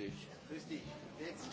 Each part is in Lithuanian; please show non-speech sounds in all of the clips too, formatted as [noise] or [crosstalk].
dich. Grüß dich. Jetzt.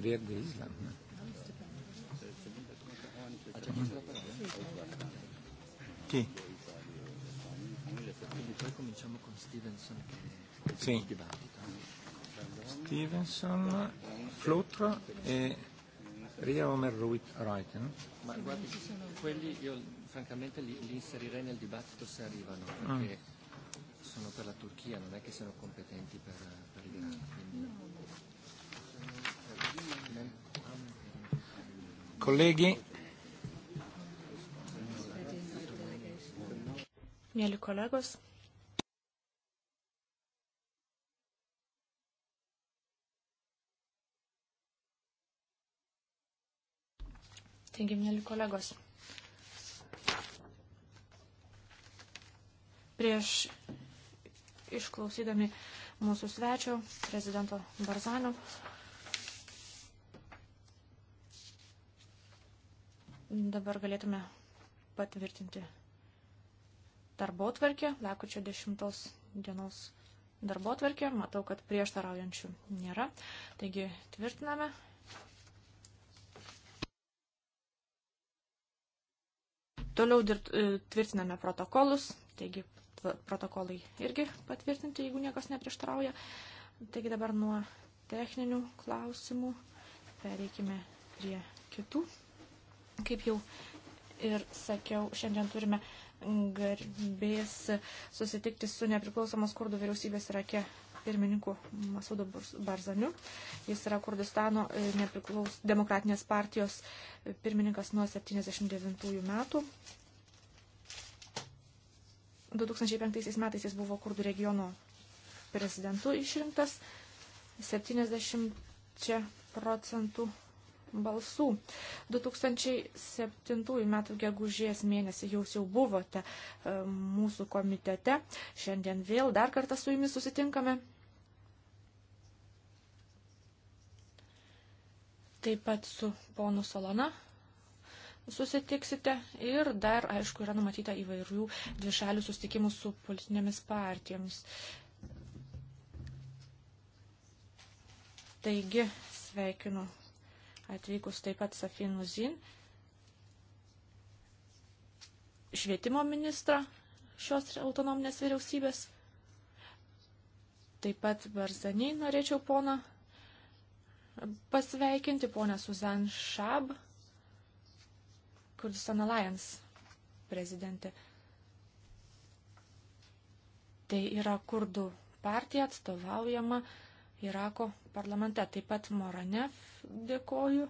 Verde Island. Ne? Chi? Quindi poi cominciamo con Stevenson che sì. il dibattito. Stevenson, Flutra e Ria Omer Wright. No? Ma guardi, quelli io francamente li, li inserirei nel dibattito se arrivano, perché mm. sono per la Turchia, non è che siano competenti per, per i grandi. colleghi. Mėly kolegos. Taigi, mėly kolegos. Prieš išklausydami mūsų svečio, prezidento Barzano, Dabar galėtume patvirtinti darbo tvarkę, lakučio 10 dienos darbo tvarkę. Matau, kad prieštaraujančių nėra. Taigi tvirtiname. Toliau dirt, e, tvirtiname protokolus. Taigi protokolai irgi patvirtinti, jeigu niekas neprieštarauja. Taigi dabar nuo techninių klausimų pereikime prie kitų. Kaip jau ir sakiau, šiandien turime garbės susitikti su nepriklausomos kurdų vyriausybės Irake pirmininku Masudu Barzaniu. Jis yra Kurdistano e, nepriklaus, demokratinės partijos pirmininkas nuo 79 metų. 2005 metais jis buvo kurdų regiono prezidentu išrinktas. 70 procentų balsų. 2007 metų gegužės mėnesį jūs jau buvote e, mūsų komitete. Šiandien vėl dar kartą su jumis susitinkame. Taip pat su ponu Solona susitiksite ir dar, aišku, yra numatyta įvairių dvišalių susitikimų su politinėmis partijomis. Taigi, sveikinu atvykus taip pat Safin Muzin, švietimo ministrą šios autonominės vyriausybės. Taip pat Barzaniai norėčiau poną pasveikinti, ponę Suzan Šab, Kurdistan Alliance prezidentė. Tai yra kurdų partija atstovaujama uh, Irako parlamente. Taip pat Moranev dėkoju,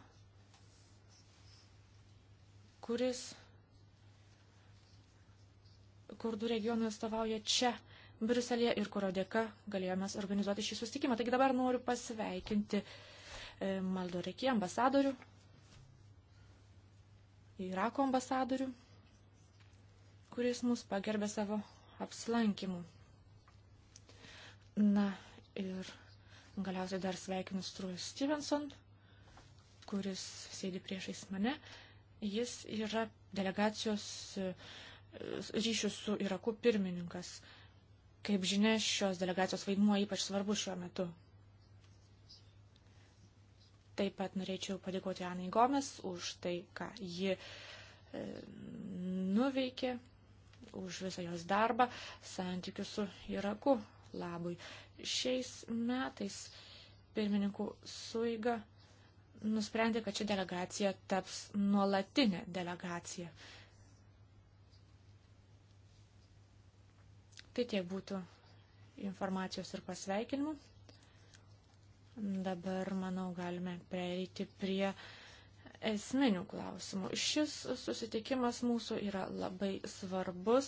kuris kurdų regionui atstovauja čia Briuselėje ir kurio dėka galėjome organizuoti šį sustikimą. Taigi dabar noriu pasveikinti e, Maldorekį ambasadorių, Irako ambasadorių, kuris mus pagerbė savo apsilankimu. Na ir Galiausiai dar sveikinu Struve Stevenson, kuris sėdi priešais mane. Jis yra delegacijos e, ryšių su Iraku pirmininkas. Kaip žinia, šios delegacijos vaidmuo ypač svarbu šiuo metu. Taip pat norėčiau padėkoti Anai Gomes už tai, ką ji e, nuveikė, už visą jos darbą, santykių su Iraku labui. Šiais metais pirmininkų suiga nusprendė, kad ši delegacija taps nuolatinė delegacija. Tai tiek būtų informacijos ir pasveikinimų. Dabar, manau, galime pereiti prie esminių klausimų. Šis susitikimas mūsų yra labai svarbus.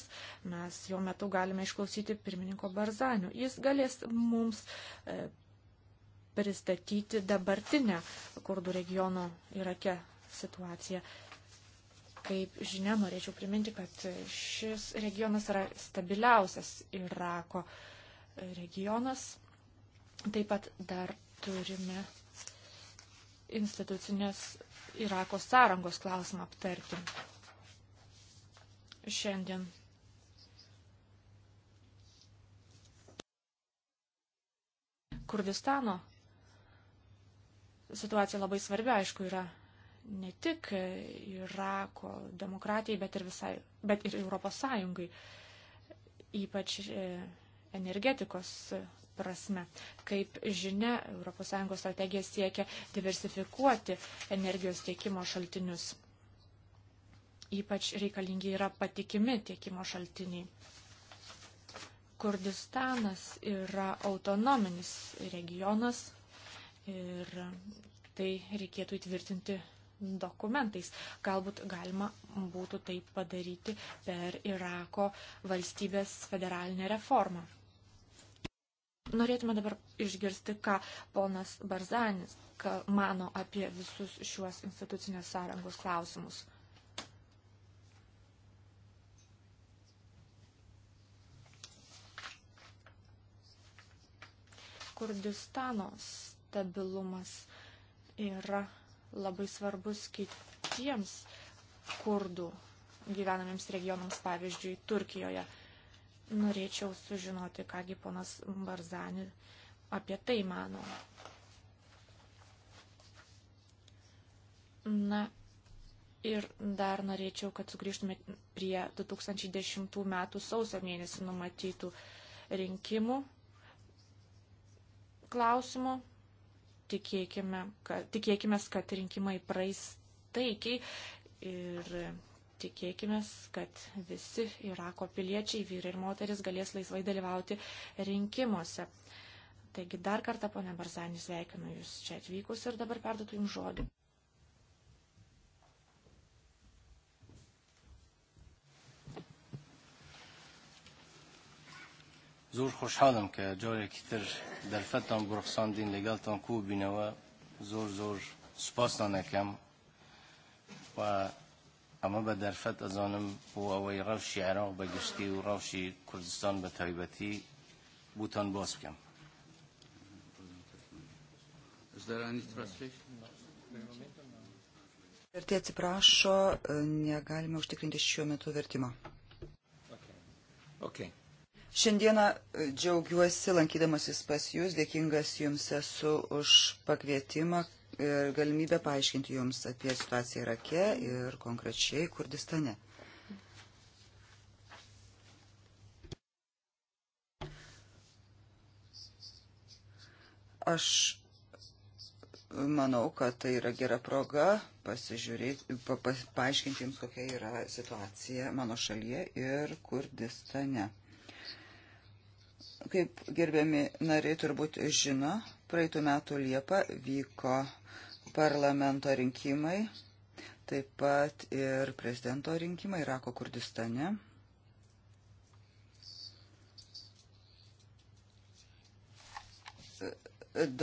Mes jo metu galime išklausyti pirmininko Barzanių. Jis galės mums e, pristatyti dabartinę kurdų regiono Irake situaciją. Kaip žinia, norėčiau priminti, kad šis regionas yra stabiliausias Irako regionas. Taip pat dar turime institucinės Irako sąrangos klausimą aptarti. Šiandien. Kurdistano situacija labai svarbi, aišku, yra ne tik Irako demokratijai, bet ir, visai, bet ir Europos Sąjungai, ypač e, energetikos prasme. Kaip žinia, ES strategija siekia diversifikuoti energijos tiekimo šaltinius. Ypač reikalingi yra patikimi tiekimo šaltiniai. Kurdistanas yra autonominis regionas ir tai reikėtų įtvirtinti dokumentais. Galbūt galima būtų tai padaryti per Irako valstybės federalinę reformą. Norėtume dabar išgirsti, ką ponas Barzanis ką mano apie visus šiuos institucinės sąrangos klausimus. Kurdistano stabilumas yra labai svarbus kitiems kurdų gyvenamiems regionams, pavyzdžiui, Turkijoje. Norėčiau sužinoti, kągi ponas Barzani apie tai mano. Na, ir dar norėčiau, kad sugrįžtume prie 2010 metų sausio mėnesį numatytų rinkimų klausimų. Tikėkime, kad, tikėkime, kad rinkimai praeis taikiai ir tikėkime, kad visi Irako piliečiai, vyrai ir moteris, galės laisvai dalyvauti rinkimuose. Taigi dar kartą, ponė Barzanį, sveikinu Jūs čia atvykus ir dabar perduotų Jums žodį. زور خوشحالم که جارێکی تر دەرفەتان بڕخساندین لەگەڵتان کو بینەوە زۆر زۆر سوپاسان ئەەکەم و ئەمە بە دەرفەت ئەزانم بۆ ئەوەی ڕەوشی عێراق بە گشتی و ڕەوشی کوردستان بە تایبەتی بوتان باز بکەم. Vertė atsiprašo, negalime užtikrinti šiuo metu vertimo. Okay. Šiandieną e, džiaugiuosi lankydamasis pas Jūs, dėkingas Jums esu už pakvietimą, ir galimybę paaiškinti jums apie situaciją Irake ir konkrečiai Kurdistane. Aš manau, kad tai yra gera proga pasižiūrėti, pa, pa, paaiškinti jums, kokia yra situacija mano šalyje ir Kurdistane. Kaip gerbiami nariai turbūt žino, Praeitų metų Liepa vyko parlamento rinkimai, taip pat ir prezidento rinkimai Irako Kurdistane.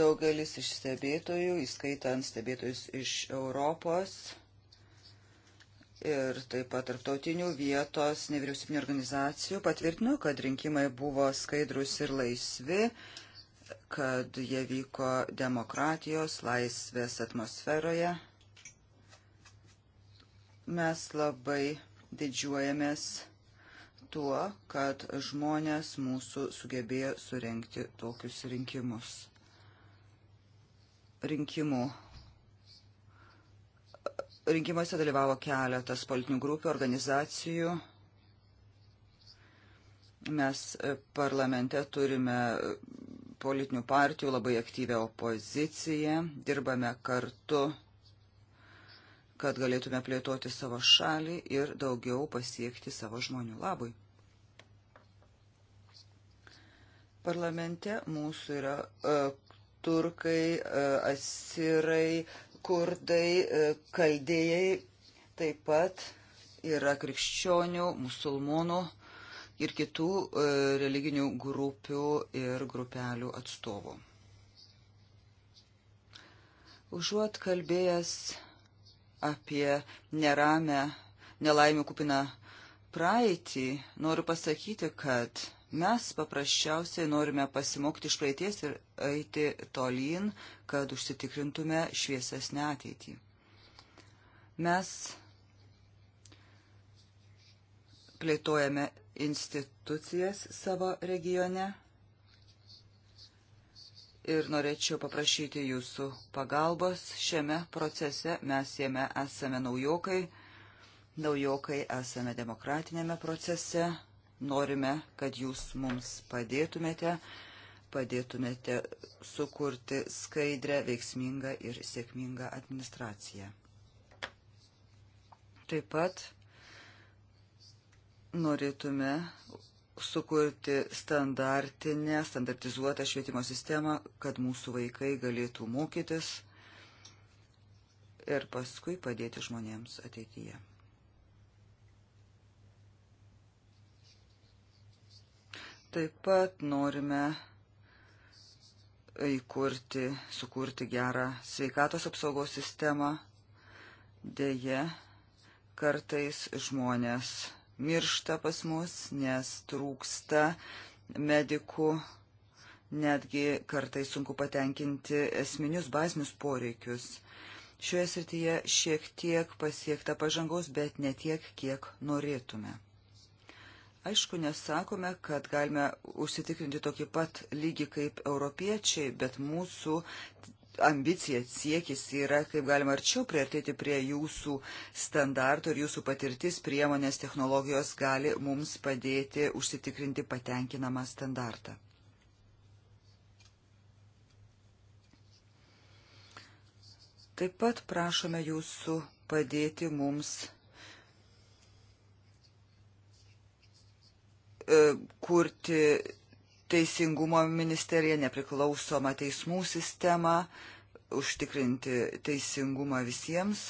Daugelis iš stebėtojų, įskaitant stebėtojus iš Europos, ir taip pat tarptautinių vietos nevyriausybinio organizacijų patvirtino, kad rinkimai buvo skaidrus ir laisvi, kad jie vyko demokratijos, laisvės atmosferoje. Mes labai didžiuojamės tuo, kad žmonės mūsų sugebėjo surenkti tokius rinkimus. Rinkimų. Rinkimuose dalyvavo keletas politinių grupių, organizacijų. Mes parlamente turime politinių partijų, labai aktyvę opoziciją, dirbame kartu, kad galėtume plėtoti savo šalį ir daugiau pasiekti savo žmonių labui. Parlamente mūsų yra uh, turkai, uh, asirai, kurdai, uh, kaldėjai, taip pat yra krikščionių, musulmonų ir kitų e, religinių grupių ir grupelių atstovų. Užuot kalbėjęs apie neramę, nelaimių kupiną praeitį, noriu pasakyti, kad mes paprasčiausiai norime pasimokti iš praeities ir eiti tolyn, kad užsitikrintume šviesesnę ateitį. Mes plėtojame institucijas savo regione ir norėčiau paprašyti jūsų pagalbos šiame procese. Mes jame esame naujokai, naujokai esame demokratinėme procese, norime, kad jūs mums padėtumėte, padėtumėte sukurti skaidrę, veiksmingą ir sėkmingą administraciją. Taip pat norėtume sukurti standartinę, standartizuotą švietimo sistemą, kad mūsų vaikai galėtų mokytis ir paskui padėti žmonėms ateityje. Taip pat norime įkurti, sukurti gerą sveikatos apsaugos sistemą. Deja, kartais žmonės miršta pas mus, nes trūksta medikų, netgi kartai sunku patenkinti esminius bazinius poreikius. Šioje srityje šiek tiek pasiekta pažangos, bet ne tiek, kiek norėtume. Aišku, nesakome, kad galime užsitikrinti tokį pat lygį kaip europiečiai, bet mūsų ambicija, siekis yra, kaip galima arčiau priartėti prie jūsų standartų ir jūsų patirtis priemonės technologijos gali mums padėti užsitikrinti patenkinamą standartą. Taip pat prašome jūsų padėti mums e, kurti teisingumo ministerija, nepriklausoma teismų sistema, užtikrinti teisingumą visiems.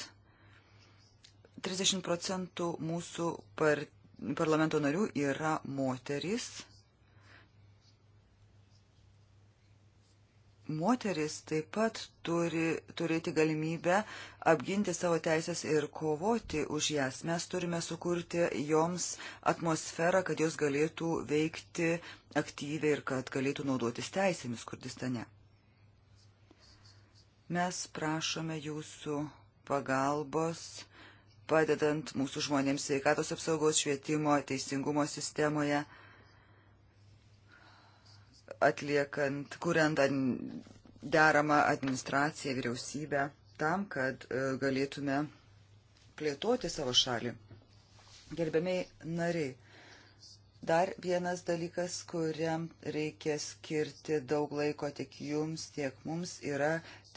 30 procentų mūsų par, parlamento narių yra moterys. moteris taip pat turi turėti galimybę apginti savo teisės ir kovoti už jas. Mes turime sukurti joms atmosferą, kad jos galėtų veikti aktyviai ir kad galėtų naudotis teisėmis Kurdistane. Mes prašome jūsų pagalbos padedant mūsų žmonėms sveikatos apsaugos švietimo teisingumo sistemoje atliekant, kuriant deramą administraciją, vyriausybę, tam, kad e, galėtume plėtoti savo šalį. Gerbiamiai nariai, dar vienas dalykas, kuriam reikia skirti daug laiko tiek jums, tiek mums, yra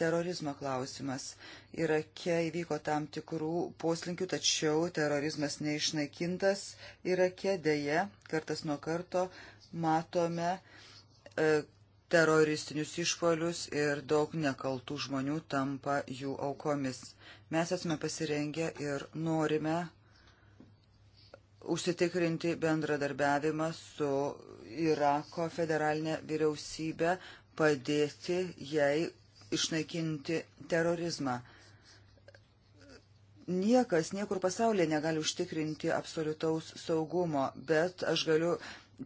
terorizmo klausimas. Irake įvyko tam tikrų poslinkių, tačiau terorizmas neišnaikintas. Irake dėje kartas nuo karto matome, E, teroristinius išpolius ir daug nekaltų žmonių tampa jų aukomis. Mes esame pasirengę ir norime užsitikrinti bendradarbiavimą su Irako federalinė vyriausybė, padėti jai išnaikinti terorizmą. Niekas niekur pasaulyje negali užtikrinti absoliutaus saugumo, bet aš galiu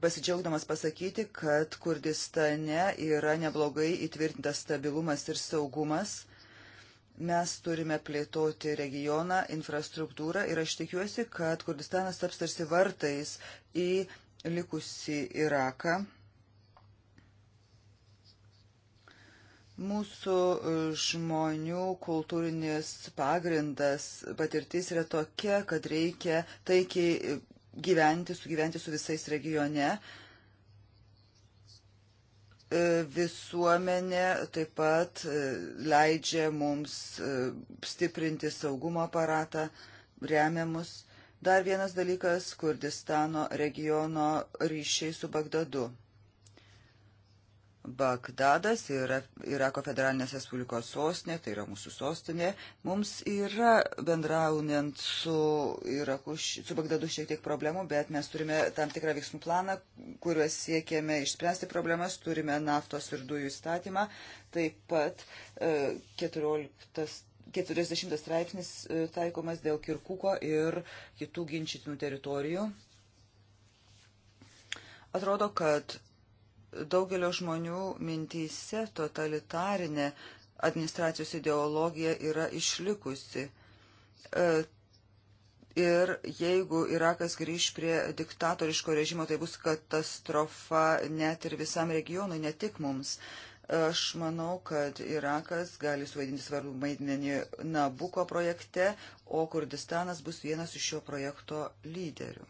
pasidžiaugdamas pasakyti, kad Kurdistane yra neblogai įtvirtintas stabilumas ir saugumas. Mes turime plėtoti regioną, infrastruktūrą ir aš tikiuosi, kad Kurdistanas taps tarsi vartais į likusi Iraką. Mūsų žmonių kultūrinis pagrindas, patirtis yra tokia, kad reikia taikiai gyventi, sugyventi su visais regione. E, visuomenė taip pat e, leidžia mums e, stiprinti saugumo aparatą, remiamus. Dar vienas dalykas - Kurdistano regiono ryšiai su Bagdadu. Bagdadas yra Irako federalinės Respublikos sostinė, tai yra mūsų sostinė. Mums yra bendraunant su, Iraku, su Bagdadu šiek tiek problemų, bet mes turime tam tikrą veiksmų planą, kuriuos siekėme išspręsti problemas, turime naftos ir dujų įstatymą, taip pat 14. E, 40 straipsnis e, taikomas dėl Kirkuko ir kitų ginčytinų teritorijų. Atrodo, kad daugelio žmonių mintyse totalitarinė administracijos ideologija yra išlikusi. E, ir jeigu Irakas grįž prie diktatoriško režimo, tai bus katastrofa net ir visam regionui, ne tik mums. Aš manau, kad Irakas gali suvaidinti svarbų vaidmenį Nabuko projekte, o Kurdistanas bus vienas iš šio projekto lyderių.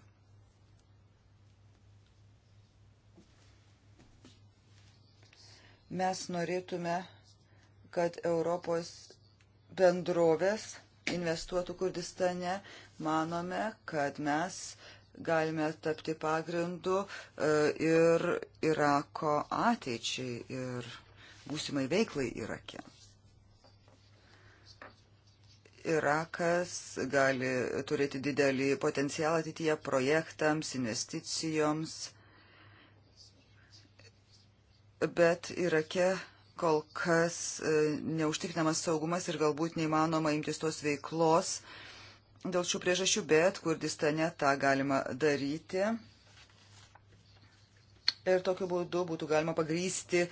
Mes norėtume, kad Europos bendrovės investuotų Kurdistane. Manome, kad mes galime tapti pagrindu e, ir Irako ateičiai ir būsimai veiklai Irake. Irakas gali turėti didelį potencialą ateityje projektams, investicijoms bet Irake kol kas e, neužtikrinamas saugumas ir galbūt neįmanoma imtis tos veiklos dėl šių priežasčių, bet Kurdistane tą galima daryti. Ir tokiu būdu būtų galima pagrysti e,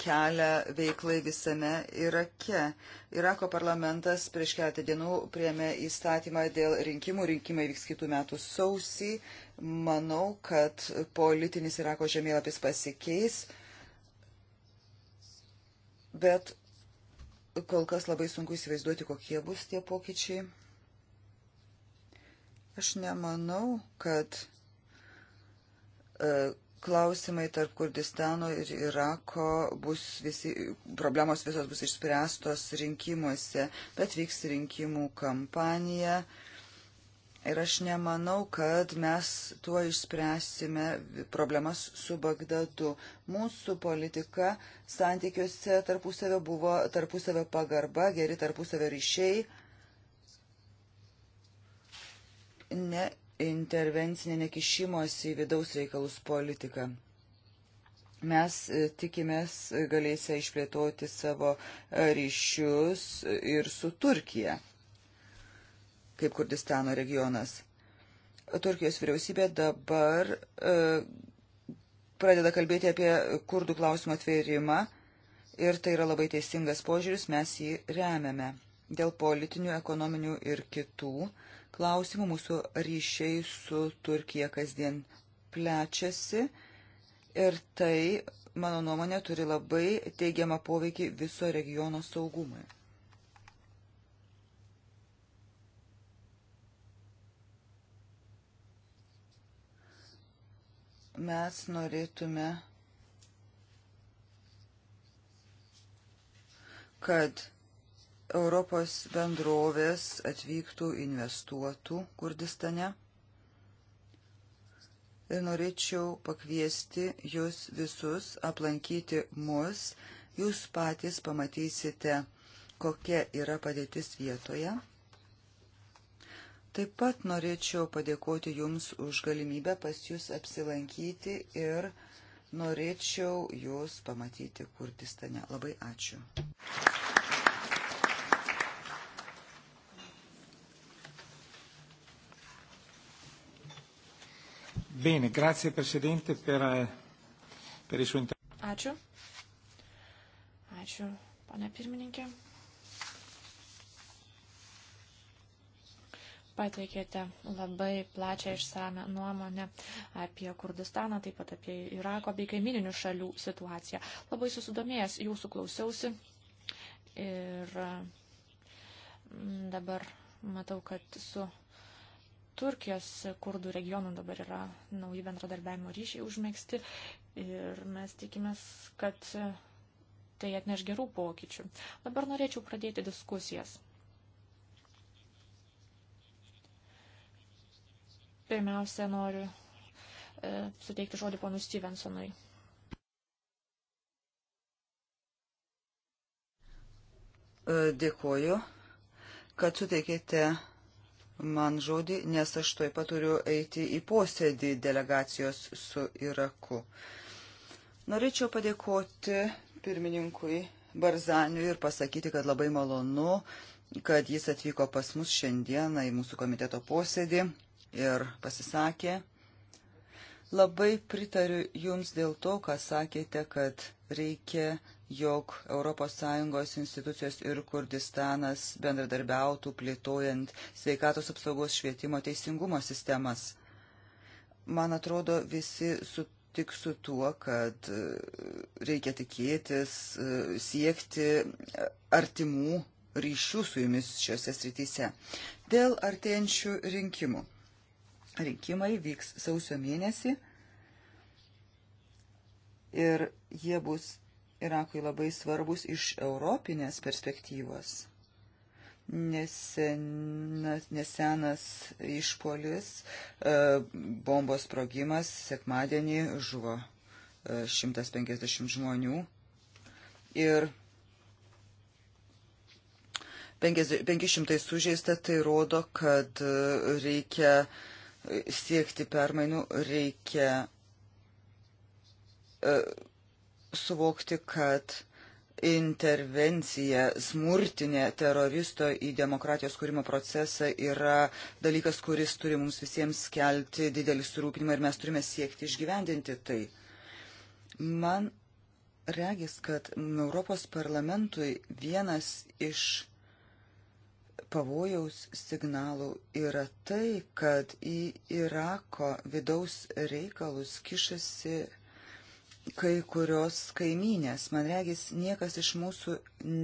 kelią veiklai visame Irake. Irako parlamentas prieš keletą dienų priemė įstatymą dėl rinkimų. Rinkimai vyks kitų metų sausį. Manau, kad politinis Irako žemėlapis pasikeis bet kol kas labai sunku įsivaizduoti, kokie bus tie pokyčiai. Aš nemanau, kad e, klausimai tarp Kurdistano ir Irako bus visi, problemos visos bus išspręstos rinkimuose, bet vyks rinkimų kampanija. E, Ir aš nemanau, kad mes tuo išspręsime problemas su Bagdadu. Mūsų politika santykiuose tarpusavio buvo tarpusavio pagarba, geri tarpusavio ryšiai, ne intervencinė nekišimosi į vidaus reikalus politiką. Mes e, tikimės galėsia išplėtoti savo e, ryšius ir su Turkija kaip Kurdistano regionas. Turkijos vyriausybė dabar e, pradeda kalbėti apie kurdų klausimo atvėrimą ir tai yra labai teisingas požiūris, mes jį remiame. Dėl politinių, ekonominių ir kitų klausimų mūsų ryšiai su Turkija kasdien plečiasi ir tai, mano nuomonė, turi labai teigiamą poveikį viso regiono saugumui. mes norėtume, kad Europos bendrovės atvyktų, investuotų Kurdistane. Ir norėčiau pakviesti jūs visus aplankyti mus. Jūs patys pamatysite, kokia yra padėtis vietoje. Taip pat norėčiau padėkoti Jums už galimybę pas Jūs apsilankyti ir norėčiau Jūs pamatyti Kurdistane. Labai ačiū. Bene, grazie Presidente per, eh, per il suo intervento. Ačiū. Ačiū, pane pirmininkė. pateikėte labai plačią išsame nuomonę apie Kurdistaną, taip pat apie Irako bei kaimininių šalių situaciją. Labai susidomėjęs jūsų klausiausi ir mm, dabar matau, kad su Turkijos kurdų regionų dabar yra nauji bendradarbiavimo ryšiai užmėgsti ir mes tikimės, kad tai atneš gerų pokyčių. Dabar norėčiau pradėti diskusijas. Pirmiausia, noriu e, suteikti žodį ponui Stevensonui. E, dėkoju, kad suteikėte man žodį, nes aš toj pat turiu eiti į posėdį delegacijos su Iraku. Norėčiau padėkoti pirmininkui Barzaniui ir pasakyti, kad labai malonu, kad jis atvyko pas mus šiandieną į mūsų komiteto posėdį ir pasisakė. Labai pritariu Jums dėl to, ką sakėte, kad reikia, jog ES institucijos ir Kurdistanas bendradarbiautų plėtojant sveikatos apsaugos švietimo teisingumo sistemas. Man atrodo, visi su tik su tuo, kad e, reikia tikėtis, e, siekti e, artimų ryšių su jumis šiuose srityse. Dėl artėjančių rinkimų rinkimai vyks sausio mėnesį ir jie bus Irakui labai svarbus iš europinės perspektyvos. Nesenas, nesenas išpolis, e, bombos sprogimas, sekmadienį žuvo 150 e, žmonių ir 500 sužeista, tai rodo, kad e, reikia uh, siekti permainų, reikia e, suvokti, kad intervencija smurtinė teroristo į demokratijos kūrimo procesą yra dalykas, kuris turi mums visiems kelti didelį surūpinimą ir mes turime siekti išgyvendinti tai. Man regis, kad Europos parlamentui vienas iš pavojaus signalų yra tai, kad į Irako vidaus reikalus kišasi kai kurios kaimynės. Man regis, niekas iš mūsų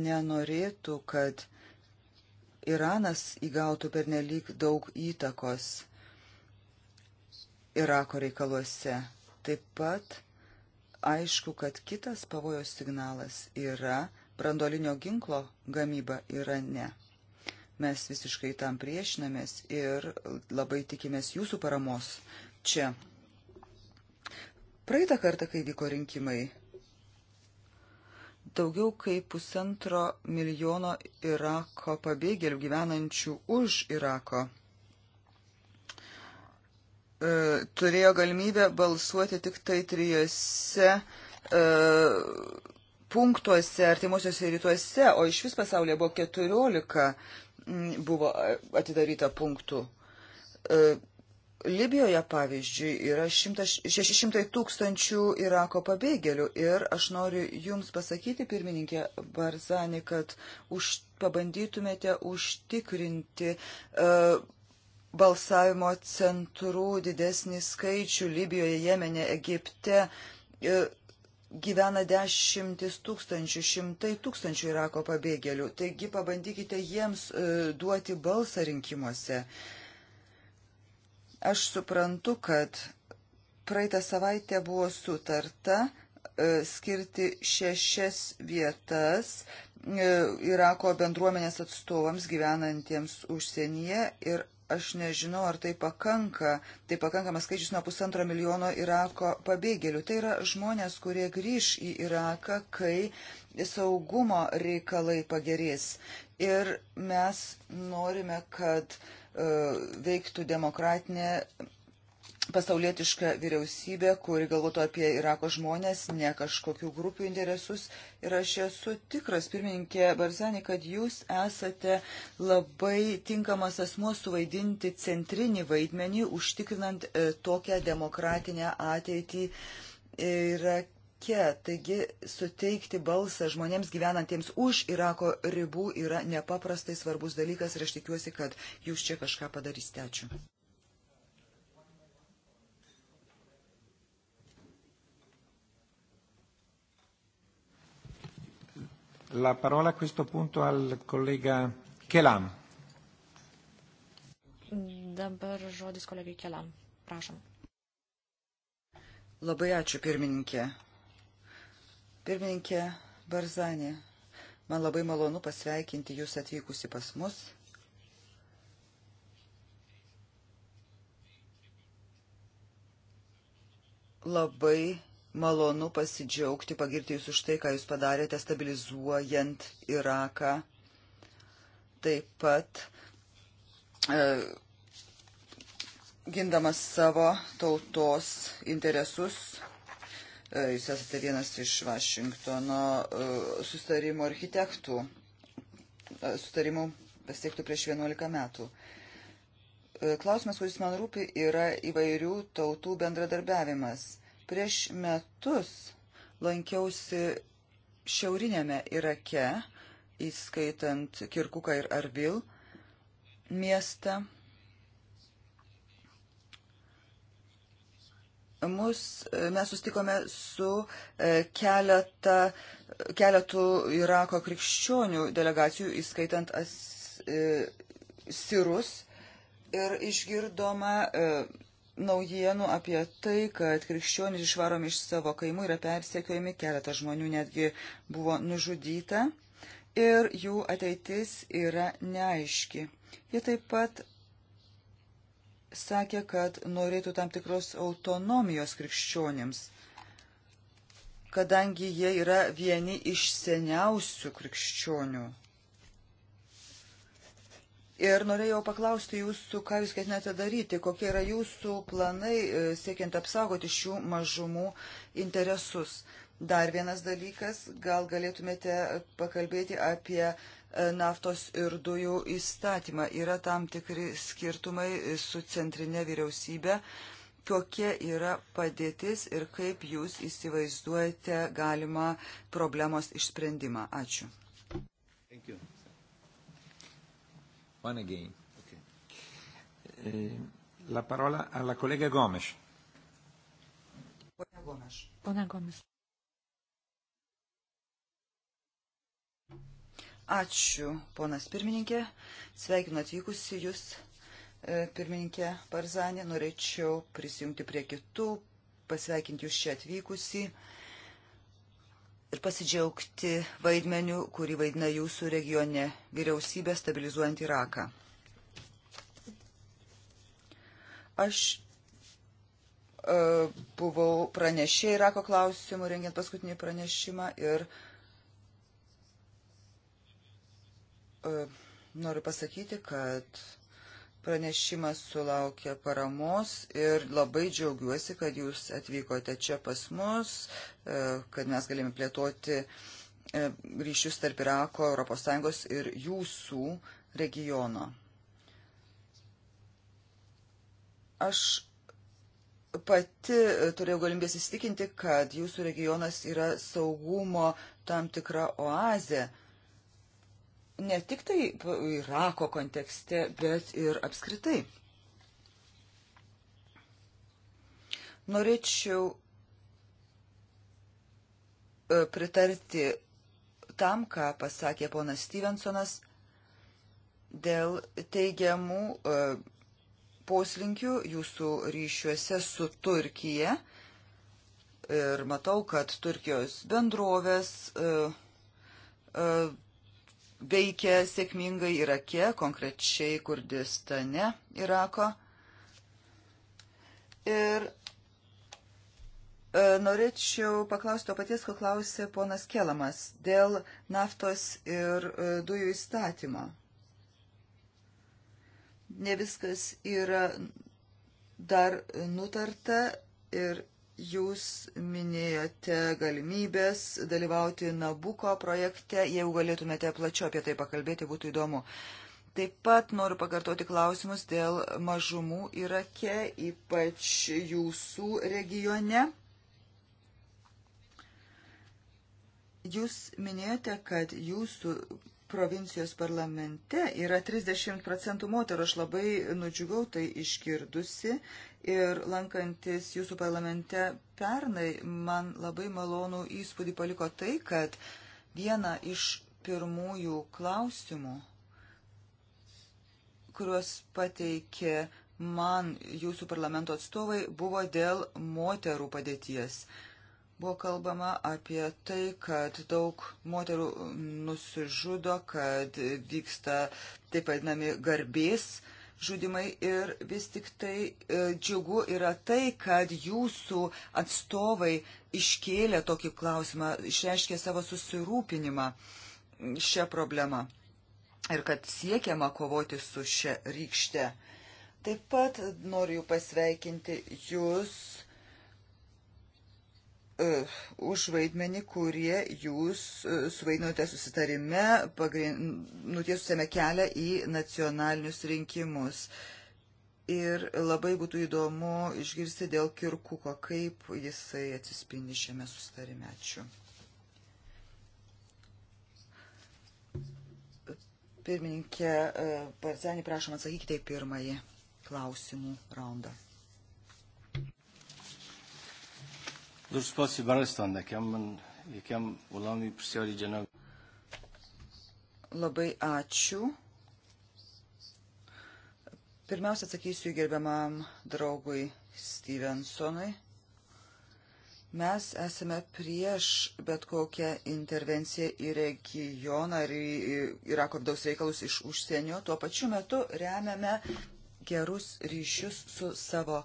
nenorėtų, kad Iranas įgautų pernelyg daug įtakos Irako reikaluose. Taip pat aišku, kad kitas pavojaus signalas yra brandolinio ginklo gamyba Irane. Mes visiškai tam priešinamės ir labai tikimės jūsų paramos čia. Praeitą kartą, kai vyko rinkimai, daugiau kaip pusantro milijono Irako pabėgėlių gyvenančių už Irako e, turėjo galimybę balsuoti tik tai trijose e, punktuose artimuosiuose rytuose, o iš vis pasaulyje buvo 14 mm, buvo atidaryta punktų. E, Libijoje, pavyzdžiui, yra 100, 600 tūkstančių Irako pabėgėlių ir aš noriu Jums pasakyti, pirmininkė Barzani, kad už, pabandytumėte užtikrinti uh, balsavimo centrų didesnį skaičių Libijoje, Jemene, Egipte. Uh, gyvena dešimtis tūkstančių, šimtai tūkstančių Irako pabėgėlių. Taigi pabandykite jiems e, duoti balsą rinkimuose. Aš suprantu, kad praeitą savaitę buvo sutarta e, skirti šešias vietas e, Irako bendruomenės atstovams gyvenantiems užsienyje ir aš nežinau, ar tai pakanka. Tai pakankamas skaičius nuo pusantro milijono Irako pabėgėlių. Tai yra žmonės, kurie grįž į Iraką, kai saugumo reikalai pagerės. Ir mes norime, kad uh, veiktų demokratinė pasaulietiška vyriausybė, kuri galvotų apie Irako žmonės, ne kažkokių grupių interesus. Ir aš esu tikras, pirmininkė Barzani, kad jūs esate labai tinkamas asmuo suvaidinti centrinį vaidmenį, užtikrinant e, tokią demokratinę ateitį Irake. Taigi suteikti balsą žmonėms gyvenantiems už Irako ribų yra nepaprastai svarbus dalykas ir aš tikiuosi, kad jūs čia kažką padarysite. Ačiū. la parola a questo punto al collega Kelam. Dabar žodis kolegai Kelam. Prašom. Labai ačiū, pirmininkė. Pirmininkė Barzanė, man labai malonu pasveikinti Jūs atvykusi pas mus. Labai malonu pasidžiaugti, pagirti Jūs už tai, ką Jūs padarėte stabilizuojant Iraką. Taip pat e, gindamas savo tautos interesus, e, Jūs esate vienas iš Vašingtono e, sustarimo architektų, e, sustarimų pasiektų prieš 11 metų. E, klausimas, kuris man rūpi, yra įvairių tautų bendradarbiavimas Prieš metus lankiausi šiaurinėme Irake, įskaitant Kirkuką ir Arbil miestą. mus, mes sustikome su e, keletą, keletų Irako krikščionių delegacijų, įskaitant as, e, sirus, ir išgirdome e, naujienų apie tai, kad krikščionys išvaromi iš savo kaimų yra persekiojami, keletas žmonių netgi buvo nužudyta ir jų ateitis yra neaiški. Jie taip pat sakė, kad norėtų tam tikros autonomijos krikščionėms, kadangi jie yra vieni iš seniausių krikščionių Ir norėjau paklausti jūsų, ką jūs ketinate daryti, kokie yra jūsų planai e, siekiant apsaugoti šių mažumų interesus. Dar vienas dalykas, gal galėtumėte pakalbėti apie e, naftos ir dujų įstatymą. Yra tam tikri skirtumai e, su centrinė vyriausybė. Kokia yra padėtis ir kaip jūs įsivaizduojate galimą problemos išsprendimą? Ačiū. Thank you one again. Okay. Eh, la parola alla collega Gomes. Pone Gomes. Pone Gomes. Ačiū, ponas pirmininkė. Sveikinu atvykusi jūs, e, pirmininkė Parzanė. Norėčiau prisijungti prie kitų, pasveikinti jūs čia atvykusi. Uh, ir pasidžiaugti vaidmeniu, kurį vaidina jūsų regione vyriausybė stabilizuojant Iraką. Aš e, buvau pranešė Irako klausimų, rengiant paskutinį pranešimą ir e, noriu pasakyti, kad Pranešimas sulaukė paramos ir labai džiaugiuosi, kad jūs atvykote čia pas mus, e, kad mes galime plėtoti e, ryšius tarp Irako, ES ir jūsų regiono. Aš pati turėjau galimybės įsitikinti, kad jūsų regionas yra saugumo tam tikra oazė ne tik tai Irako kontekste, bet ir apskritai. Norėčiau e, pritarti tam, ką pasakė ponas Stevensonas dėl teigiamų e, poslinkių jūsų ryšiuose su Turkija. Ir matau, kad Turkijos bendrovės e, veikia sėkmingai Irake, konkrečiai Kurdistane Irako. Ir e, Norėčiau paklausti to paties, ko klausė ponas Kelamas, dėl naftos ir e, dujų įstatymo. Ne viskas yra dar nutarta ir Jūs minėjote galimybės dalyvauti Nabuko projekte. Jeigu galėtumėte plačiau apie tai pakalbėti, būtų įdomu. Taip pat noriu pakartoti klausimus dėl mažumų Irake, ypač jūsų regione. Jūs minėjote, kad jūsų provincijos parlamente yra 30 procentų moterų. Aš labai nudžiugau tai išgirdusi ir lankantis jūsų parlamente pernai, man labai malonų įspūdį paliko tai, kad viena iš pirmųjų klausimų, kuriuos pateikė man jūsų parlamento atstovai, buvo dėl moterų padėties. Uh, Buvo kalbama apie tai, kad daug moterų nusižudo, kad vyksta taip vadinami garbės žudimai ir vis tik tai e, džiugu yra tai, kad jūsų atstovai iškėlė tokį klausimą, išreiškė savo susirūpinimą šią problemą ir kad siekiama kovoti su šia rykšte. Taip pat noriu pasveikinti jūs Uh, už vaidmenį, kurie jūs uh, suvaidinote susitarime, pagrind, nutiesusėme kelią į nacionalinius rinkimus. Ir labai būtų įdomu išgirsti dėl Kirkuko, kaip jisai atsispindi šiame susitarime. Ačiū. Pirmininkė uh, Parzanį, prašom atsakykite į pirmąjį klausimų raundą. Дуже спасибо, Барастанда, kiam ulami prisijori dženog. Labai ačiū. Pirmiausia, atsakysiu gerbiamam draugui Stevensonui. Mes esame prieš bet kokią intervenciją į regioną ar į Irako vidaus reikalus iš užsienio. Tuo pačiu metu remiame gerus ryšius su savo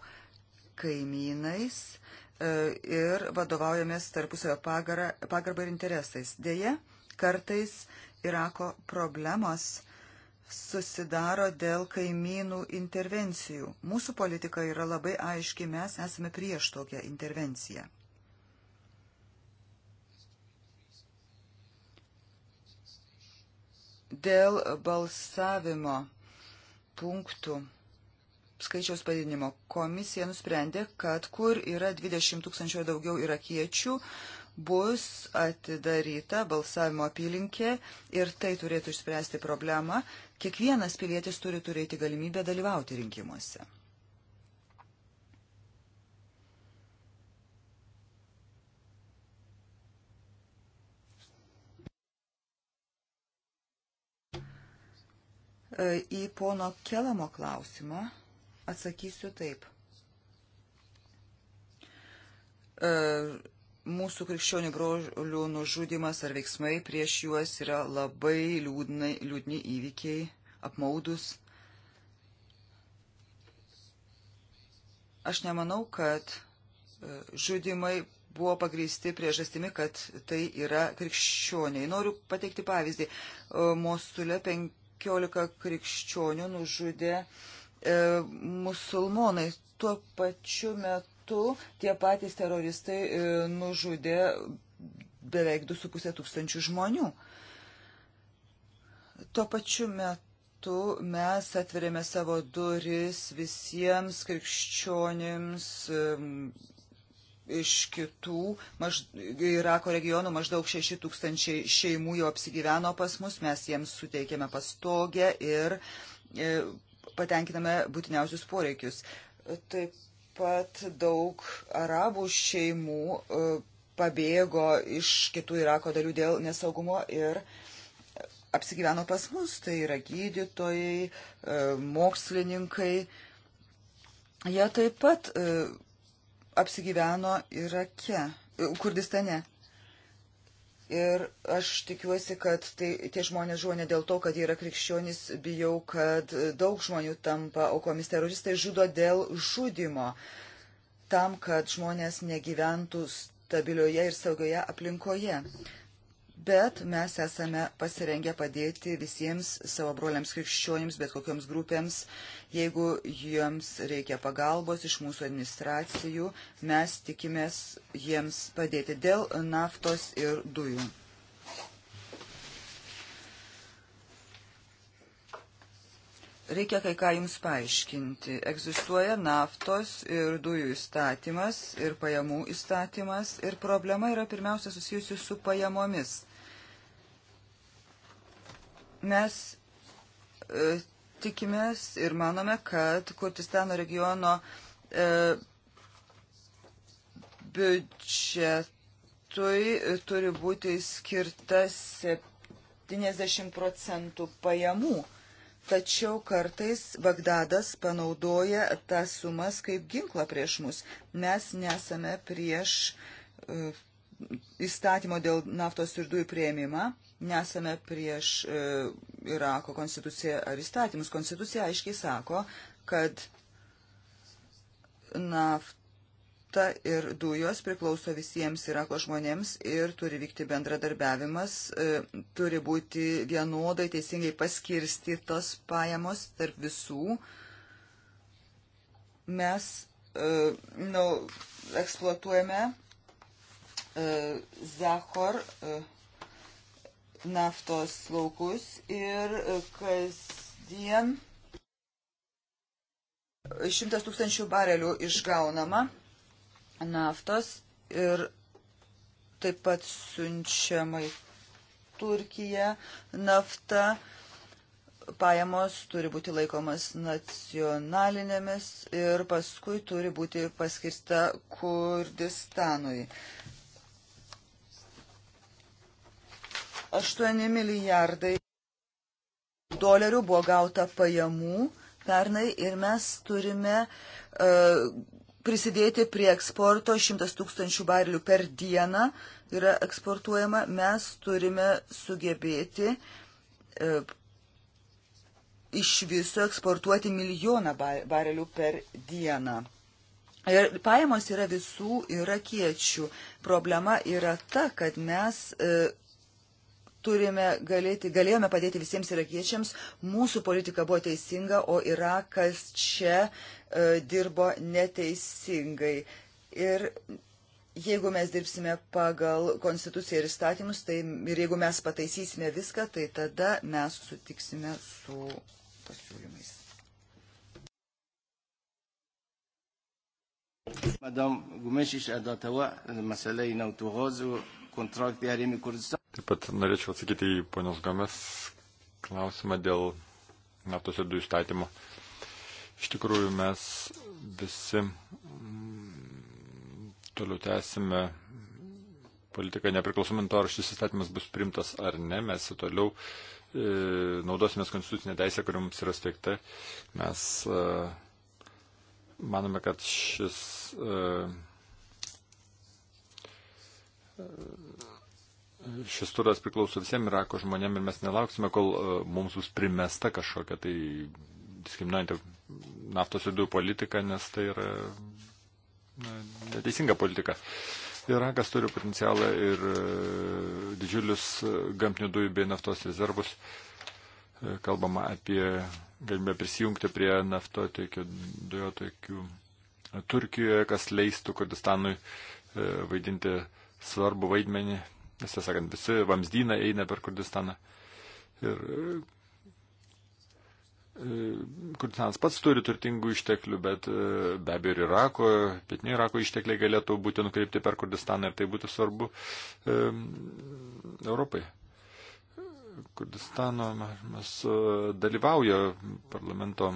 kaimynais E, ir vadovaujamės tarpusavio pagarbą ir interesais. Deja, kartais Irako problemos susidaro dėl kaimynų intervencijų. Mūsų politika yra labai aiški, mes esame prieš tokią intervenciją. Dėl balsavimo punktų skaičiaus padidinimo. Komisija nusprendė, kad kur yra 20 tūkstančių daugiau irakiečių, bus atidaryta balsavimo apylinkė ir tai turėtų išspręsti problemą. Kiekvienas pilietis turi turėti galimybę dalyvauti rinkimuose. E, į pono Kelamo klausimą. Atsakysiu taip. E, mūsų krikščionių brolių nužudimas ar veiksmai prieš juos yra labai liūdnai, liūdni įvykiai, apmaudus. Aš nemanau, kad e, žudimai buvo pagrįsti priežastimi, kad tai yra krikščioniai. Noriu pateikti pavyzdį. E, Mostule 15 krikščionių nužudė uh, E, musulmonai. Tuo pačiu metu tie patys teroristai e, nužudė beveik 2,5 tūkstančių žmonių. Tuo pačiu metu mes atverėme savo duris visiems krikščionims e, iš kitų maž, Irako regionų maždaug 6 tūkstančiai šeimų jau apsigyveno pas mus, mes jiems suteikėme pastogę ir patenkiname būtiniausius poreikius. Taip pat daug arabų šeimų e, pabėgo iš kitų Irako dalių dėl nesaugumo ir apsigyveno pas mus. Tai yra gydytojai, e, mokslininkai. Jie taip pat e, apsigyveno Irake, Kurdistane. Ir aš tikiuosi, kad tai, tie žmonės žuo ne dėl to, kad jie yra krikščionys, bijau, kad daug žmonių tampa aukomis teroristai, žudo dėl žudimo, tam, kad žmonės negyventų stabilioje ir saugioje aplinkoje bet mes esame pasirengę padėti visiems savo broliams krikščionims, bet kokioms grupėms, jeigu jiems reikia pagalbos iš mūsų administracijų, mes tikimės jiems padėti dėl naftos ir dujų. Reikia kai ką jums paaiškinti. Egzistuoja naftos ir dujų įstatymas ir pajamų įstatymas ir problema yra pirmiausia susijusi su pajamomis Mes e, tikimės ir manome, kad Kurtistano regiono e, biudžetui e, turi būti skirta 70 procentų pajamų. Tačiau kartais Bagdadas panaudoja tas sumas kaip ginklą prieš mus. Mes nesame prieš uh, įstatymo dėl naftos ir dujų prieimimą nesame prieš e, Irako konstituciją ar įstatymus. Konstitucija aiškiai sako, kad nafta ir dujos priklauso visiems Irako žmonėms ir turi vykti bendradarbiavimas, e, turi būti vienodai teisingai paskirstytos pajamos tarp visų. Mes e, nu, eksploatuojame Zahor. Uh, naftos laukus ir e, kasdien šimtas tūkstančių barelių išgaunama naftos ir taip pat siunčiama į Turkiją nafta. Pajamos turi būti laikomas nacionalinėmis ir paskui turi būti paskirsta Kurdistanui. 8 milijardai dolerių buvo gauta pajamų pernai ir mes turime uh, prisidėti prie eksporto 100 tūkstančių barilių per dieną yra eksportuojama. Mes turime sugebėti uh, iš viso eksportuoti milijoną barelių per dieną. Ir pajamos yra visų irakiečių. Problema yra ta, kad mes e, turime galėti, galėjome padėti visiems irakiečiams, mūsų politika buvo teisinga, o Irakas čia e, dirbo neteisingai. Ir jeigu mes dirbsime pagal konstituciją ir įstatymus, tai ir jeigu mes pataisysime viską, tai tada mes sutiksime su pasiūlymais. مدام قمشش أداتوا المسألة ينوتو غوز وكونتراكت يهريمي كردستان Taip pat norėčiau atsakyti į ponios Gomes klausimą dėl naftos ir dujų statymo. Iš tikrųjų, mes visi mm, toliau tęsime politiką, nepriklausomai to, ar šis įstatymas bus primtas ar ne, mes ir toliau e, naudosimės konstitucinę teisę, kuri mums yra steigta. Mes e, manome, kad šis. E, šis turas priklauso visiems Irako žmonėm ir mes nelauksime, kol e, mums bus primesta kažkokia tai diskriminuojanti naftos ir dujų politika, nes tai yra na, neteisinga politika. Irakas turi potencialą ir e, didžiulius e, gamtinių dujų bei naftos rezervus. Kalbama apie galimybę prisijungti prie naftotiekio, dujotekių Turkijoje, kas leistų Kurdistanui vaidinti svarbu vaidmenį Nes, tiesą sakant, visi vamzdynai eina per Kurdistaną. Ir e, e, Kurdistanas pats turi turtingų išteklių, bet e, be abejo ir Irako, pietinio Irako ištekliai galėtų būti nukreipti per Kurdistaną ir tai būtų svarbu e, Europai. Kurdistano mes dalyvauja parlamento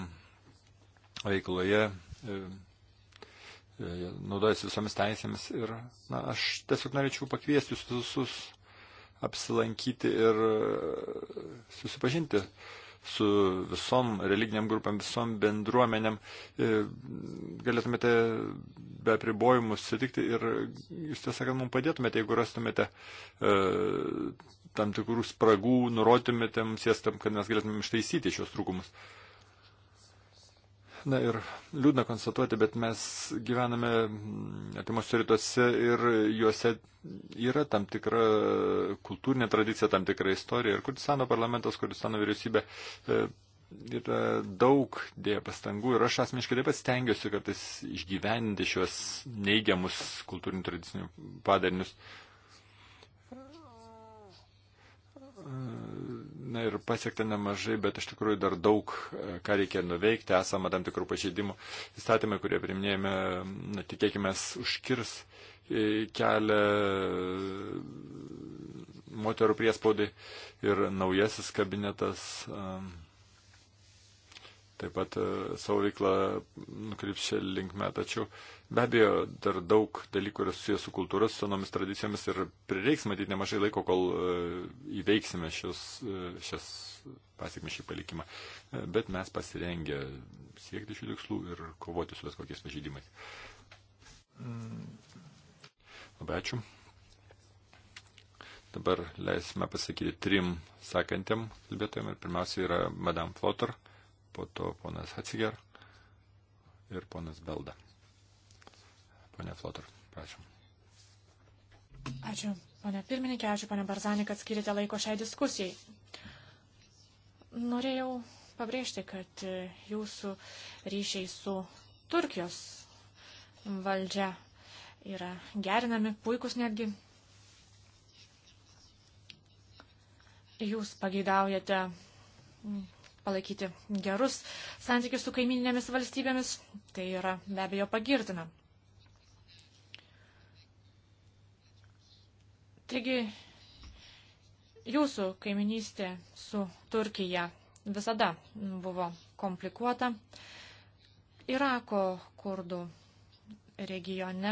veikloje, e, E, naudojasi visomis teisėmis ir na, aš tiesiog norėčiau pakviesti jūs visus apsilankyti ir e, susipažinti su visom religiniam grupėm, visom bendruomenėm. E, galėtumėte be apribojimų susitikti ir jūs tiesą sakant, mums padėtumėte, jeigu rastumėte tam tikrų spragų, nurodytumėte mums jas tam, kad mes galėtumėm ištaisyti šios trūkumus. Uh, Na ir liūdna konstatuoti, bet mes gyvename mm, atimuose rytuose ir juose yra tam tikra kultūrinė tradicija, tam tikra istorija. Ir Kurdistano parlamentas, Kurdistano vyriausybė e, yra daug dėja pastangų ir aš asmeniškai taip pat stengiuosi kartais išgyventi šios neigiamus kultūrinių tradicinių padarinius. Na ir pasiekta nemažai, bet iš tikrųjų dar daug, e, ką reikia nuveikti, esama tam tikrų pažeidimų. Įstatymai, kurie priminėjame, tikėkime, užkirs e, kelią e, moterų priespaudai ir naujasis kabinetas taip pat savo veiklą nukrypšė linkme, tačiau Be abejo, dar daug dalykų yra susijęs su kultūra, su senomis tradicijomis ir prireiks matyti nemažai laiko, kol e, įveiksime šios, e, šias pasiekmes šį palikimą. E, bet mes pasirengę siekti šių tikslų ir kovoti su bet kokiais pažydimais. Labai ačiū. Dabar leisime pasakyti trim sakantiem kalbėtojim. Ir pirmiausia yra Madame Flotter, po to ponas Hatziger ir ponas Belda. Pane Flotor, prašom. Ačiū, pane pirmininkė, ačiū, pane Barzani, kad skirite laiko šiai diskusijai. Norėjau pabrėžti, kad jūsų ryšiai su Turkijos valdžia yra gerinami, puikus netgi. Jūs pageidaujate palaikyti gerus santykius su kaimininėmis valstybėmis, tai yra be abejo pagirtina. Taigi, jūsų kaiminystė su Turkija visada buvo komplikuota. Irako kurdų regione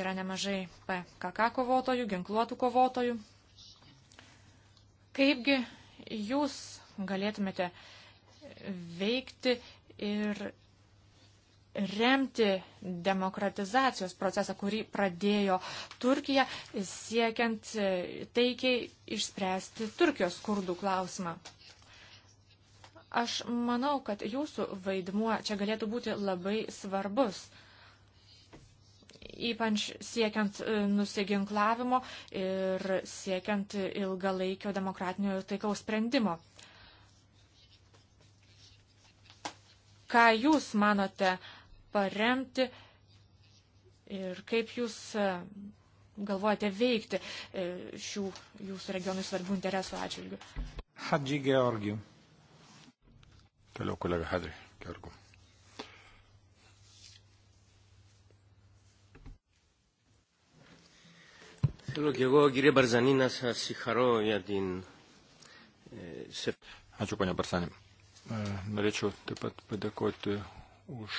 yra nemažai PKK kovotojų, ginkluotų kovotojų. Kaipgi jūs galėtumėte veikti ir remti demokratizacijos procesą, kurį pradėjo Turkija, siekiant e, taikiai išspręsti Turkijos kurdų klausimą. Aš manau, kad jūsų vaidmuo čia galėtų būti labai svarbus, ypač siekiant e, nusiginklavimo ir siekiant ilgalaikio demokratinio ir taikaus sprendimo. Ką jūs manote paremti ir kaip jūs e, galvojate veikti e, šių jūsų regionų svarbių interesų atžvilgių. Hadži Georgijų. Toliau kolega Hadži Georgijų. Θέλω και εγώ, κύριε Μπαρζανή, να σας συγχαρώ για την... Ačiū, ponia Barsanė. Norėčiau taip pat padėkoti už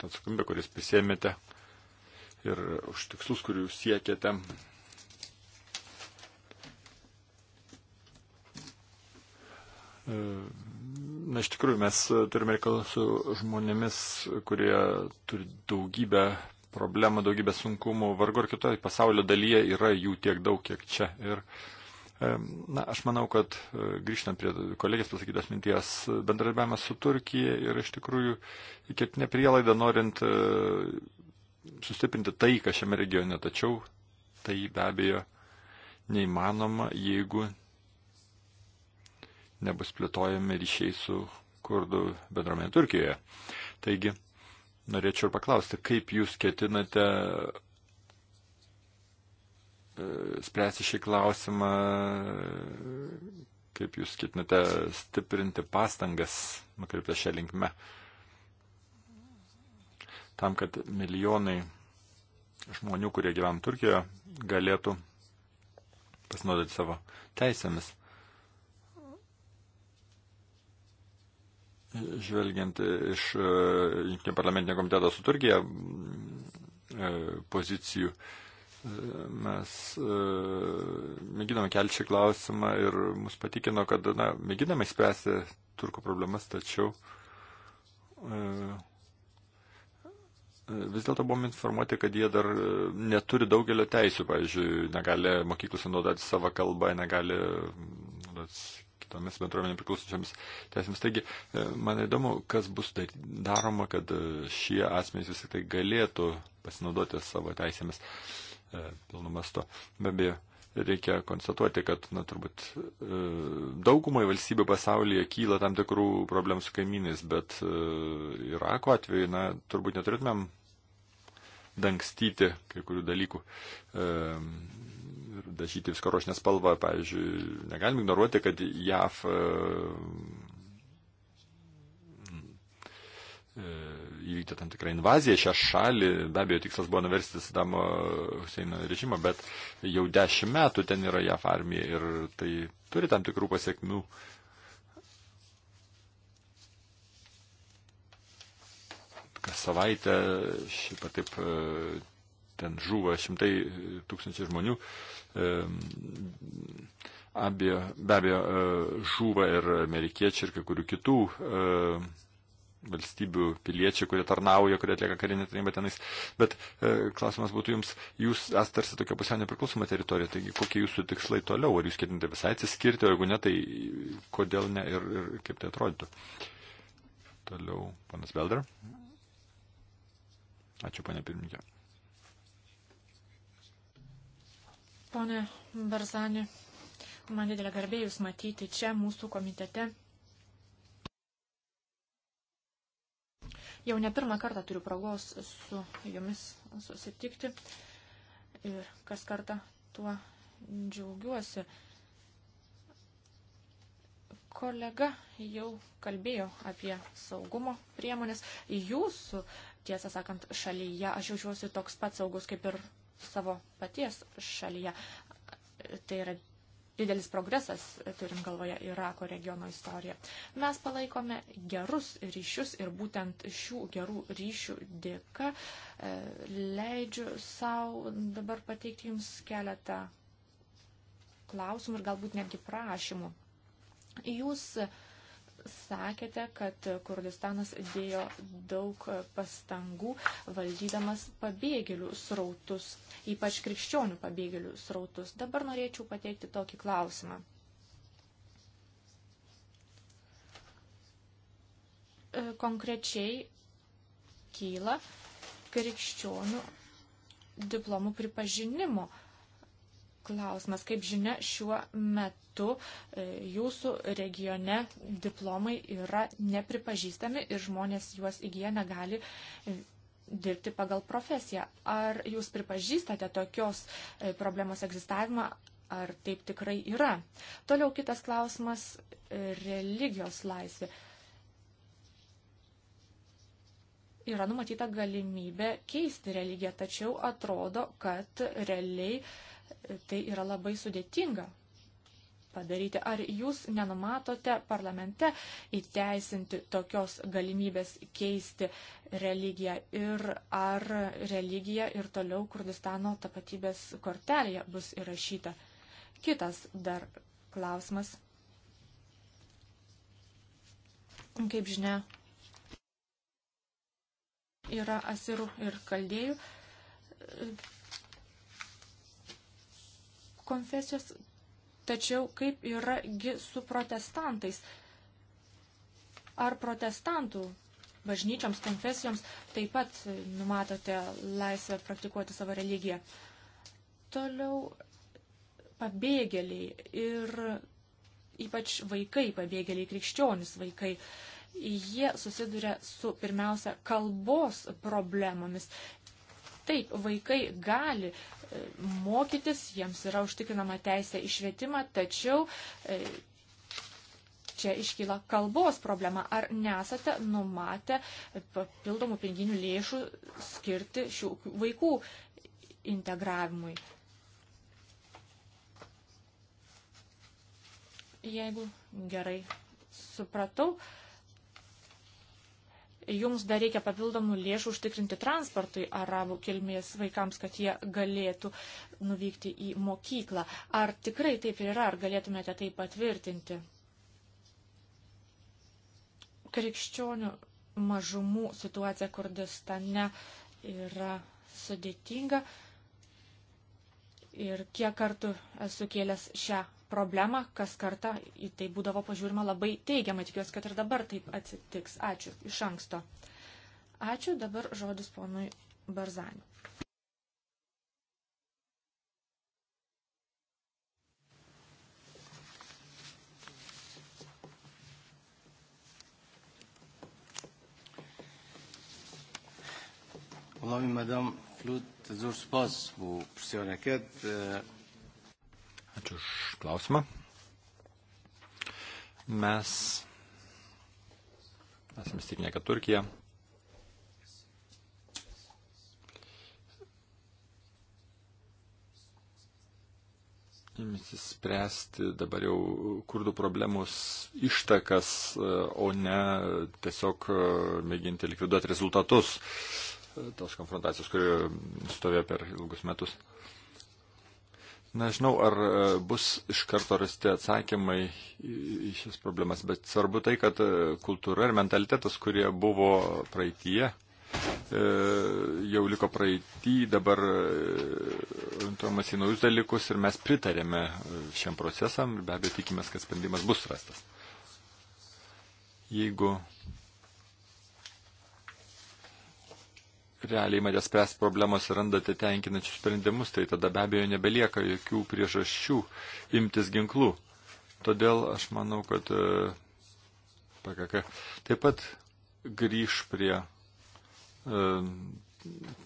tą atsakomybę, kuris prisėmėte ir už tikslus, kurių siekėte. E, na, iš tikrųjų, mes turime reikalą su žmonėmis, kurie turi daugybę problemų, daugybę sunkumų. Vargu ar kitoje pasaulio dalyje yra jų tiek daug, kiek čia. Ir uh, Na, aš manau, kad e, grįžtant prie kolegės pasakytos minties, bendradarbiavimas su Turkija yra iš tikrųjų įkėtinė prielaida norint e, sustiprinti taiką šiame regione, tačiau tai be abejo neįmanoma, jeigu nebus plėtojami ryšiai su kurdų bendruomenė Turkijoje. Taigi, norėčiau ir paklausti, kaip jūs ketinate E, spręsti šį klausimą, kaip jūs ketinate stiprinti pastangas nukreiptą šią linkmę, tam, kad milijonai žmonių, kurie gyvena Turkijoje, galėtų pasinaudoti savo teisėmis. Žvelgiant iš e, Junkinio parlamentinio komiteto su Turkija e, pozicijų, uh, Mes e, mėginome kelti šį klausimą ir mus patikino, kad na, mėginame spręsti turkų problemas, tačiau e, e, vis dėlto buvom informuoti, kad jie dar neturi daugelio teisių, pavyzdžiui, negali mokyklose naudoti savo kalbą, negali naudotis kitomis bendruomenėms priklausančiams teisėms. Taigi, man įdomu, kas bus daroma, kad šie asmenys vis tik tai galėtų pasinaudoti savo teisėmis. Uh, E, pilnu mastu. Be abejo, reikia konstatuoti, kad, na, turbūt e, daugumai valstybių pasaulyje kyla tam tikrų problemų su kaimynais, bet e, Irako atveju, na, turbūt neturėtumėm dangstyti kai kurių dalykų ir dažyti visko rožinę spalvą. Pavyzdžiui, negalim ignoruoti, kad JAV įvykdė tam tikrą invaziją šią šalį. Be abejo, tikslas buvo nuversti Sadamo Huseino režimą, bet jau dešimt metų ten yra JAF armija ir tai turi tam tikrų pasiekmių. Kas savaitę šiaip ar taip e, ten žuvo šimtai tūkstančių žmonių. E, abie, be abejo, e, žuva ir amerikiečiai ir kai kurių kitų valstybių piliečiai, kurie tarnauja, kurie atlieka karinę tarnybą tenais. Bet e, klausimas būtų jums, jūs esate tarsi tokia pusiau nepriklausoma teritorija, taigi kokie jūsų tikslai toliau, ar jūs ketinate visai atsiskirti, o jeigu ne, tai kodėl ne ir, ir kaip tai atrodytų. Toliau, panas Belder. Ačiū, panė pirmininkė. Pone Barzani, man didelė garbė Jūs matyti čia mūsų komitete. Jau ne pirmą kartą turiu progos su jumis susitikti ir kas kartą tuo džiaugiuosi. Kolega jau kalbėjo apie saugumo priemonės. Jūsų, tiesą sakant, šalyje aš jaučiuosi toks pat saugus kaip ir savo paties šalyje. Tai yra didelis progresas, turint galvoje Irako regiono istoriją. Mes palaikome gerus ryšius ir būtent šių gerų ryšių dėka e, leidžiu savo dabar pateikti Jums keletą klausimų ir galbūt netgi prašymų. Jūs uh, sakėte, kad Kurdistanas dėjo daug pastangų valdydamas pabėgėlių srautus, ypač krikščionių pabėgėlių srautus. Dabar norėčiau pateikti tokį klausimą. E, konkrečiai kyla krikščionių diplomų pripažinimo klausimas. Kaip žinia, šiuo metu e, jūsų regione diplomai yra nepripažįstami ir žmonės juos įgyja negali e, dirbti pagal profesiją. Ar jūs pripažįstate tokios e, problemos egzistavimą, ar taip tikrai yra? Toliau kitas klausimas - religijos laisvė. Yra numatyta galimybė keisti religiją, tačiau atrodo, kad realiai uh, tai yra labai sudėtinga padaryti. Ar jūs nenumatote parlamente įteisinti tokios galimybės keisti religiją ir ar religija ir toliau Kurdistano tapatybės kortelėje bus įrašyta? Kitas dar klausimas. Kaip žinia, yra asirų ir kaldėjų konfesijos, tačiau kaip yragi su protestantais? Ar protestantų bažnyčioms, konfesijoms taip pat numatote laisvę praktikuoti savo religiją? Toliau pabėgėliai ir ypač vaikai, pabėgėliai krikščionis vaikai, jie susiduria su pirmiausia kalbos problemomis. Taip, vaikai gali e, mokytis, jiems yra užtikrinama teisė išvietimą, tačiau e, čia iškyla kalbos problema. Ar nesate numatę papildomų piniginių lėšų skirti šių vaikų integravimui? Jeigu gerai supratau, uh, jums dar reikia papildomų lėšų užtikrinti transportui arabų kilmės vaikams, kad jie galėtų nuvykti į mokyklą. Ar tikrai taip yra, ar galėtumėte tai patvirtinti? Krikščionių mažumų situacija Kurdistane yra sudėtinga ir kiek kartų esu kėlęs šią problemą, kas kartą į tai būdavo pažiūrima labai teigiamai. Tikiuosi, kad ir dabar taip atsitiks. Ačiū iš anksto. Ačiū, dabar žodis ponui Barzaniu. والله مدام فلود زور سباز بو برسيونكت Ačiū už klausimą. Mes esame įstikinę, kad Turkija imsis spręsti dabar jau kurdų problemus ištakas, o ne tiesiog e, mėginti likviduoti rezultatus e, tos konfrontacijos, kurie stovėjo per ilgus metus. Uh, Nežinau, ar e, bus iš karto rasti atsakymai į šias problemas, bet svarbu tai, kad e, kultūra ir mentalitetas, kurie buvo praeitie, e, jau liko praeitį, dabar orientuojamas į naujus dalykus ir mes pritarėme šiam procesam ir be abejo tikimės, kad sprendimas bus rastas. Jeigu realiai manęs spręs problemos ir randate tenkinančius sprendimus, tai tada be abejo nebelieka jokių priežasčių imtis ginklų. Todėl aš manau, kad e, PKK taip pat grįž prie e,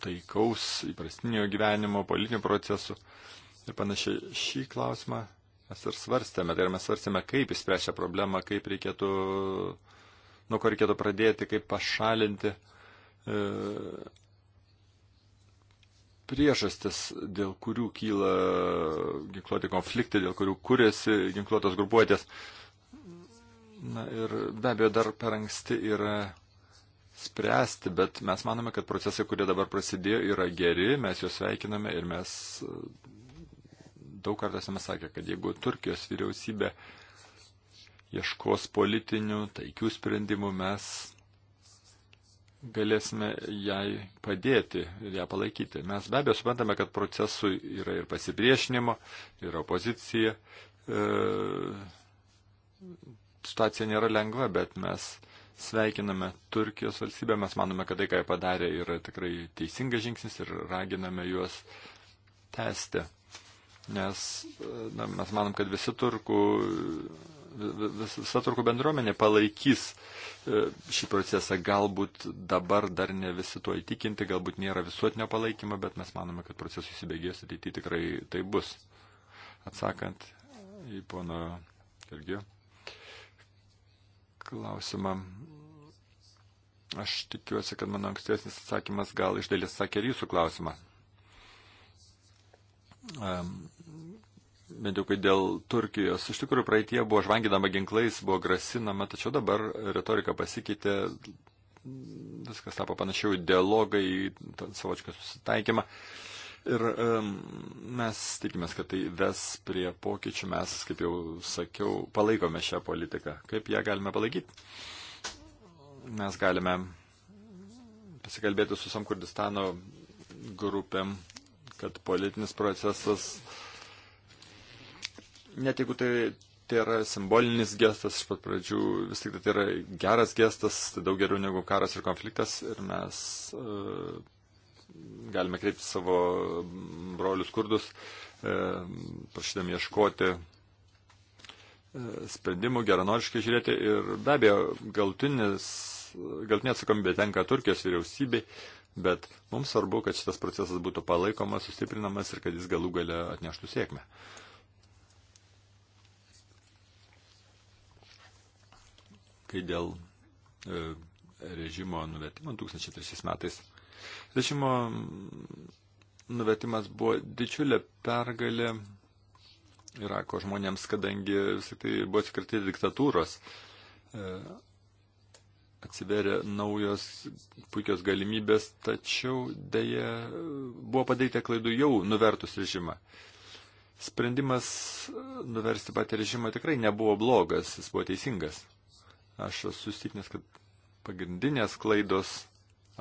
taikaus įprastinio gyvenimo, politinių procesų ir panašiai. Šį klausimą mes ir svarstėme, tai yra mes svarstėme, kaip įspręšia problemą, kaip reikėtų, nuo ko reikėtų pradėti, kaip pašalinti e, priežastis, dėl kurių kyla ginkluoti konfliktai, dėl kurių kūrėsi ginkluotos grupuotės. Na ir be abejo dar per anksti yra spręsti, bet mes manome, kad procesai, kurie dabar prasidėjo, yra geri, mes juos sveikiname ir mes e, daug kartų esame sakę, kad jeigu Turkijos vyriausybė ieškos politinių, taikių sprendimų, mes galėsime jai padėti ir ją palaikyti. Mes be abejo suprantame, kad procesui yra ir pasipriešinimo, yra opozicija. E, situacija nėra lengva, bet mes sveikiname Turkijos valstybę, mes manome, kad tai, ką jie padarė, yra tikrai teisingas žingsnis ir raginame juos tęsti. Nes e, na, mes manom, kad visi turkų, visa turkų bendruomenė palaikys uh, šį procesą. Galbūt dabar dar ne visi tuo įtikinti, galbūt nėra visuotinio palaikymo, bet mes manome, kad procesas įsibėgės ateityje tikrai tai bus. Atsakant į pono Irgio klausimą. Aš tikiuosi, kad mano ankstesnis atsakymas gal iš dalies sakė ir jūsų klausimą. Um, bent jau kai dėl Turkijos. Iš tikrųjų, praeitie buvo žvanginama ginklais, buvo grasinama, tačiau dabar retorika pasikeitė, viskas tapo panašiau į dialogą, į savočką susitaikymą. Ir um, mes tikimės, kad tai ves prie pokyčių. Mes, kaip jau sakiau, palaikome šią politiką. Kaip ją galime palaikyti? Mes galime pasikalbėti su Samkurdistano grupėm, kad politinis procesas uh, net jeigu tai, tai yra simbolinis gestas iš pat pradžių, vis tik tai yra geras gestas, tai daug geriau negu karas ir konfliktas ir mes uh, galime kreipti savo brolius kurdus, uh, prašydami ieškoti e, sprendimų, geranoriškai žiūrėti ir be abejo, galtinis, galtinė atsakomybė tenka Turkijos vyriausybei, bet mums svarbu, kad šitas procesas būtų palaikomas, sustiprinamas ir kad jis galų gale atneštų sėkmę. Uh, kai dėl e, režimo nuvertimo 2003 metais. Režimo nuvertimas buvo didžiulė pergalė Irako žmonėms, kadangi vis tik tai buvo atsikratyti diktatūros. E, atsiveria naujos puikios galimybės, tačiau dėja buvo padaryta klaidų jau nuvertus režimą. Sprendimas nuversti patį režimą tikrai nebuvo blogas, jis buvo teisingas. Aš esu įsitikinęs, kad pagrindinės klaidos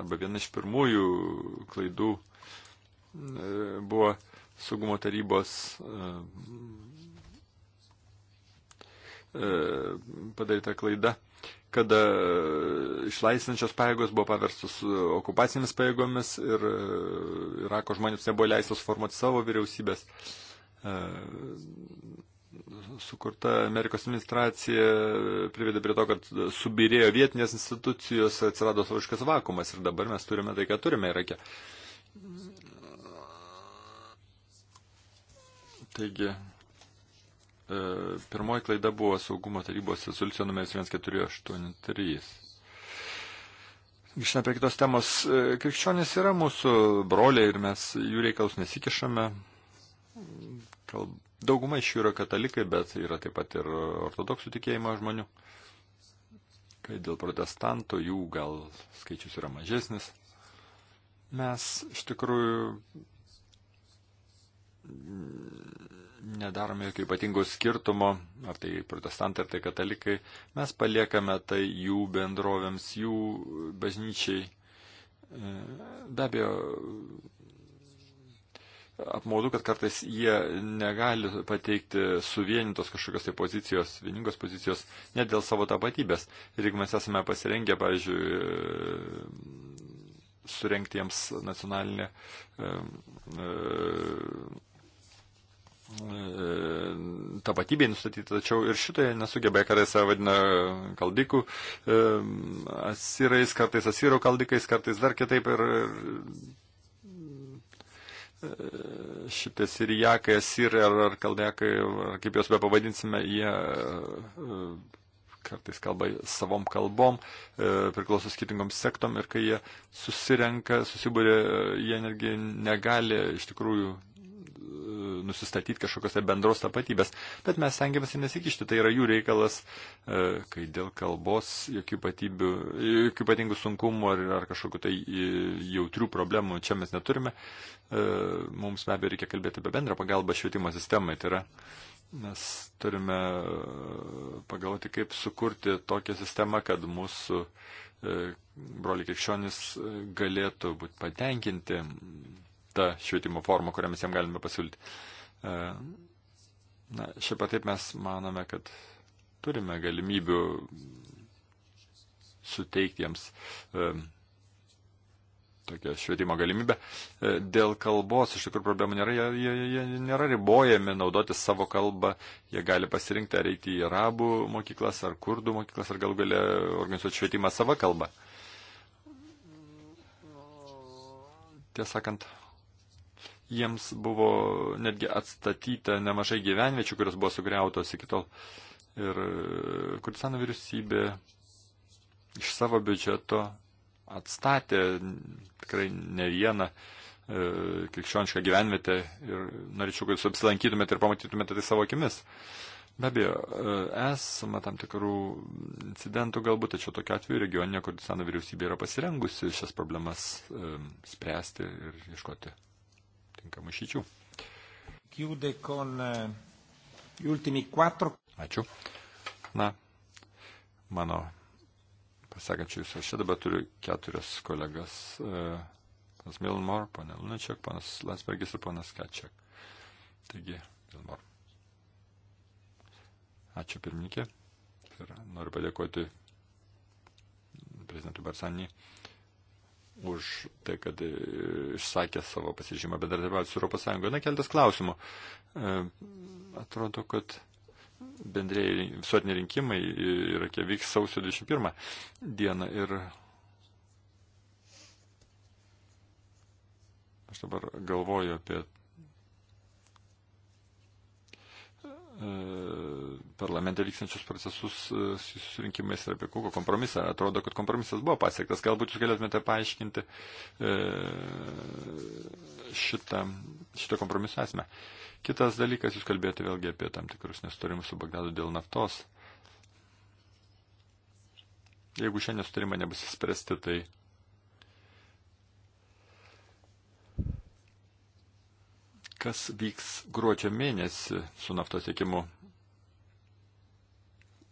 arba viena iš pirmųjų klaidų e, buvo saugumo tarybos e, e, padaryta klaida, kada išlaisvinančios pajėgos buvo paverstos okupacinėmis pajėgomis ir Irako žmonėms nebuvo leistos formuoti savo vyriausybės sukurta Amerikos administracija privedė prie to, kad subirėjo vietinės institucijos, atsirado savoškas vakumas ir dabar mes turime tai, ką turime Irake. Taigi, e, pirmoji klaida buvo saugumo tarybos rezoliucija numeris 1483. Grįžtame prie kitos temos. E, Krikščionės yra mūsų broliai ir mes jų reikalus nesikišame. Kalb Dauguma iš jų yra katalikai, bet yra taip pat ir ortodoksų tikėjimo žmonių. Kai dėl protestantų jų gal skaičius yra mažesnis. Mes iš tikrųjų nedarome jokio ypatingo skirtumo, ar tai protestantai, ar tai katalikai. Mes paliekame tai jų bendrovėms, jų bažnyčiai. Be abejo, apmaudu, kad kartais jie negali pateikti suvienintos kažkokios tai pozicijos, vieningos pozicijos, net dėl savo tapatybės. Ir jeigu mes esame pasirengę, pavyzdžiui, surenkti jiems nacionalinę e, e, tapatybėje nustatyti, tačiau ir šitoje nesugebėjo, kartais save vadina kaldikų, asirais, kartais asiro kaldikais, kartais dar kitaip ir šitie sirijakai, asirai ar, ar kaldekai, ar kaip juos be pavadinsime, jie e, kartais kalba savom kalbom, e, priklauso skirtingom sektom ir kai jie susirenka, susibūrė, jie netgi negali iš tikrųjų nusistatyti kažkokios tai bendros tapatybės, bet mes stengiamės ir nesikišti, tai yra jų reikalas, e, kai dėl kalbos jokių, patybių, jokių ypatingų sunkumų ar, ar kažkokių tai e, jautrių problemų čia mes neturime, e, mums be abejo reikia kalbėti apie bendrą pagalbą švietimo sistemai, tai yra mes turime pagalvoti, kaip sukurti tokią sistemą, kad mūsų broliai krikščionis galėtų būti patenkinti ta švietimo forma, kurią mes jam galime pasiūlyti. E, na, šiaip taip mes manome, kad turime galimybių suteikti jiems e, tokią švietimo galimybę. E, dėl kalbos iš tikrųjų problemų nėra, jie, jie, jie nėra ribojami naudoti savo kalbą, jie gali pasirinkti ar eiti į arabų mokyklas, ar kurdų mokyklas, ar gal galia organizuoti švietimą savo kalbą. Tiesą sakant, jiems buvo netgi atstatyta nemažai gyvenviečių, kurios buvo sugriautos iki tol. Ir e, Kurdistano vyriausybė iš savo biudžeto atstatė tikrai ne vieną e, krikščionišką gyvenvietę ir norėčiau, kad jūs apsilankytumėte ir pamatytumėte tai savo akimis. Be abejo, e, esama tam tikrų incidentų galbūt, tačiau tokia atveju regioninė Kurdistano vyriausybė yra pasirengusi šias problemas e, spręsti ir ieškoti tinkamų išyčių. Eh, Ačiū. Na, mano pasakančių jūs, aš čia dabar turiu keturias kolegas. Eh, panas Milmor, pana Lunačiak, panas Landsbergis ir panas Kačiak. Taigi, Milmor. Ačiū pirmininkė ir noriu padėkoti prezidentui Barsanį už tai, kad e, išsakė savo pasižymą bendradarbiauti su ES. Na, keltas klausimų. E, atrodo, kad bendrėjai visuotiniai rinkimai Irake vyks sausio 21 dieną ir aš dabar galvoju apie e, parlamente vykstančius procesus e, susirinkimais ir apie kokį kompromisą. Atrodo, kad kompromisas buvo pasiektas. Galbūt jūs galėtumėte paaiškinti e, šitą, šitą kompromiso esmę. Kitas dalykas, jūs kalbėjote vėlgi apie tam tikrus nesutarimus su Bagdadu dėl naftos. Jeigu šiandien nesutarimą nebus įspręsti, tai kas vyks gruodžio mėnesį su naftos tiekimu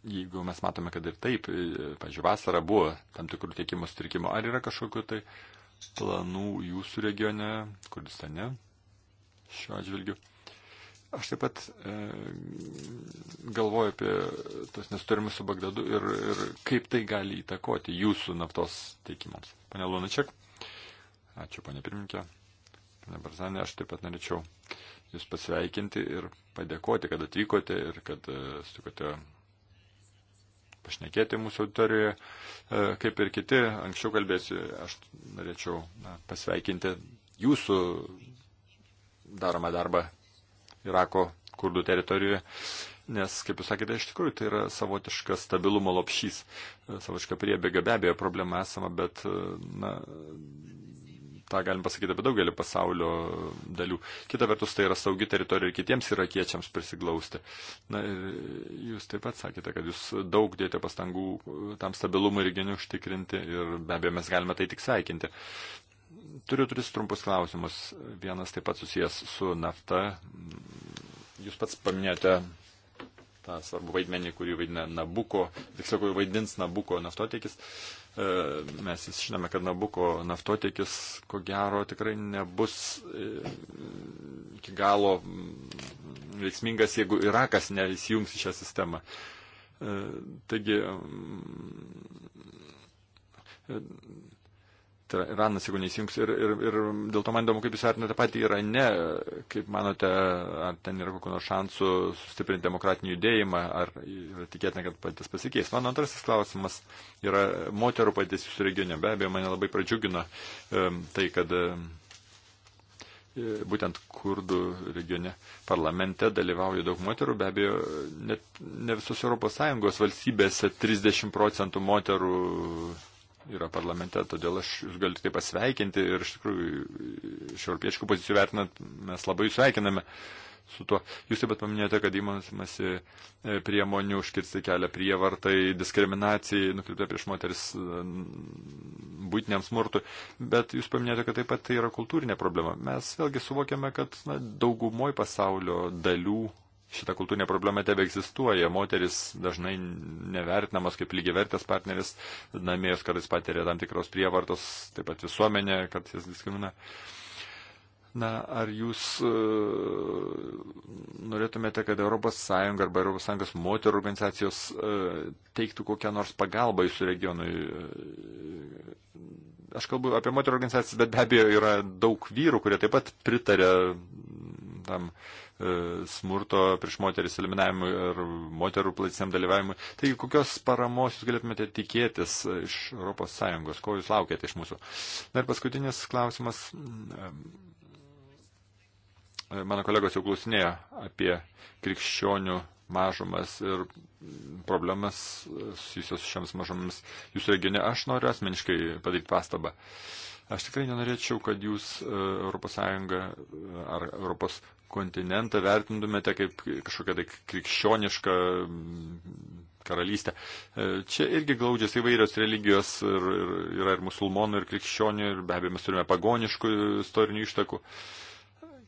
jeigu mes matome, kad ir taip, e, pažiūrėjau, vasarą buvo tam tikrų tiekimo sutrikimų, ar yra kažkokiu tai planų jūsų regione, Kurdistane, šiuo atžvilgiu? Aš taip pat e, galvoju apie tos nesutarimus su Bagdadu ir, ir kaip tai gali įtakoti jūsų naftos teikimams. Pane Lunačiak, ačiū, pane pirmininkė, pane Barzanė, aš taip pat norėčiau Jūs pasveikinti ir padėkoti, kad atvykote ir kad e, sutikote pašnekėti mūsų auditorijoje, e, kaip ir kiti anksčiau kalbėsiu, aš norėčiau na, pasveikinti jūsų daromą darbą Irako kurdų teritorijoje, nes, kaip jūs sakėte, iš tikrųjų tai yra savotiškas stabilumo lopšys, e, savotiška priebėga, be abejo, problema esama, bet e, na, tą galim pasakyti apie daugelį pasaulio dalių. Kita vertus, tai yra saugi teritorija ir kitiems irakiečiams prisiglausti. Na ir jūs taip pat sakėte, kad jūs daug dėjote pastangų tam stabilumui regionui užtikrinti ir be abejo mes galime tai tik sveikinti. Turiu tris trumpus klausimus. Vienas taip pat susijęs su nafta. Jūs pats paminėjote tą svarbų vaidmenį, kurį vaidina Nabuko, tiksliau, kurį vaidins Nabuko naftotiekis. Uh, E, mes vis žinome, kad Nabuko naftotiekis, ko gero, tikrai nebus e, iki galo mm, veiksmingas, jeigu Irakas neįsijungs į šią sistemą. E, taigi, mm, Tai yra Iranas, jeigu neįsijungs. Ir, ir, ir dėl to man įdomu, kaip jūs vertinate patį Irane, kaip manote, ar ten yra kokių nors šansų sustiprinti demokratinį judėjimą, ar yra tikėtina, kad patys pasikeis. Mano antrasis klausimas yra moterų patys jūsų regione. Be abejo, mane labai pradžiugino tai, kad e, būtent kurdų regione parlamente dalyvauja daug moterų, be abejo, net ne visos ES valstybėse 30 procentų moterų yra parlamente, todėl aš jūs galiu tik tai pasveikinti ir iš tikrųjų iš europiečių pozicijų vertinant mes labai jūs sveikiname su tuo. Jūs taip pat paminėjote, kad įmasi e, priemonių užkirsti kelią prievartai, diskriminacijai, nukreipta prieš moteris e, būtiniam smurtui, bet jūs paminėjote, kad taip pat tai yra kultūrinė problema. Mes vėlgi suvokiame, kad na, daugumoj pasaulio dalių šita kultūrinė problema tebe egzistuoja. Moteris dažnai nevertinamas kaip lygiavertės partneris, namėjos kartais patiria tam tikros prievartos, taip pat visuomenė, kad jas diskrimina. Na, ar jūs uh, norėtumėte, kad ES arba ES moterų organizacijos uh, teiktų kokią nors pagalbą jūsų regionui? E, aš kalbu apie moterų organizacijas, bet be abejo yra daug vyrų, kurie taip pat pritarė tam uh, E, smurto prieš moteris eliminavimui ir moterų platisiam dalyvavimui. Taigi, kokios paramos jūs galėtumėte tikėtis iš ES, ko jūs laukiate iš mūsų? Na ir paskutinis klausimas. E, mano kolegos jau klausinėjo apie krikščionių mažumas ir problemas susijusios su šiams mažomis jūsų regione. Aš noriu asmeniškai padaryti pastabą. Uh, Aš tikrai nenorėčiau, kad jūs ES e, ar Europos kontinentą vertintumėte kaip kažkokią tai krikščionišką mm, karalystę. E, čia irgi glaudžiasi įvairios religijos, ir, ir, yra ir musulmonų, ir krikščionių, ir be abejo mes turime pagoniškų istorinių ištakų.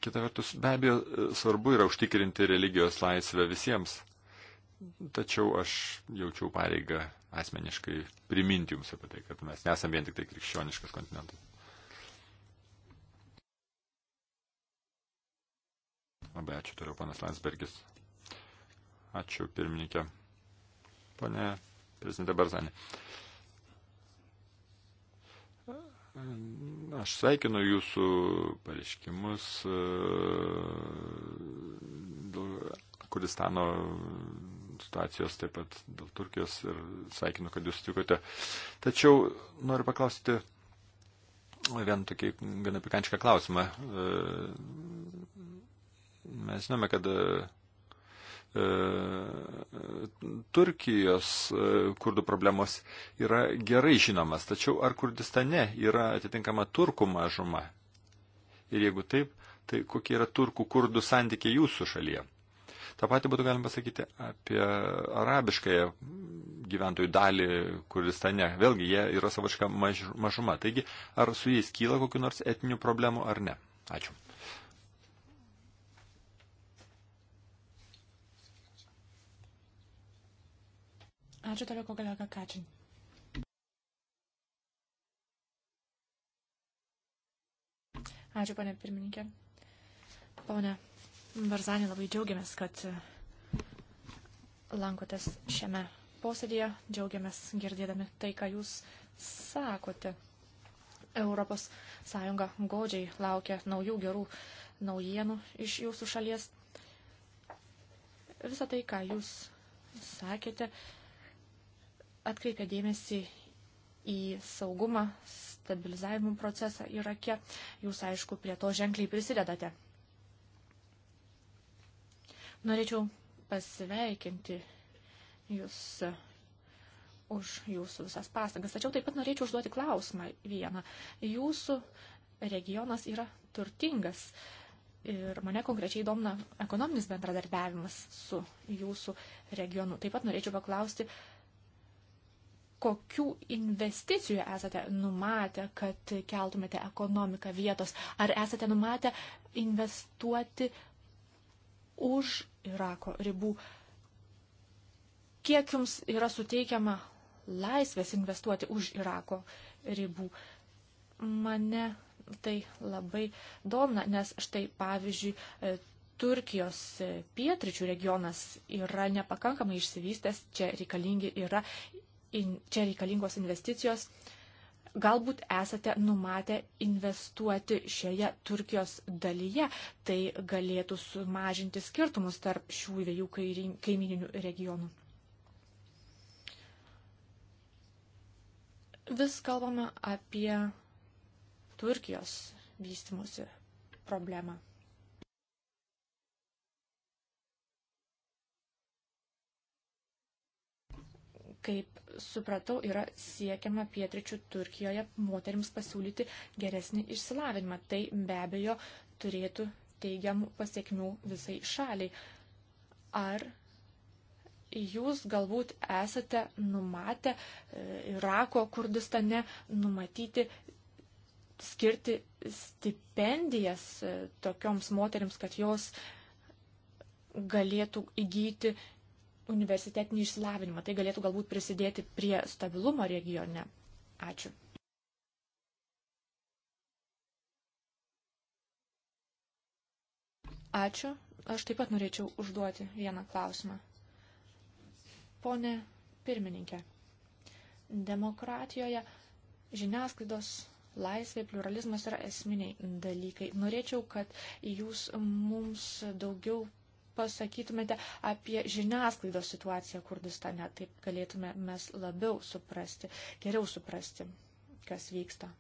Kita vertus, be abejo, svarbu yra užtikrinti religijos laisvę visiems. Tačiau aš jaučiau pareigą asmeniškai priminti jums apie tai, kad mes nesame vien tik tai krikščioniškas kontinentas. Labai ačiū, toliau panas Landsbergis. Ačiū, pirmininkė. Pane prezidentė Barzanė. Aš sveikinu jūsų pareiškimus e, dėl Kurdistano situacijos, taip pat dėl Turkijos ir sveikinu, kad jūs sutikote. Tačiau noriu paklausyti vieną tokį gana pikančią klausimą. E, mes žinome, kad e, Turkijos e, kurdų problemos yra gerai žinomas, tačiau ar Kurdistane yra atitinkama turkų mažuma? Ir jeigu taip, tai kokie yra turkų kurdų santykiai jūsų šalyje? Ta pati būtų galima pasakyti apie arabiškąją gyventojų dalį Kurdistane. Vėlgi, jie yra savaška maž, mažuma. Taigi, ar su jais kyla kokiu nors etinių problemų ar ne? Ačiū. Ačiū toliau, kolega Kačin. Ačiū, pane pirmininkė. Pone Barzanį labai džiaugiamės, kad lankotės šiame posėdėje, džiaugiamės girdėdami tai, ką jūs sakote. Europos Sąjunga godžiai laukia naujų gerų naujienų iš jūsų šalies. Visą tai, ką jūs sakėte, atkreipia dėmesį į saugumą, stabilizavimo procesą Irake. Jūs, aišku, prie to ženkliai prisidedate. Norėčiau pasveikinti Jūs už Jūsų visas pastangas. Tačiau taip pat norėčiau užduoti klausimą vieną. Jūsų regionas yra turtingas ir mane konkrečiai domina ekonominis bendradarbiavimas su Jūsų regionu. Taip pat norėčiau paklausti, kokių investicijų esate numatę, kad keltumėte ekonomiką vietos? Ar esate numatę investuoti už Irako ribų. Kiek jums yra suteikiama laisvės investuoti už Irako ribų? Mane tai labai domina, nes štai pavyzdžiui, e, Turkijos e, pietričių regionas yra nepakankamai išsivystęs, čia, reikalingi yra, in, čia reikalingos investicijos, uh, galbūt esate numatę investuoti šioje Turkijos dalyje, tai galėtų sumažinti skirtumus tarp šių dviejų kaimininių regionų. Vis kalbame apie Turkijos vystimusi problemą. kaip supratau, yra siekiama pietričių Turkijoje moteriams pasiūlyti geresnį išsilavinimą. Tai be abejo turėtų teigiamų pasiekmių visai šaliai. Ar jūs galbūt esate numatę e, Irako Kurdistane numatyti skirti stipendijas e, tokioms moteriams, kad jos galėtų įgyti universitetinį išsilavinimą. Tai galėtų galbūt prisidėti prie stabilumo regione. Ačiū. Ačiū. Aš taip pat norėčiau užduoti vieną klausimą. Pone pirmininkė, demokratijoje žiniasklaidos laisvė, pluralizmas yra esminiai dalykai. Norėčiau, kad jūs mums daugiau pasakytumėte apie žiniasklaidos situaciją Kurdistane, taip galėtume mes labiau suprasti, geriau suprasti, kas vyksta.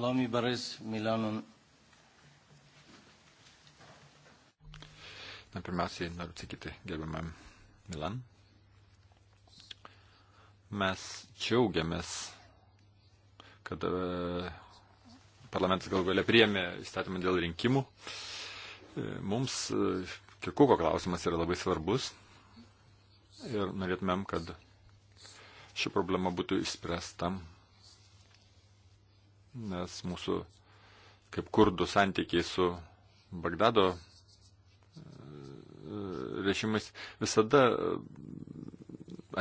Lomi Baris Milanon. Na, pirmiausiai noriu atsakyti gerbiamam Milan. Mes džiaugiamės, kad e, parlamentas gal galia priėmė įstatymą dėl rinkimų. E, mums e, kirkuko klausimas yra labai svarbus ir norėtumėm, kad ši problema būtų išspręsta nes mūsų kaip kurdų santykiai su Bagdado e, režimais visada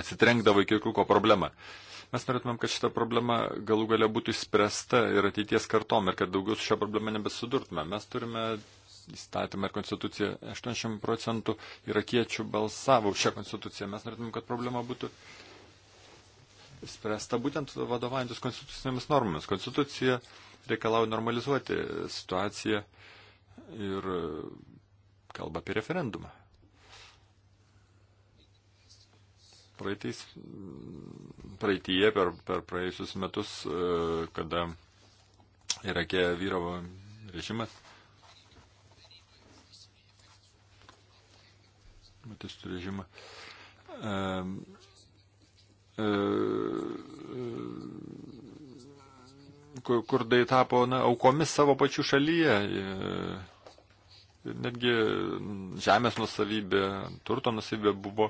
atsitrenkdavo į kirkluko problemą. Mes norėtumėm, kad šita problema galų galia būtų išspręsta ir ateities kartom ir kad daugiau su šia problema nebesudurtume. Mes turime įstatymą ir konstituciją. 80 procentų irakiečių balsavo šią konstituciją. Mes norėtumėm, kad problema būtų spręsta būtent vadovaujantis konstitucinėmis normomis. Konstitucija reikalauja normalizuoti situaciją ir kalba apie referendumą. Praeitais, praeitie per, per praėjusius metus, e, kada Irake vyravo režimas, matistų režimą, e, E, kurdai tapo na, aukomis savo pačių šalyje. E, netgi žemės nusavybė, turto nusavybė buvo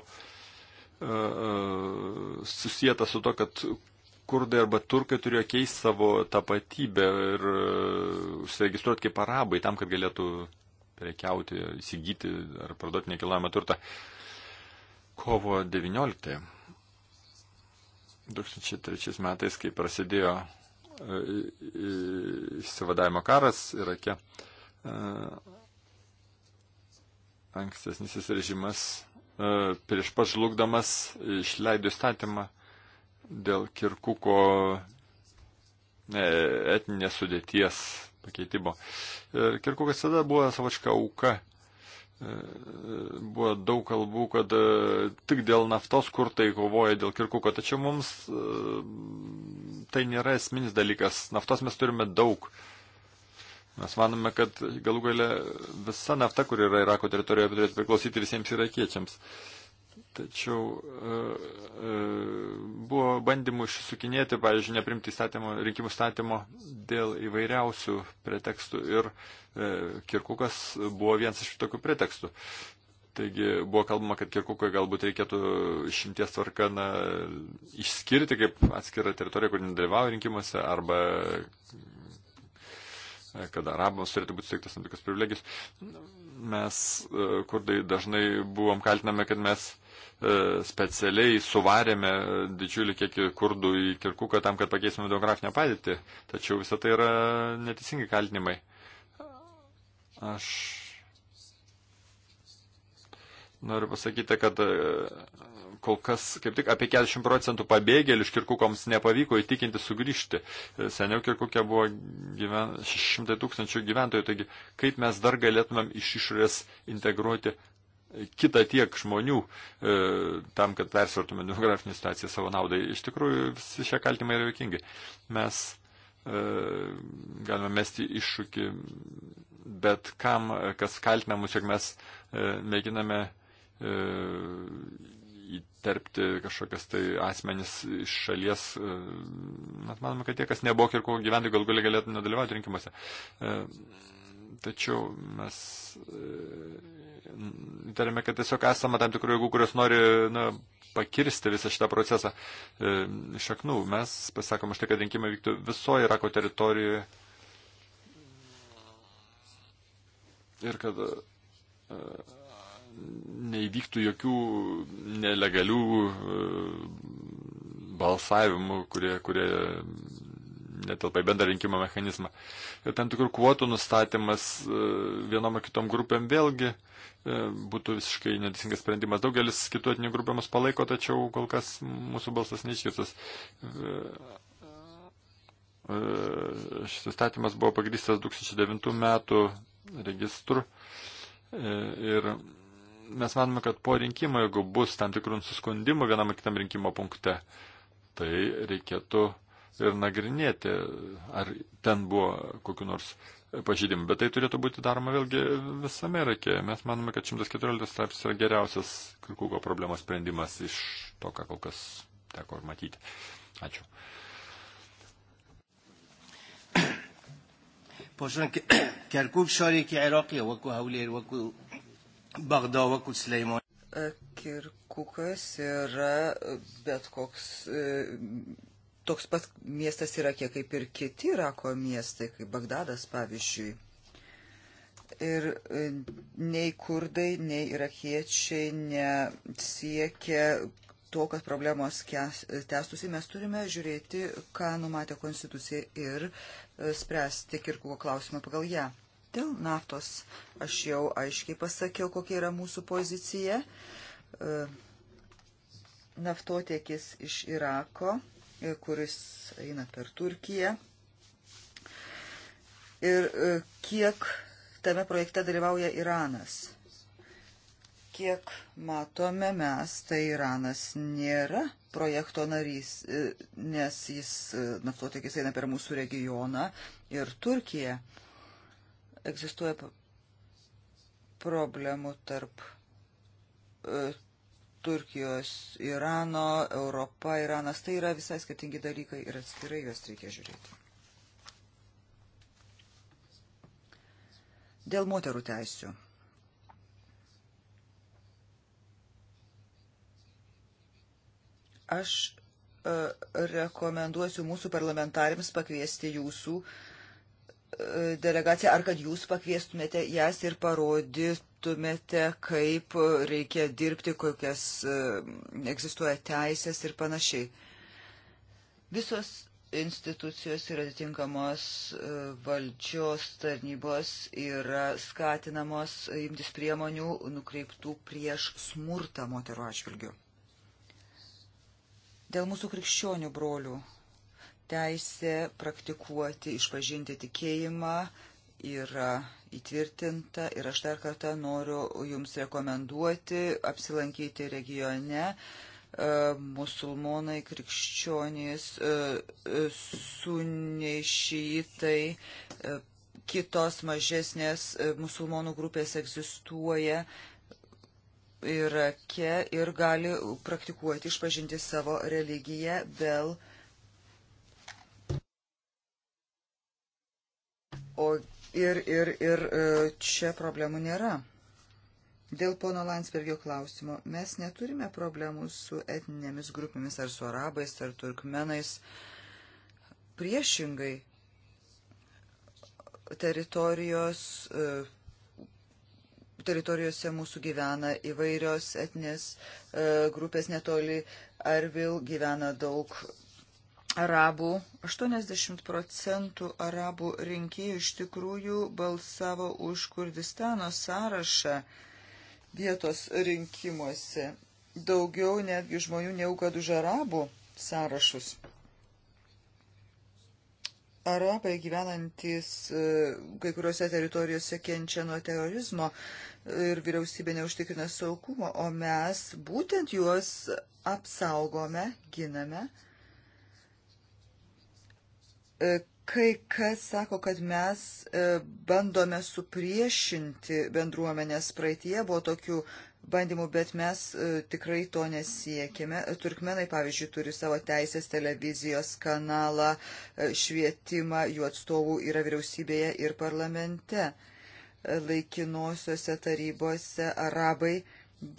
e, susijęta su to, kad kurdai arba turkai turėjo keisti savo tapatybę ir užsiregistruoti kaip arabai tam, kad galėtų prekiauti, įsigyti ar parduoti nekilnojamą turtą. Kovo 19. 2003 metais, kai prasidėjo e, išsivadavimo karas Irake, e, ankstesnis režimas e, prieš pažlugdamas išleido statymą dėl Kirkuko etninės sudėties pakeitimo. Ir Kirkukas tada buvo savačka auka E, buvo daug kalbų, kad e, tik dėl naftos kurtai kovoja dėl kirkuko, tačiau mums e, tai nėra esminis dalykas. Naftos mes turime daug. Mes manome, kad galų gale visa nafta, kur yra Irako teritorijoje, turėtų priklausyti visiems irakiečiams. Uh, Tačiau e, e, buvo bandymų išsukinėti, pavyzdžiui, neprimti statymo, rinkimų statymo dėl įvairiausių pretekstų ir e, Kirkukas buvo vienas iš tokių pretekstų. Taigi buvo kalbama, kad Kirkukoje galbūt reikėtų šimties tvarką na, išskirti kaip atskirą teritoriją, kur nedalyvauja rinkimuose, arba e, kad arabams turėtų būti suteiktas tam tikras privilegijas. Mes, e, kurdai, dažnai buvom kaltinami, kad mes E, specialiai suvarėme didžiulį kiekį kurdų į Kirkuką tam, kad pakeisime demografinę padėtį. Tačiau visą tai yra neteisingi kaltinimai. Aš noriu pasakyti, kad e, kol kas kaip tik apie 40 procentų pabėgėlių iš Kirkukoms nepavyko įtikinti sugrįžti. E, seniau Kirkukė buvo gyven... 600 tūkstančių gyventojų, taigi kaip mes dar galėtumėm iš išorės integruoti kitą tiek žmonių e, tam, kad persvartume demografinę situaciją savo naudai. Iš tikrųjų, visi šie kaltimai yra jokingi. Mes e, galime mesti iššūkį, bet kam, kas kaltina mus, jog mes e, mėginame e, įterpti kažkokias tai asmenis iš šalies. E, mes manome, kad tie, kas nebuvo ir ko gyventi, gal gali galėtų nedalyvauti rinkimuose. E, Tačiau mes e, įtarėme, kad tiesiog esame tam tikrų jėgų, kurios nori na, pakirsti visą šitą procesą e, iš aknų. Mes pasakom už tai, kad rinkimai vyktų visoje Irako teritorijoje. Ir kad e, neįvyktų jokių nelegalių balsavimų, kurie, kurie netelpa į bendrą rinkimo mechanizmą. Ir tam tikrų kvotų nustatymas e, vienom ar kitom grupėm vėlgi e, būtų visiškai neteisingas sprendimas. Daugelis kitų etinių grupė mus palaiko, tačiau kol kas mūsų balsas neišgirstas. E, šis įstatymas buvo pagrįstas 2009 metų registru ir mes manome, kad po rinkimo, jeigu bus tam tikrų nusiskundimų vienam ar kitam rinkimo punkte, tai reikėtų uh, ir nagrinėti, ar ten buvo kokiu nors pažydimu. Bet tai turėtų būti daroma vėlgi visame Irake. Mes manome, kad 114 straipsnis yra geriausias Kirkuko problemos sprendimas iš to, ką kol kas teko matyti. Ačiū. پاشون کرکوک شاری که عراقیه وکو هولیر وکو بغدا وکو سلیمان کرکوkas yra bet koks toks pat miestas Irake kaip ir kiti Irako miestai, kaip Bagdadas pavyzdžiui. Ir e, nei kurdai, nei irakiečiai nesiekia to, kad problemos tęstusi. Mes turime žiūrėti, ką numatė konstitucija ir e, spręsti kirkuko klausimą pagal ją. Dėl naftos aš jau aiškiai pasakiau, kokia yra mūsų pozicija. E, naftotiekis iš Irako E, kuris eina per Turkiją. Ir e, kiek tame projekte dalyvauja Iranas. Kiek matome mes, tai Iranas nėra projekto narys, e, nes jis naftotiekis eina per mūsų regioną ir Turkiją. Egzistuoja problemų tarp Turkijos, Irano, Europa, Iranas, tai yra visai skirtingi dalykai ir atskirai juos reikia žiūrėti. Dėl moterų teisių. Aš e, rekomenduosiu mūsų parlamentarėms pakviesti jūsų uh, delegaciją, ar kad jūs pakviestumėte jas ir parodytumėte, kaip reikia dirbti, kokias e, egzistuoja teisės ir panašiai. Visos institucijos ir atitinkamos e, valdžios tarnybos yra skatinamos imtis priemonių nukreiptų prieš smurtą moterų atžvilgių. Dėl mūsų krikščionių brolių teisė praktikuoti, išpažinti tikėjimą yra įtvirtinta ir aš dar kartą noriu jums rekomenduoti apsilankyti regione. E, musulmonai, krikščionys, e, sunešytai, e, kitos mažesnės musulmonų grupės egzistuoja Irake ir gali praktikuoti, išpažinti savo religiją dėl. Bel O ir, ir, ir e, čia problemų nėra. Dėl pono Landsbergio klausimo, mes neturime problemų su etninėmis grupėmis, ar su arabais, ar turkmenais. Priešingai, teritorijos, e, teritorijose mūsų gyvena įvairios etinės e, grupės netoli, ar vėl gyvena daug arabų, 80 procentų arabų rinkėjų iš tikrųjų balsavo už Kurdistano sąrašą vietos rinkimuose. Daugiau netgi žmonių negu kad už arabų sąrašus. Arabai gyvenantis e, kai kuriuose teritorijose kenčia nuo terorizmo ir vyriausybė neužtikrina saugumo, o mes būtent juos apsaugome, giname E, kai kas sako, kad mes e, bandome supriešinti bendruomenės. Praeitie buvo tokių bandymų, bet mes e, tikrai to nesiekime. Turkmenai, pavyzdžiui, turi savo teisės televizijos kanalą, švietimą, jų atstovų yra vyriausybėje ir parlamente. Laikinosiose tarybose arabai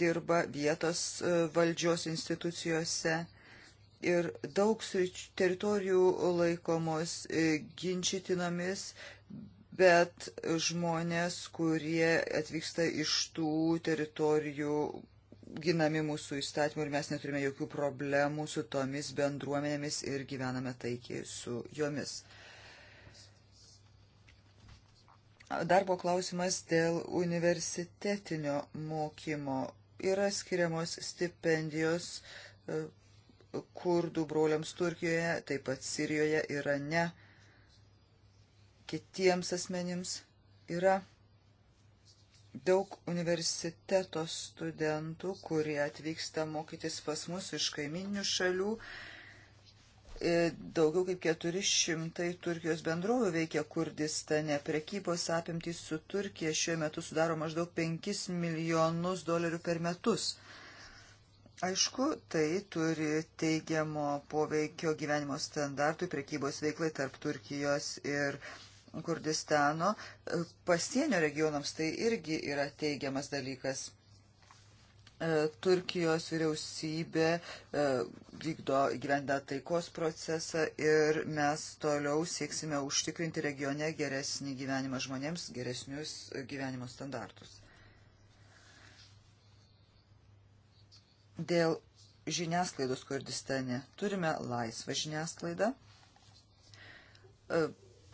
dirba vietos valdžios institucijose ir daug teritorijų laikomos e, ginčytinomis, bet žmonės, kurie atvyksta iš tų teritorijų ginami mūsų įstatymų ir mes neturime jokių problemų su tomis bendruomenėmis ir gyvename taikiai su jomis. Darbo klausimas dėl universitetinio mokymo. Yra skiriamos stipendijos e, kurdų broliams Turkijoje, taip pat Sirijoje, Irane, kitiems asmenims yra daug universiteto studentų, kurie atvyksta mokytis pas mus iš kaiminių šalių. E, daugiau kaip 400 Turkijos bendrovių veikia Kurdistane. Prekybos apimtys su Turkija šiuo metu sudaro maždaug 5 milijonus dolerių per metus. Aišku, tai turi teigiamo poveikio gyvenimo standartui prekybos veiklai tarp Turkijos ir Kurdistano. Pasienio regionams tai irgi yra teigiamas dalykas. E, Turkijos vyriausybė e, vykdo gyvendą taikos procesą ir mes toliau sieksime užtikrinti regione geresnį gyvenimą žmonėms, geresnius gyvenimo standartus. Dėl žiniasklaidos Kurdistane turime laisvą žiniasklaidą. E,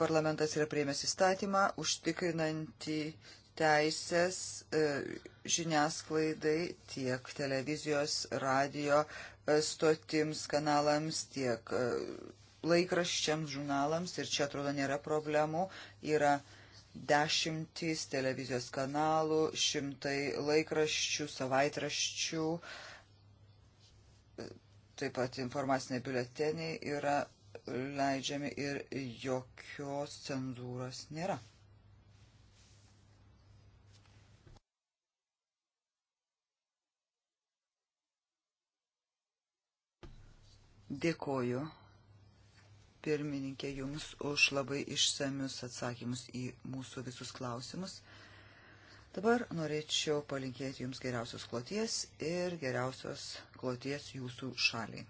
parlamentas yra prieimęs įstatymą užtikrinantį teisės e, žiniasklaidai tiek televizijos, radio e, stotims, kanalams, tiek laikraščiams, žurnalams ir čia atrodo nėra problemų. Yra dešimtys televizijos kanalų, šimtai laikraščių, savaitraščių, uh, taip pat informaciniai biuleteniai yra leidžiami ir jokios cenzūros nėra. Dėkoju pirmininkė Jums už labai išsamius atsakymus į mūsų visus klausimus. Dabar norėčiau palinkėti Jums geriausios kloties ir geriausios kloties Jūsų šaliai.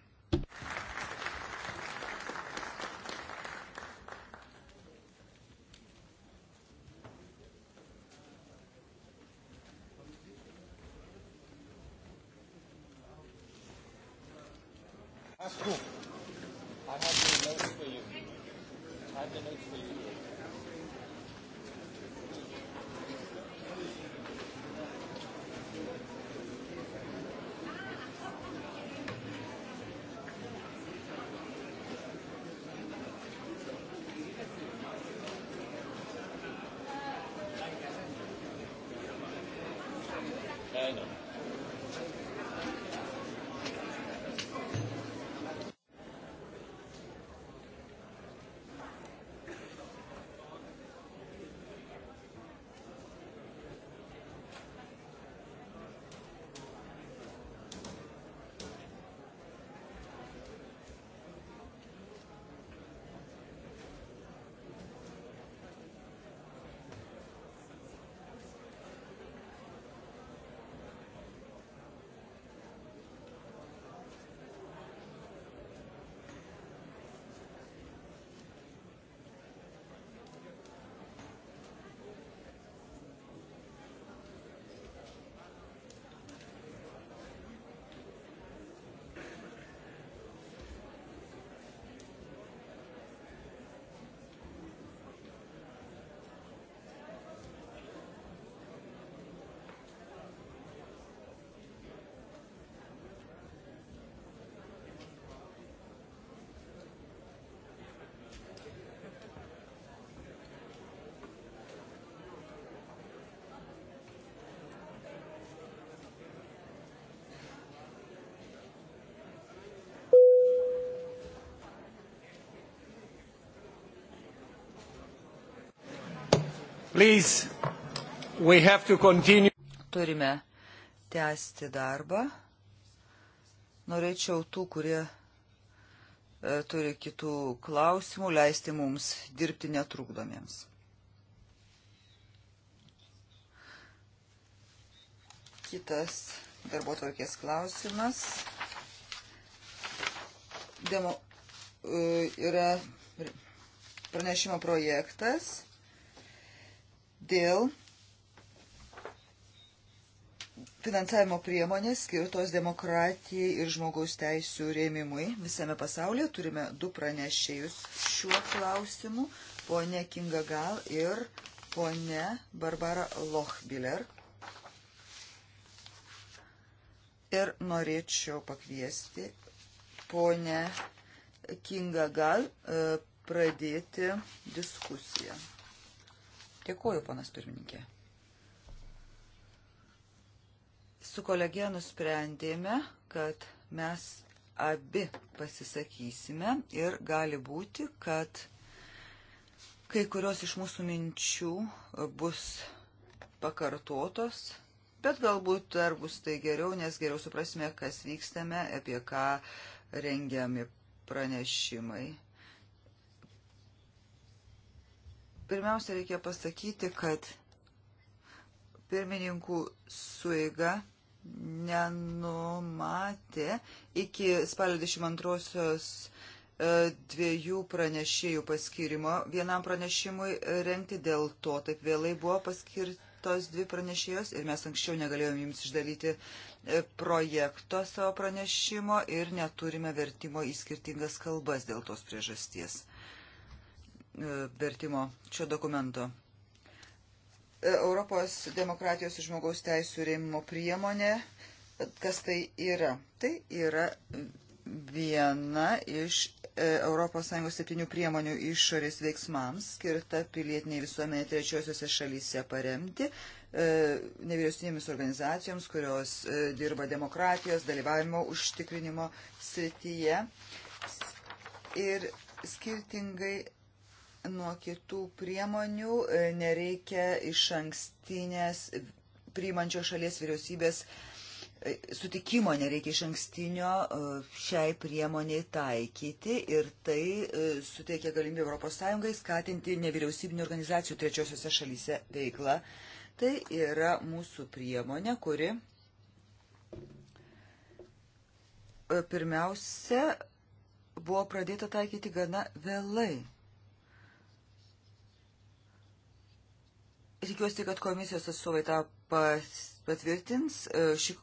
Please, we have to continue. Turime tęsti darbą. Norėčiau tų, kurie e, turi kitų klausimų, leisti mums dirbti netrukdomiems. Kitas darbo tvarkės klausimas. Demo, e, yra pranešimo projektas dėl finansavimo priemonės skirtos demokratijai ir žmogaus teisų rėmimui visame pasaulyje. Turime du pranešėjus šiuo klausimu - ponė Kinga Gal ir ponė Barbara Lochbiller. Ir norėčiau pakviesti ponę Kinga Gal e, pradėti diskusiją. Dėkuoju, ponas pirmininkė. Su kolegė nusprendėme, kad mes abi pasisakysime ir gali būti, kad kai kurios iš mūsų minčių bus pakartotos, bet galbūt dar bus tai geriau, nes geriau suprasime, kas vykstame, apie ką rengiami pranešimai. Pirmiausia, reikia pasakyti, kad pirmininkų suiga nenumatė iki spalio 22-osios e, dviejų pranešėjų paskirimo. Vienam pranešimui renkti dėl to taip vėlai buvo paskirtos dvi pranešėjos ir mes anksčiau negalėjom jums išdalyti e, projekto savo pranešimo ir neturime vertimo į skirtingas kalbas dėl tos priežasties. E, vertimo šio dokumento. E, Europos demokratijos ir žmogaus teisų rėmimo priemonė, kas tai yra? Tai yra viena iš ES septynių priemonių išorės veiksmams skirta pilietiniai visuomenė trečiosiuose šalyse paremti e, nevyriausybėmis organizacijoms, kurios dirba demokratijos, dalyvavimo užtikrinimo srityje. Ir skirtingai nuo kitų priemonių, e, nereikia iš ankstinės priimančios šalies vyriausybės e, sutikimo, nereikia iš ankstinio e, šiai priemoniai taikyti ir tai suteikia galimybę ES skatinti nevyriausybinio organizacijų trečiosiuose šalyse veiklą. Tai yra mūsų priemonė, kuri pirmiausia buvo pradėta taikyti gana vėlai. Tikiuosi, kad komisijos atstovai tą patvirtins. E, ši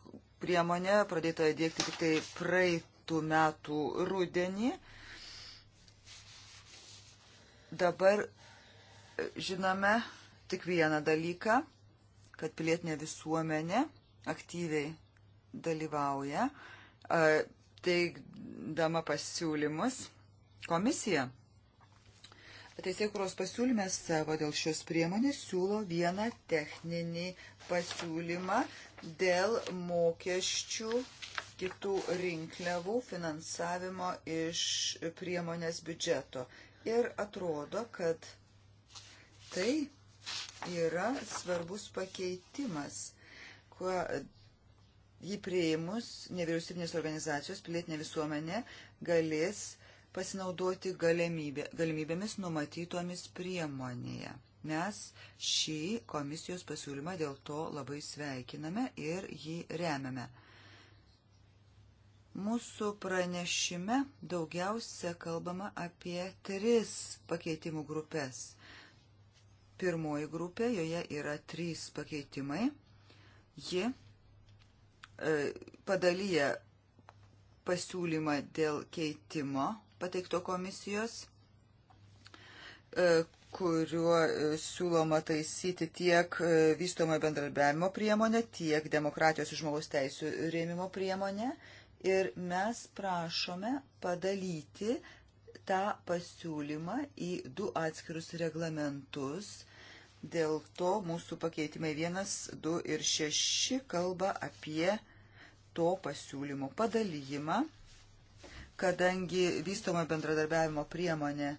priemonė pradėta dėkti tik tai praeitų metų rudenį. Dabar e, žinome tik vieną dalyką, kad pilietinė visuomenė aktyviai dalyvauja, e, teikdama pasiūlymus komisija Teisėkuros pasiūlyme savo dėl šios priemonės siūlo vieną techninį pasiūlymą dėl mokesčių kitų rinkliavų finansavimo iš priemonės biudžeto. Ir atrodo, kad tai yra svarbus pakeitimas, kuo jį prieimus nevyriausybinės organizacijos pilietinė visuomenė galės pasinaudoti galimybė, galimybėmis numatytomis priemonėje. Mes šį komisijos pasiūlymą dėl to labai sveikiname ir jį remiame. Mūsų pranešime daugiausia kalbama apie tris pakeitimų grupės. Pirmoji grupė, joje yra trys pakeitimai. Ji e, padalyja pasiūlymą dėl keitimo pateikto komisijos, e, kuriuo e, siūloma taisyti tiek e, vystomo bendradarbiavimo priemonę, tiek demokratijos ir žmogaus teisų rėmimo priemonę. Ir mes prašome padalyti tą pasiūlymą į du atskirus reglamentus. Dėl to mūsų pakeitimai 1, 2 ir 6 kalba apie to pasiūlymo padalyjimą kadangi vystoma bendradarbiavimo priemonė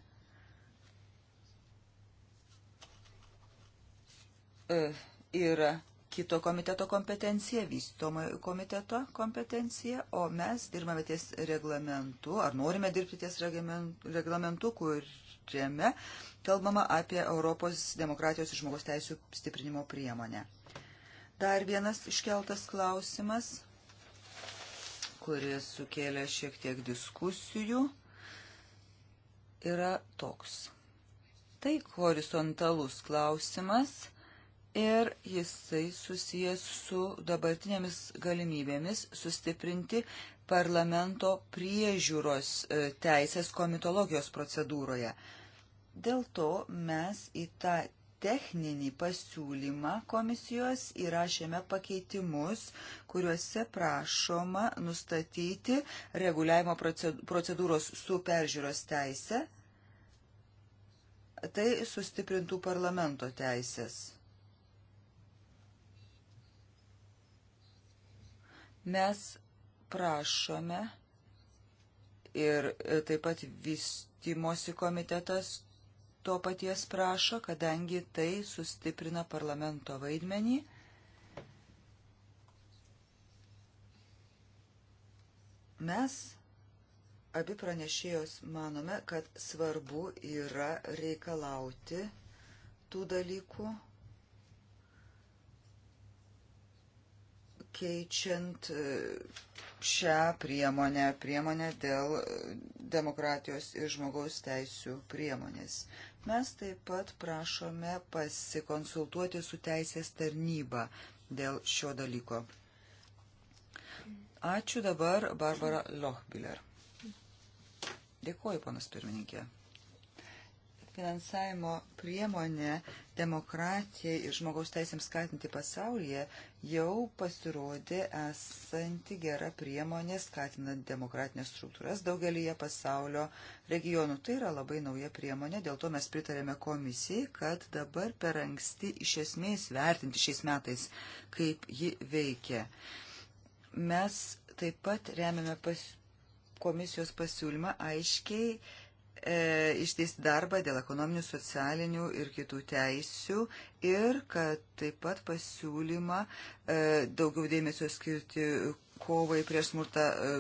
e, yra kito komiteto kompetencija, vystoma komiteto kompetencija, o mes dirbame ties reglamentu, ar norime dirbti ties reglamentu, kuriame kalbama apie Europos demokratijos ir žmogaus teisų stiprinimo priemonę. Dar vienas iškeltas klausimas kuris sukėlė šiek tiek diskusijų, yra toks. Tai horizontalus klausimas ir jisai susijęs su dabartinėmis galimybėmis sustiprinti parlamento priežiūros e, teisės komitologijos procedūroje. Dėl to mes į tą techninį pasiūlymą komisijos įrašėme pakeitimus, kuriuose prašoma nustatyti reguliavimo procedūros su peržiūros teise. Tai sustiprintų parlamento teisės. Mes prašome ir taip pat vystymosi komitetas to paties prašo, kadangi tai sustiprina parlamento vaidmenį. Mes abi pranešėjos manome, kad svarbu yra reikalauti tų dalykų, keičiant e, šią priemonę, priemonę dėl demokratijos ir žmogaus teisų priemonės. Mes taip pat prašome pasikonsultuoti su teisės tarnyba dėl šio dalyko. Ačiū dabar Barbara Lochbiller. Dėkuoju, panas pirmininkė. Finansavimo priemonė demokratijai ir žmogaus teisėms skatinti pasaulyje jau pasirodė esanti gera priemonė skatinant demokratinės struktūras daugelyje pasaulio regionų. Tai yra labai nauja priemonė, dėl to mes pritarėme komisijai, kad dabar per anksti iš esmės vertinti šiais metais, kaip ji veikia. Mes taip pat remiame pas, komisijos pasiūlymą aiškiai e, išteisti darbą dėl ekonominių, socialinių ir kitų teisių ir kad taip pat pasiūlymą e, daugiau dėmesio skirti kovai prieš smurtą e,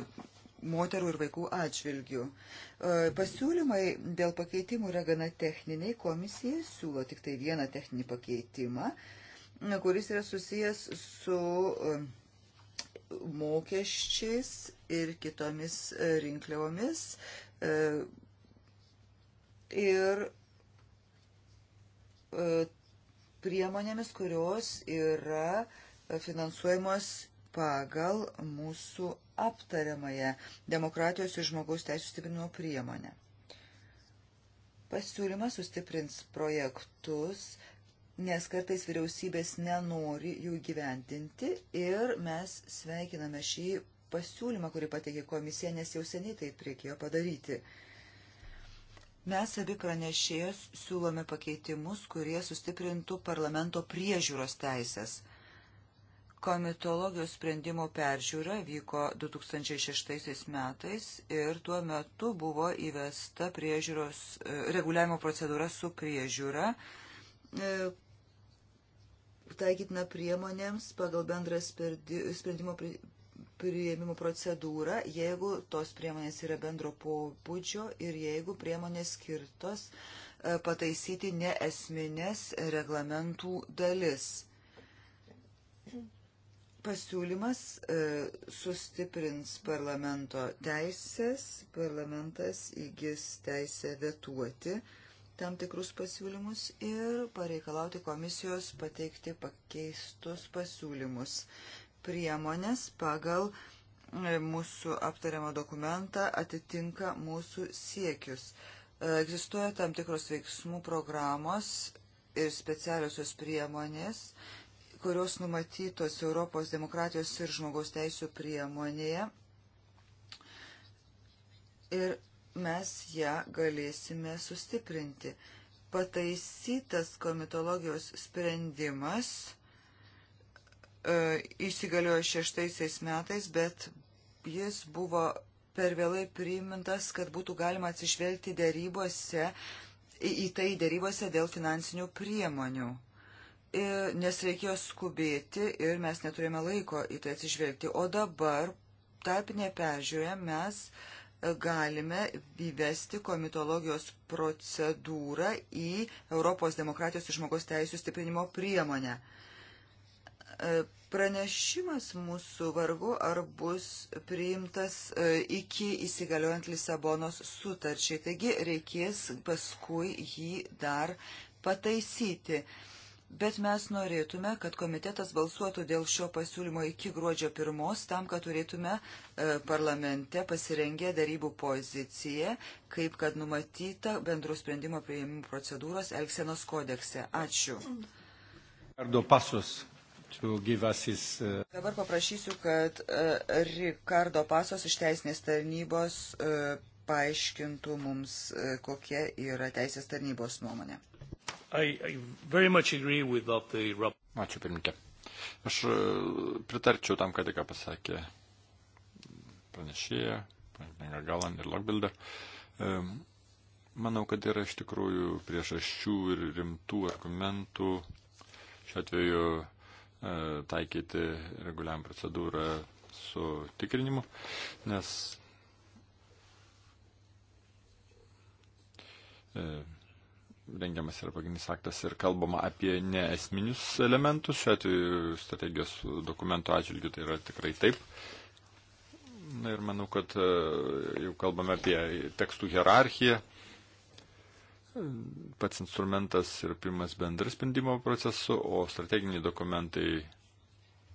moterų ir vaikų atžvilgių. E, pasiūlymai dėl pakeitimų yra gana techniniai, komisija siūlo tik tai vieną techninį pakeitimą, kuris yra susijęs su. E, mokesčiais ir kitomis e, rinkliavomis e, ir e, priemonėmis, kurios yra finansuojamos pagal mūsų aptariamąją demokratijos ir žmogaus teisų stiprinimo priemonę. Pasiūlymas sustiprins projektus, nes kartais vyriausybės nenori jų gyventinti ir mes sveikiname šį pasiūlymą, kurį pateikė komisija, nes jau seniai taip reikėjo padaryti. Mes abi pranešėjos siūlome pakeitimus, kurie sustiprintų parlamento priežiūros teisės. Komitologijos sprendimo peržiūra vyko 2006 metais ir tuo metu buvo įvesta priežiūros e, reguliavimo procedūra su priežiūra e, taikytina priemonėms pagal bendrą sprendimo prieimimo procedūrą, jeigu tos priemonės yra bendro pobūdžio ir jeigu priemonės skirtos e, pataisyti neesminės reglamentų dalis. Pasiūlymas e, sustiprins parlamento teisės, parlamentas įgis teisę vetuoti tam tikrus pasiūlymus ir pareikalauti komisijos pateikti pakeistus pasiūlymus priemonės pagal e, mūsų aptariamą dokumentą atitinka mūsų siekius. E, egzistuoja tam tikros veiksmų programos ir specialiosios priemonės, kurios numatytos Europos demokratijos ir žmogaus teisų priemonėje. Ir mes ją galėsime sustiprinti. Pataisytas komitologijos sprendimas E, įsigaliojo šeštaisiais metais, bet jis buvo per vėlai priimintas, kad būtų galima atsižvelgti dėrybose, į, į tai dėrybose dėl finansinių priemonių. Ir, e, nes reikėjo skubėti ir mes neturėjome laiko į tai atsižvelgti. O dabar, tarpinė peržiūrė, mes e, galime įvesti komitologijos procedūrą į Europos demokratijos ir žmogaus teisų stiprinimo priemonę. E, pranešimas mūsų vargu ar bus priimtas e, iki įsigaliojant Lisabonos sutarčiai, taigi reikės paskui jį dar pataisyti. Bet mes norėtume, kad komitetas balsuotų dėl šio pasiūlymo iki gruodžio pirmos, tam, kad turėtume e, parlamente pasirengę darybų poziciją, kaip kad numatyta bendrų sprendimo prieimimų procedūros Elksenos kodekse. Ačiū. Ardo pasus. His, uh... Dabar paprašysiu, kad uh, Ricardo Pasos iš teisinės tarnybos uh, paaiškintų mums, uh, kokia yra teisės tarnybos nuomonė. I, I the... Ačiū pirmininkė. Aš uh, pritarčiau tam, ką tik pasakė pranešėja, Galan ir Lockbuilder. Um, manau, kad yra iš tikrųjų priežasčių ir rimtų argumentų šiuo atveju E, taikyti reguliam procedūrą su tikrinimu, nes e, rengiamas yra pagrindinis aktas ir kalbama apie neesminius elementus, šiuo atveju strategijos dokumento atžvilgių tai yra tikrai taip. Na ir manau, kad e, jau kalbame apie tekstų hierarchiją, Pats instrumentas yra pirmas bendras sprendimo procesu, o strateginiai dokumentai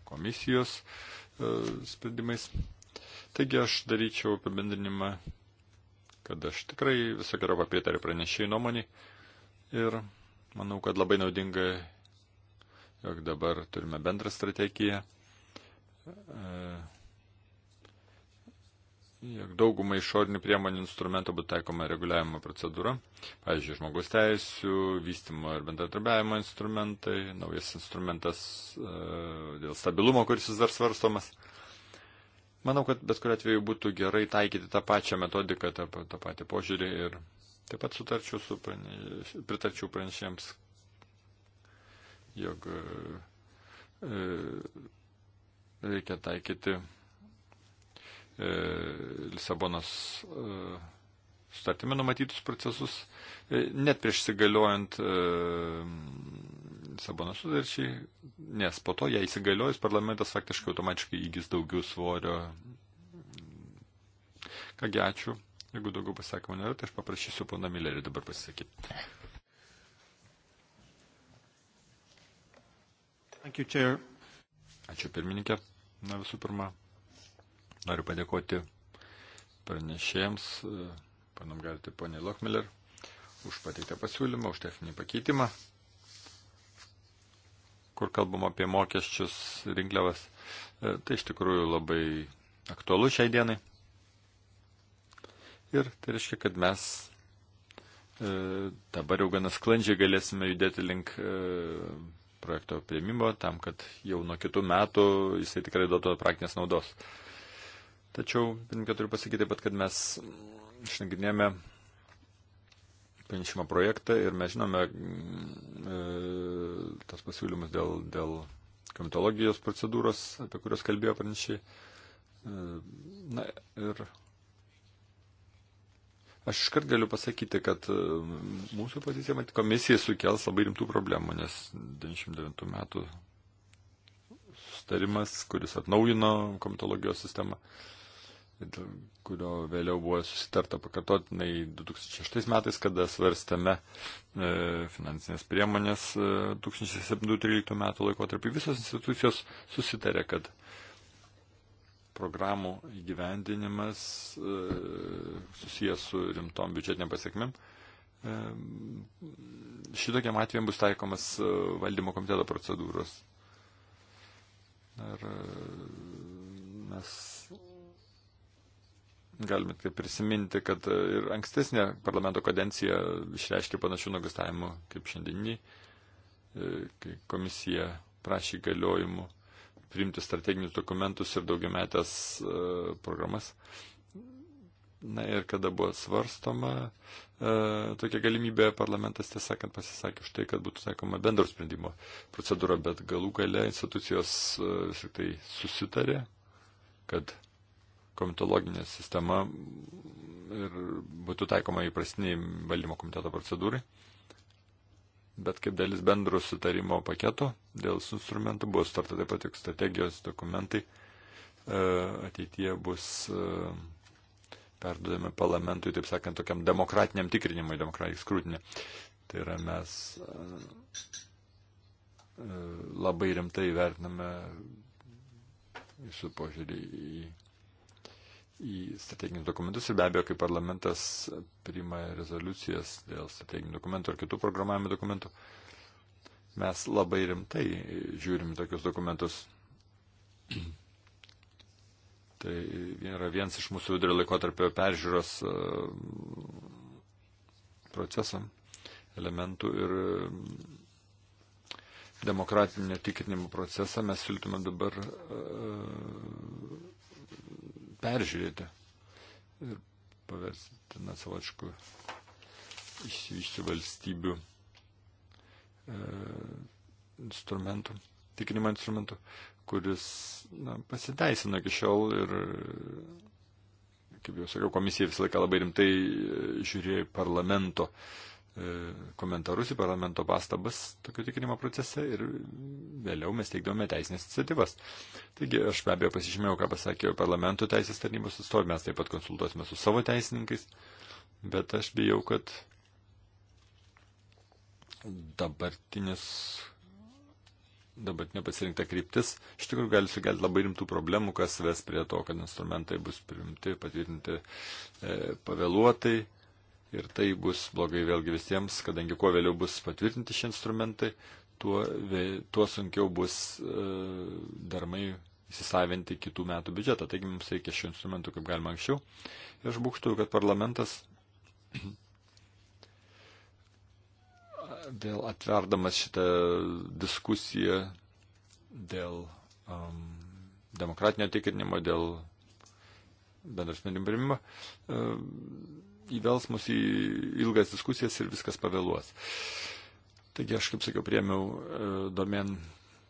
komisijos e, sprendimais. Taigi aš daryčiau apibendrinimą, kad aš tikrai visokio papritariu pranešėjai nuomonį ir manau, kad labai naudinga, jog dabar turime bendrą strategiją. E, jog daugumai išorinių priemonių instrumentų būtų taikoma reguliavimo procedūra. Pavyzdžiui, žmogus teisų, vystimo ir bendradarbiavimo instrumentai, naujas instrumentas e, dėl stabilumo, kuris vis dar svarstomas. Manau, kad bet kuriu atveju būtų gerai taikyti tą pačią metodiką, tą, tą patį požiūrį ir taip pat sutarčiau su praneš, pritarčiau pranešėjams, jog e, e reikia taikyti E, Lisabonos e, statymė numatytus procesus, e, net prieš įsigaliojant Lisabono sudarčiai, nes po to ją įsigaliojus parlamentas faktiškai automatiškai įgis daugiau svorio. Kągi ačiū. Jeigu daugiau pasakymų nėra, tai aš paprašysiu pana Milerį dabar pasisakyti. Ačiū pirmininkė. Na visų pirma, Noriu padėkoti pranešėjams, panom galite poniai Lokmiller, už pateiktą pasiūlymą, už techninį pakeitimą, kur kalbam apie mokesčius rinkliavas. E, tai iš tikrųjų labai aktualu šiai dienai. Ir tai reiškia, kad mes e, dabar jau gana sklandžiai galėsime judėti link e, projekto prieimimo, tam, kad jau nuo kitų metų jisai tikrai duotų praktinės naudos. E, Tačiau, pirmininkai, turiu pasakyti taip pat, kad mes išnagrinėjome pranešimo projektą ir mes žinome mm, e, tas pasiūlymus dėl, dėl komitologijos procedūros, apie kurios kalbėjo pranešiai. E, na ir Aš iškart galiu pasakyti, kad e, mūsų pozicija matyti komisijai sukels labai rimtų problemų, nes 99 metų sustarimas, kuris atnaujino komitologijos sistemą, kurio vėliau buvo susitarta pakartotinai 2006 metais, kada svarstame e, finansinės priemonės 2007-2013 e, metų laikotarpį. Visos institucijos susitarė, kad programų įgyvendinimas e, susijęs su rimtom biudžetiniam pasiekmėm. Šitokiam atvejam bus taikomas valdymo komiteto procedūros. Ar mes Galime tik tai prisiminti, kad e, ir ankstesnė parlamento kadencija išreiškė panašių nuogastavimų kaip šiandienį, e, kai komisija prašė galiojimų priimti strateginius dokumentus ir daugiametės e, programas. Na ir kada buvo svarstoma e, tokia galimybė, parlamentas tiesą sakant pasisakė už tai, kad būtų sakoma bendro sprendimo procedūra, bet galų gale institucijos e, vis tik tai susitarė, kad komitologinė sistema ir būtų taikoma įprastiniai valdymo komiteto procedūrai. Bet kaip dalis bendro sutarimo paketo dėl instrumentų buvo starta taip pat tik strategijos dokumentai e, ateityje bus e, perduodami parlamentui, taip sakant, tokiam demokratiniam tikrinimui, demokratiniai skrūtinė. Tai yra mes e, labai rimtai vertiname visų požiūrį į į strateginius dokumentus ir be abejo, kai parlamentas priima rezoliucijas dėl strateginių dokumentų ar kitų programavimo dokumentų, mes labai rimtai žiūrim tokius dokumentus. [clears throat] Tai yra vienas iš mūsų vidurio laikotarpio peržiūros e, proceso elementų ir e, demokratinio tikrinimo procesą mes siūlytume dabar uh, peržiūrėti ir paversti na savočku išsivyščių valstybių e, instrumentų, tikrinimo instrumentų, kuris na, pasiteisino iki šiol ir, kaip jau sakiau, komisija visą laiką labai rimtai e, žiūrėjo parlamento e, E, komentarus į parlamento pastabas tokio tikrinimo procese ir vėliau mes teikdavome teisinės iniciatyvas. Taigi aš be abejo pasižymėjau, ką pasakė parlamento teisės tarnybos atstovai, mes taip pat konsultuosime su savo teisininkais, bet aš bijau, kad dabartinis dabartinė pasirinkta kryptis iš tikrųjų gali sukelti labai rimtų problemų, kas ves prie to, kad instrumentai bus priimti, patvirtinti e, pavėluotai, ir tai bus blogai vėlgi visiems, kadangi kuo vėliau bus patvirtinti šie instrumentai, tuo, vėl, tuo sunkiau bus e, darmai įsisavinti kitų metų biudžetą. Taigi mums reikia šių instrumentų kaip galima anksčiau. Ir aš būkštų, kad parlamentas vėl atverdamas šitą diskusiją dėl um, demokratinio tikrinimo, dėl bendrasmenių primimo, um, e, įvels mus į ilgas diskusijas ir viskas pavėluos. Taigi aš, kaip sakiau, priemiau e, domen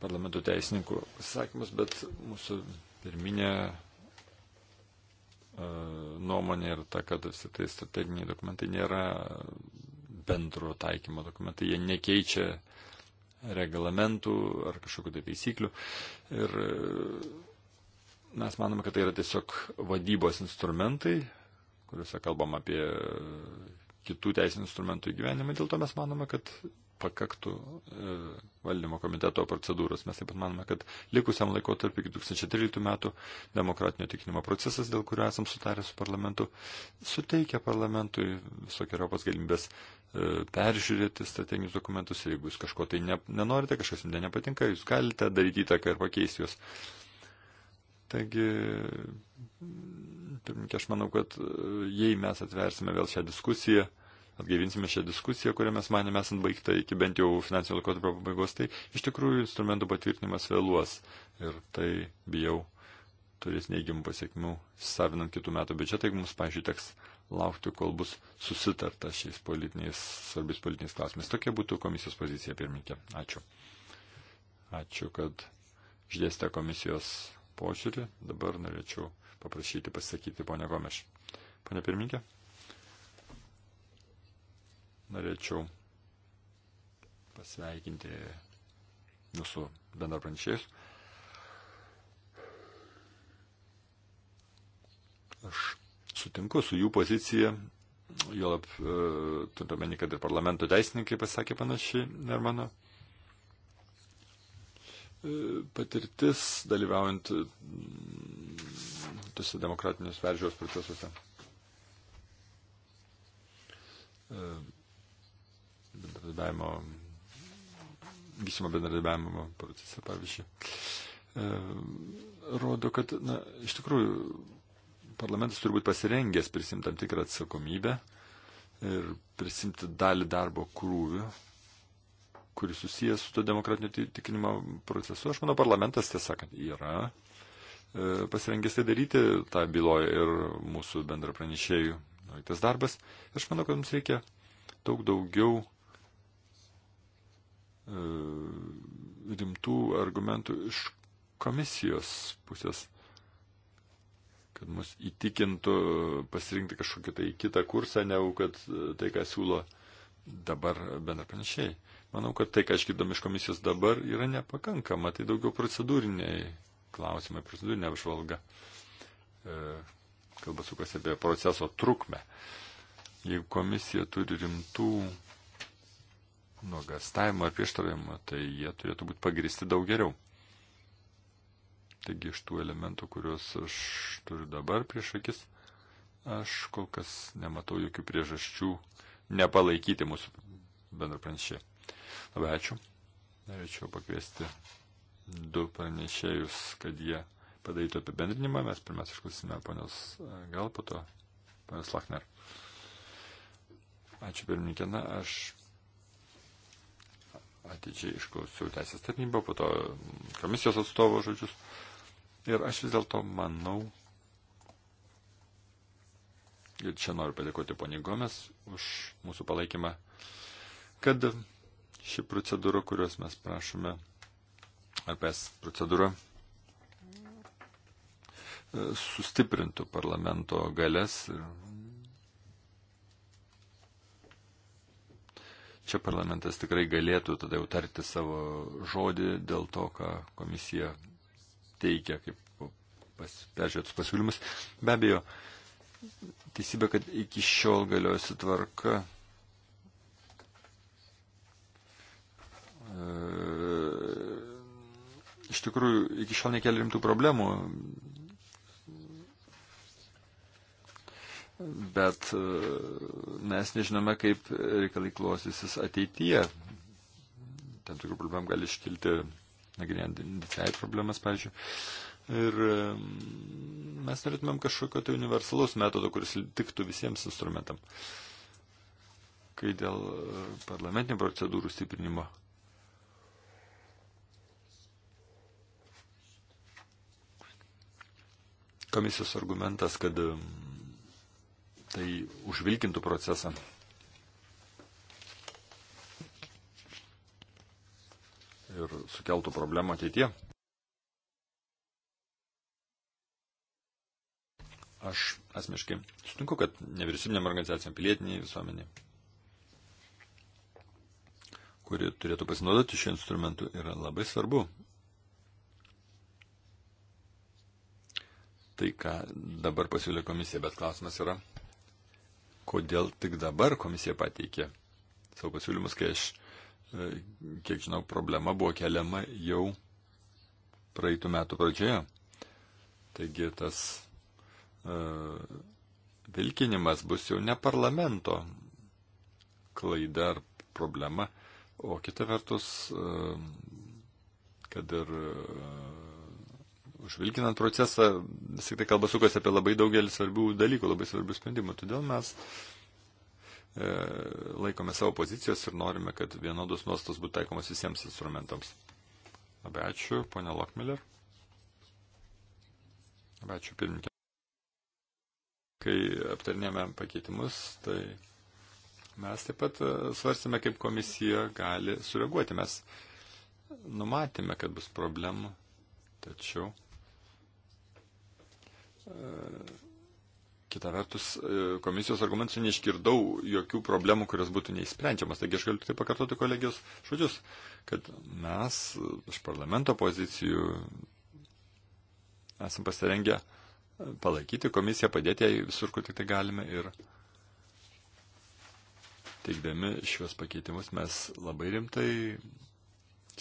parlamento teisininkų pasisakymus, bet mūsų pirminė e, nuomonė yra ta, kad visi tai strateginiai dokumentai nėra bendro taikymo dokumentai, jie nekeičia reglamentų ar kažkokiu tai taisyklių. Ir e, mes manome, kad tai yra tiesiog vadybos instrumentai, kuriuose kalbam apie kitų teisinių instrumentų įgyvenimą. Dėl to mes manome, kad pakaktų e, valdymo komiteto procedūros. Mes taip pat manome, kad likusiam laikotarpiu iki 2013 metų demokratinio tikinimo procesas, dėl kurio esam sutarę su parlamentu, suteikia parlamentui visokiojopas galimybės e, peržiūrėti strateginius dokumentus ir jeigu jūs kažko tai ne, nenorite, kažkas jums nepatinka, jūs galite daryti įtaką ir pakeisti juos. Uh, Taigi, pirmininkė, aš manau, kad e, jei mes atversime vėl šią diskusiją, atgaivinsime šią diskusiją, kurią mes manėme esant baigta iki bent jau finansinio laikotarpio pabaigos, tai iš tikrųjų instrumentų patvirtinimas vėluos ir tai, bijau, turės neigiamų pasiekmių, savinant kitų metų biudžetą, jeigu mums, pažiūrėjau, teks laukti, kol bus susitarta šiais politiniais, svarbiais politiniais klausimais. Tokia būtų komisijos pozicija, pirmininkė. Ačiū. Ačiū, kad išdėstė komisijos požiūrį. Dabar norėčiau paprašyti pasakyti ponę Gomeš. Pane pirmininkė, norėčiau pasveikinti jūsų bendraprančiais. Aš sutinku su jų pozicija, jo lab, e, turint omeny, kad ir parlamento teisininkai pasakė panašiai, ir mano E, patirtis dalyvaujant mm, tose demokratinės peržiūros procesuose. E, bendradarbiavimo, vysimo bendradarbiavimo procese, pavyzdžiui. E, rodo, kad, na, iš tikrųjų, parlamentas turbūt pasirengęs prisimti tam tikrą atsakomybę ir prisimti dalį darbo krūvių kuris susijęs su to demokratinio tikinimo procesu. Aš manau, parlamentas, tiesąkant, yra e, pasirengęs tai daryti, tą byloja ir mūsų bendra pranešėjų tas darbas. Aš manau, kad mums reikia daug daugiau e, rimtų argumentų iš komisijos pusės, kad mus įtikintų pasirinkti kažkokį tai kitą kursą, negu kad tai, ką siūlo dabar bendra panašiai. Manau, kad tai, ką aš girdom iš komisijos dabar, yra nepakankama. Tai daugiau procedūriniai klausimai, procedūrinė apžvalga. E, kalba sukasi apie proceso trukmę. Jeigu komisija turi rimtų nuogastavimo ar prieštaravimo, tai jie turėtų būti pagristi daug geriau. Taigi iš tų elementų, kuriuos aš turiu dabar prieš akis, aš kol kas nematau jokių priežasčių nepalaikyti mūsų bendrapranšė. Labai ačiū. Norėčiau pakviesti du pranešėjus, kad jie padarytų apibendrinimą. Mes pirmiausia išklausime ponios e, gal, po to ponios Lachner. Ačiū pirmininkė. Na, aš atidžiai išklausiau teisės tarnybą, po to komisijos atstovo žodžius. Ir aš vis dėlto manau, ir čia noriu padėkoti poniai Gomes už mūsų palaikymą, kad Ši procedūra, kurios mes prašome, APS procedūra, sustiprintų parlamento galės. Čia parlamentas tikrai galėtų tada jau tarti savo žodį dėl to, ką komisija teikia kaip pas, peržiūrėtus pasiūlymus. Be abejo, teisybė, kad iki šiol galiojusi tvarka iš tikrųjų iki šiol nekelia rimtų problemų, bet e, mes nežinome, kaip reikalai klostysis ateityje. Tam tikrų problemų gali iškilti, nagrinėjant didžiai problemas, pavyzdžiui. Ir e, mes norėtumėm kažkokio tai universalaus metodo, kuris tiktų visiems instrumentam. Kai dėl e, parlamentinių procedūrų stiprinimo Komisijos argumentas, kad um, tai užvilkintų procesą. Ir sukeltų problemą ateitie. Aš asmeniškai sutinku, kad nevyriausybinėm organizacijom pilietiniai visuomenė, kuri turėtų pasinaudoti šiuo instrumentu, yra labai svarbu tai, ką dabar pasiūlė komisija, bet klausimas yra, kodėl tik dabar komisija pateikė savo pasiūlymus, kai aš, e, kiek žinau, problema buvo keliama jau praeitų metų pradžioje. Taigi tas uh, vilkinimas bus jau ne parlamento klaida ar problema, o kita vertus, uh, kad ir uh, užvilkinant procesą, vis tik tai kalba sukasi apie labai daugelį svarbių dalykų, labai svarbių sprendimų. Todėl mes e, laikome savo pozicijos ir norime, kad vienodos nuostos būtų taikomas visiems instrumentams. Labai ačiū, ponia Lokmiller. Labai ačiū, pirmininkė. Kai aptarnėme pakeitimus, tai mes taip pat e, svarstėme, kaip komisija gali sureaguoti. Mes numatėme, kad bus problemų, tačiau Kita vertus, e, komisijos argumentų neiškirdau jokių problemų, kurios būtų neįsprendžiamas. Taigi aš galiu tik tai pakartoti kolegijos žodžius, kad mes iš parlamento pozicijų esam pasirengę palaikyti komisiją, padėti jai visur, kur tik tai galime. Ir teikdami šios pakeitimus mes labai rimtai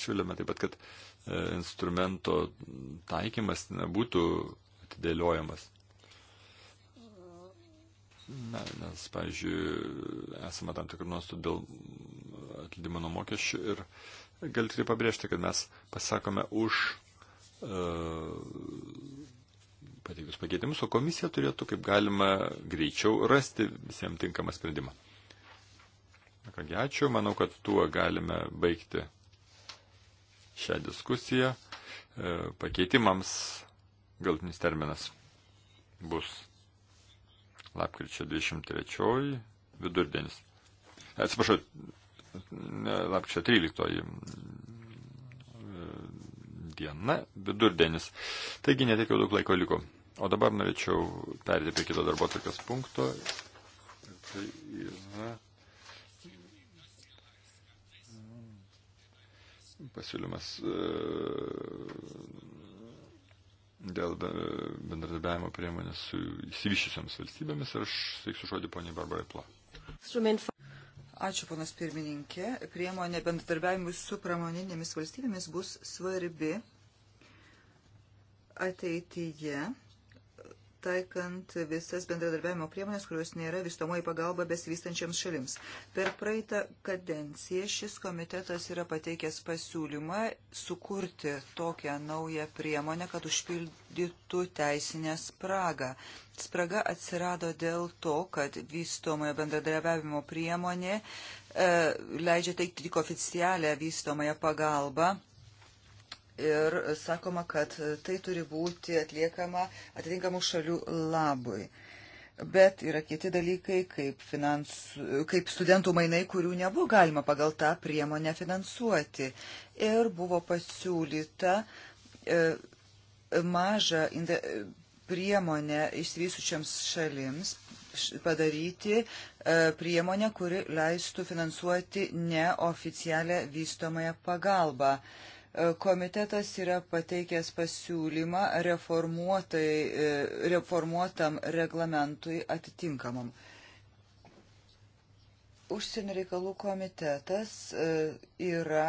siūlėme taip pat, kad e, instrumento taikymas nebūtų atidėliojamas. Na, nes, pavyzdžiui, esame tam tikrų nuostų dėl atleidimo nuo mokesčių ir galiu tikrai pabrėžti, kad mes pasakome už uh, e, pateikus pakeitimus, o komisija turėtų kaip galima greičiau rasti visiems tinkamą sprendimą. Na kągi, ačiū, manau, kad tuo galime baigti šią diskusiją. E, pakeitimams galtinis terminas bus lapkričio 23 vidurdienis. Atsiprašau, lapkričio 13 e, diena vidurdienis. Taigi netiek jau daug laiko liko. O dabar norėčiau perėti prie kito darbo atvarkės punkto. Tai yra mm, pasiūlymas. E, dėl bendradarbiavimo priemonės su įsivyščiusiams valstybėmis ir aš sveiksiu žodį poniai Barbarai Pla. Ačiū, ponas pirmininkė. Priemonė bendradarbiavimui su pramoninėmis valstybėmis bus svarbi ateityje taikant visas bendradarbiavimo priemonės, kurios nėra vystomoji pagalba besivystančiams šalims. Per praeitą kadenciją šis komitetas yra pateikęs pasiūlymą sukurti tokią naują priemonę, kad užpildytų teisinę spragą. Spraga atsirado dėl to, kad vystomojo bendradarbiavimo priemonė e, leidžia teikti tik oficialią vystomąją pagalbą ir sakoma, kad tai turi būti atliekama atitinkamų šalių labui. Bet yra kiti dalykai, kaip, finansų, kaip studentų mainai, kurių nebuvo galima pagal tą priemonę finansuoti. Ir buvo pasiūlyta e, mažą inde, priemonę išsivysučiams šalims padaryti e, priemonę, kuri leistų finansuoti neoficialią vystomąją pagalbą. E, komitetas yra pateikęs pasiūlymą e, reformuotam reglamentui atitinkamam. Užsienio reikalų komitetas e, yra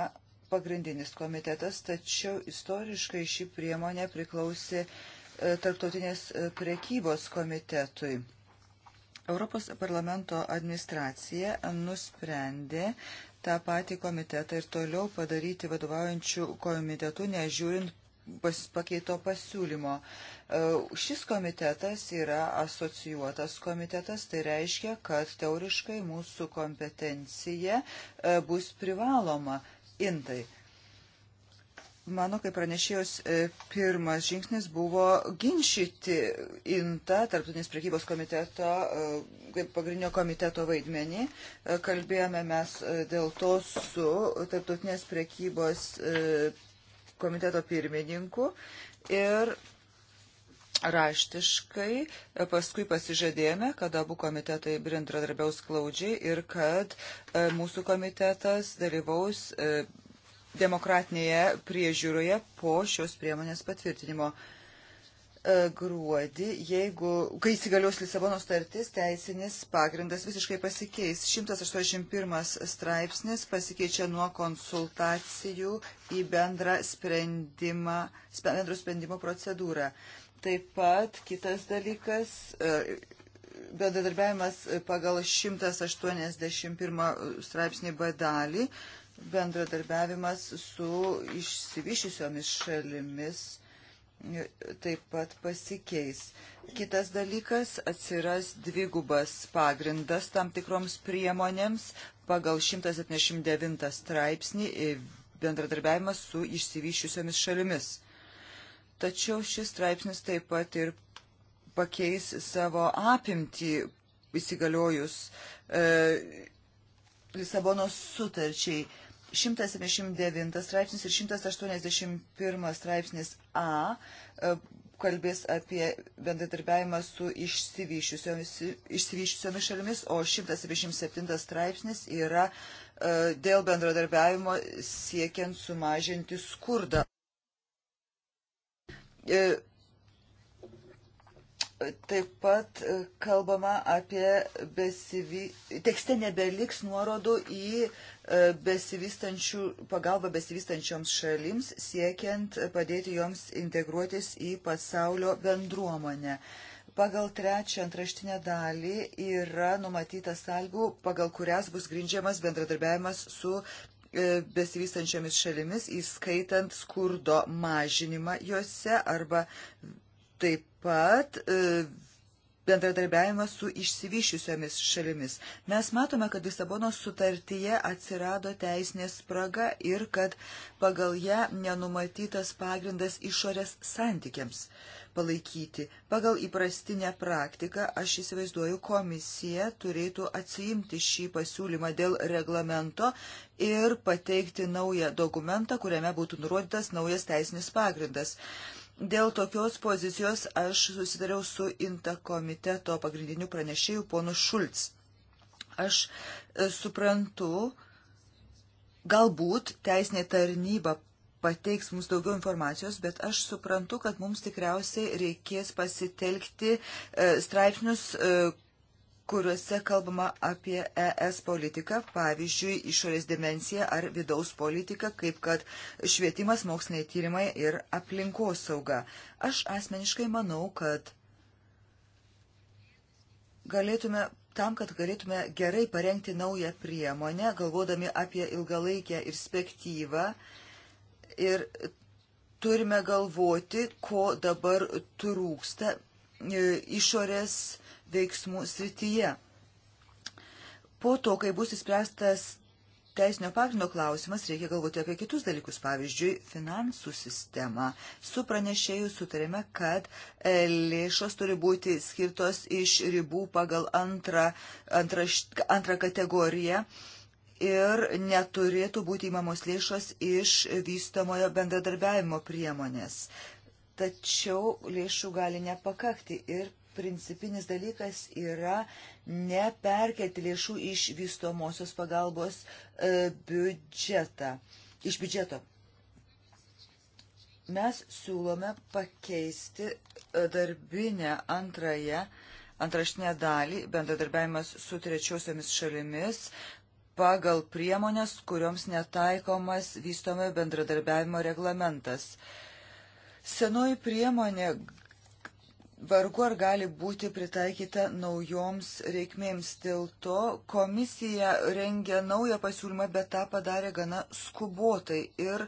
pagrindinis komitetas, tačiau istoriškai ši priemonė priklausė Tarptautinės priekybos komitetui. Europos parlamento administracija nusprendė tą patį komitetą ir toliau padaryti vadovaujančių komitetų, nežiūrint pas, pakeito pasiūlymo. E, šis komitetas yra asocijuotas komitetas, tai reiškia, kad teoriškai mūsų kompetencija e, bus privaloma intai. Mano kaip pranešėjos e, pirmas žingsnis buvo ginčyti INTA, Tarptautinės prekybos komiteto, e, kaip pagrindinio komiteto vaidmenį. E, kalbėjome mes dėl to su Tarptautinės prekybos komiteto pirmininku ir raštiškai, paskui pasižadėjome, kad abu komitetai bendradarbiaus glaudžiai ir kad mūsų komitetas dalyvaus demokratinėje priežiūroje po šios priemonės patvirtinimo e, gruodį, jeigu, kai įsigalios Lisabonos startis, teisinis pagrindas visiškai pasikeis. 181 straipsnis pasikeičia nuo konsultacijų į bendrą sprendimą, bendro sprendimo procedūrą. Taip pat kitas dalykas, e, bendradarbiavimas pagal 181 straipsnį B dalį bendradarbiavimas su išsivyšiusiomis šalimis taip pat pasikeis. Kitas dalykas - atsiras dvigubas pagrindas tam tikroms priemonėms pagal 179 straipsnį bendradarbiavimas su išsivyščiusiomis šalimis. Tačiau šis straipsnis taip pat ir pakeis savo apimtį įsigaliojus e, Lisabonos sutarčiai. E, 179 straipsnis ir 181 straipsnis A e, kalbės apie bendradarbiavimą su išsivyščiusiomis šalimis, o 177 straipsnis yra e, dėl bendradarbiavimo siekiant sumažinti skurdą. E, Taip pat e, kalbama apie besivy... tekste nebeliks nuorodų į e, besivystančių, pagalbą besivystančioms šalims, siekiant padėti joms integruotis į pasaulio bendruomonę. Pagal trečią antraštinę dalį yra numatyta salgų, pagal kurias bus grindžiamas bendradarbiavimas su e, besivystančiomis šalimis, įskaitant skurdo mažinimą juose arba taip pat e, bendradarbiavimas su išsivyšiusiomis šalimis. Mes matome, kad Lisabonos sutartyje atsirado teisinė spraga ir kad pagal ją nenumatytas pagrindas išorės santykiams palaikyti. Pagal įprastinę praktiką aš įsivaizduoju, komisija turėtų atsiimti šį pasiūlymą dėl reglamento ir pateikti naują dokumentą, kuriame būtų nurodytas naujas teisinis pagrindas. Dėl tokios pozicijos aš susidariau su INTA komiteto pagrindiniu pranešėju ponu Šulc. Aš e, suprantu, galbūt teisinė tarnyba pateiks mums daugiau informacijos, bet aš suprantu, kad mums tikriausiai reikės pasitelkti e, straipsnius, e, kuriuose kalbama apie ES politiką, pavyzdžiui, išorės dimensiją ar vidaus politiką, kaip kad švietimas, moksliniai tyrimai ir aplinkosauga. Aš asmeniškai manau, kad galėtume, tam, kad galėtume gerai parengti naują priemonę, galvodami apie ilgalaikę perspektyvą ir turime galvoti, ko dabar trūksta e, išorės veiksmų srityje. Po to, kai bus įspręstas teisinio pagrindo klausimas, reikia galvoti apie kitus dalykus, pavyzdžiui, finansų sistemą. Su pranešėjų sutarėme, kad e, lėšos turi būti skirtos iš ribų pagal antrą, antrą, antrą kategoriją ir neturėtų būti įmamos lėšos iš vystomojo bendradarbiavimo priemonės. Tačiau lėšų gali nepakakti ir principinis dalykas yra neperkelti lėšų iš vystomosios pagalbos e, biudžetą, iš biudžeto. Mes siūlome pakeisti e, darbinę antrąją, antraštinę dalį, bendradarbiavimas su trečiosiomis šalimis, pagal priemonės, kurioms netaikomas vystomojo bendradarbiavimo reglamentas. Senoji priemonė vargu ar gali būti pritaikyta naujoms reikmėms. Dėl to komisija rengia naują pasiūlymą, bet tą padarė gana skubotai. Ir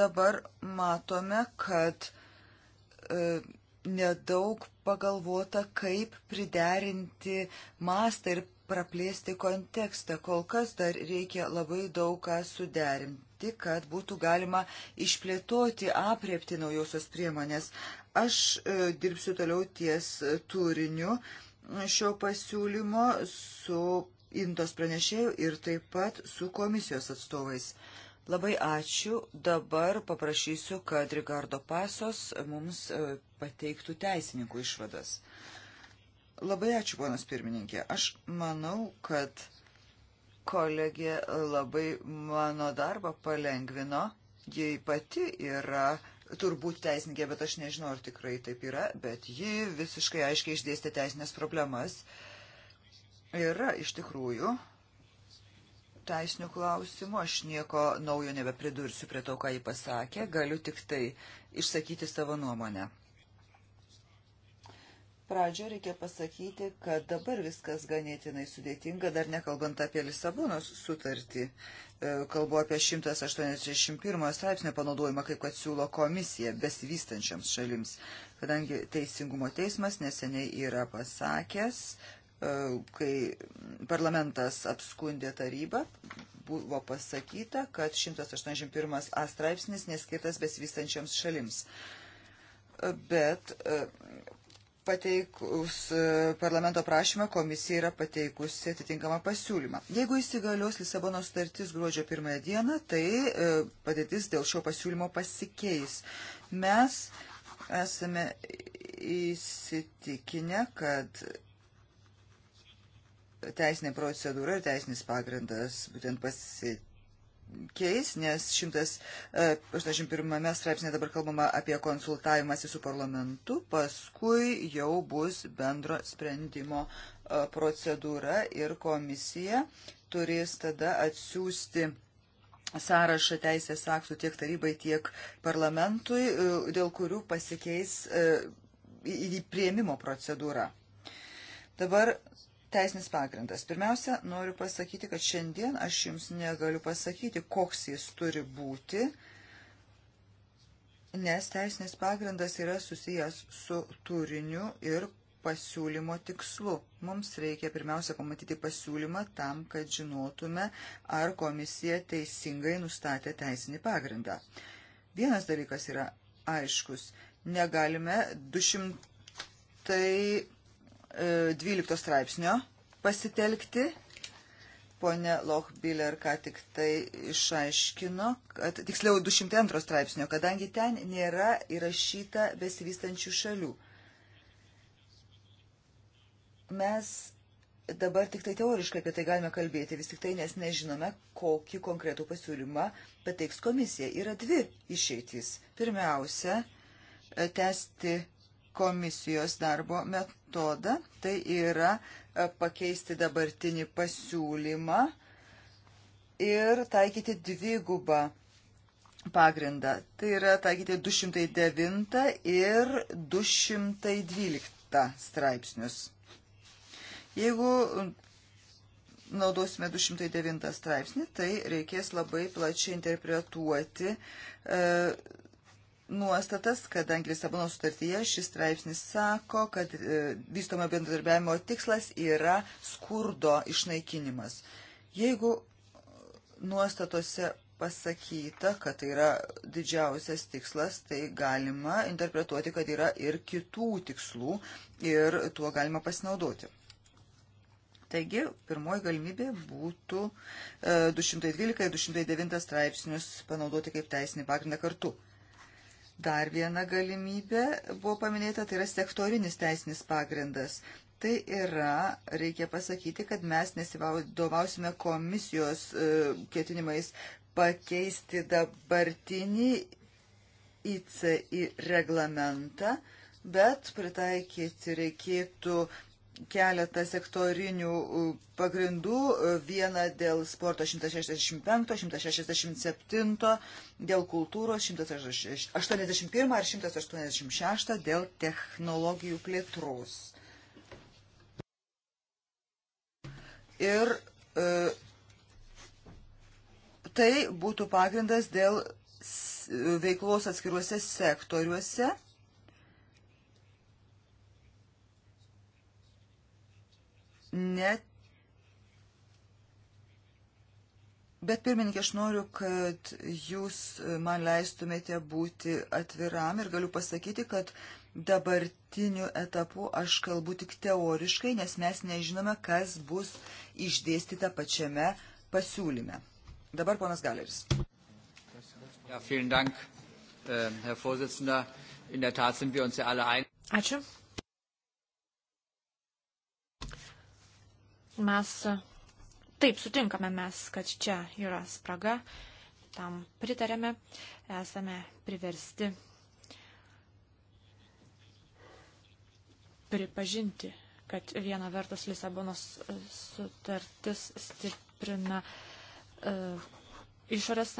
dabar matome, kad e, nedaug pagalvota, kaip priderinti mastą ir praplėsti kontekstą. Kol kas dar reikia labai daug ką suderinti kad būtų galima išplėtoti apriepti naujosios priemonės. Aš e, dirbsiu toliau ties turiniu šio pasiūlymo su Intos pranešėjų ir taip pat su komisijos atstovais. Labai ačiū. Dabar paprašysiu, kad Rigardo Pasos mums e, pateiktų teisininkų išvadas. Labai ačiū, ponas pirmininkė. Aš manau, kad kolegė labai mano darbą palengvino. Jei pati yra turbūt teisininkė, bet aš nežinau, ar tikrai taip yra, bet ji visiškai aiškiai išdėstė teisinės problemas. Yra iš tikrųjų teisinių klausimų, aš nieko naujo nebepridursiu prie to, ką ji pasakė, galiu tik tai išsakyti savo nuomonę. Pradžio reikia pasakyti, kad dabar viskas ganėtinai sudėtinga, dar nekalbant apie Lisabonos sutartį. E, kalbu apie 181 straipsnio panaudojimą, kaip kad siūlo komisija besivystančiams šalims, kadangi Teisingumo teismas neseniai yra pasakęs, e, kai parlamentas apskundė tarybą, buvo pasakyta, kad 181 A straipsnis neskirtas besivystančiams šalims. E, bet pateikus e, parlamento prašymą, komisija yra pateikusi atitinkamą pasiūlymą. Jeigu įsigalios Lisabono sutartis gruodžio pirmąją dieną, tai e, padėtis dėl šio pasiūlymo pasikeis. Mes esame įsitikinę, kad teisinė procedūra ir teisinis pagrindas būtent pasikeis pasikeis, nes 181 e, straipsnė dabar kalbama apie konsultavimąsi su parlamentu, paskui jau bus bendro sprendimo e, procedūra ir komisija turės tada atsiųsti sąrašą teisės aktų tiek tarybai, tiek parlamentui, e, dėl kurių pasikeis į prieimimo procedūrą. Dabar teisinis pagrindas. Pirmiausia, noriu pasakyti, kad šiandien aš jums negaliu pasakyti, koks jis turi būti, nes teisinis pagrindas yra susijęs su turiniu ir pasiūlymo tikslu. Mums reikia pirmiausia pamatyti pasiūlymą tam, kad žinotume, ar komisija teisingai nustatė teisinį pagrindą. Vienas dalykas yra aiškus. Negalime 200 tai 12 straipsnio pasitelkti. Pone Lochbiller ką tik tai išaiškino, kad, tiksliau 202 straipsnio, kadangi ten nėra įrašyta besivystančių šalių. Mes dabar tik tai teoriškai apie tai galime kalbėti, vis tik tai nes nežinome, kokį konkretų pasiūlymą pateiks komisija. Yra dvi išeitys. Pirmiausia, tęsti komisijos darbo metu metodą, tai yra e, pakeisti dabartinį pasiūlymą ir taikyti dvigubą pagrindą. Tai yra taikyti 209 ir 212 straipsnius. Jeigu naudosime 209 straipsnį, tai reikės labai plačiai interpretuoti e, nuostatas, kadangi Lisabono sutartyje šis straipsnis sako, kad e, vystomo bendradarbiavimo tikslas yra skurdo išnaikinimas. Jeigu nuostatose pasakyta, kad tai yra didžiausias tikslas, tai galima interpretuoti, kad yra ir kitų tikslų ir tuo galima pasinaudoti. Taigi, pirmoji galimybė būtų 212 e, ir 209 straipsnius panaudoti kaip teisinį pagrindą kartu. Dar viena galimybė buvo paminėta, tai yra sektorinis teisinis pagrindas. Tai yra, reikia pasakyti, kad mes nesivadovausime komisijos e, ketinimais pakeisti dabartinį ICI reglamentą, bet pritaikyti reikėtų keletą sektorinių pagrindų. Vieną dėl sporto 165, 167, dėl kultūros 181 ar 186, dėl technologijų plėtros. Ir e, tai būtų pagrindas dėl veiklos atskiruose sektoriuose Net Bet pirmininkė, aš noriu, kad jūs e, man leistumėte būti atviram ir galiu pasakyti, kad dabartiniu etapu aš kalbu tik teoriškai, nes mes nežinome, kas bus išdėstyta pačiame pasiūlyme. Dabar ponas Galeris. Ja, äh, Ačiū. Mes taip sutinkame mes, kad čia yra spraga, tam pritarėme, esame priversti pripažinti, kad viena vertus Lisabonos sutartis stiprina uh, išorės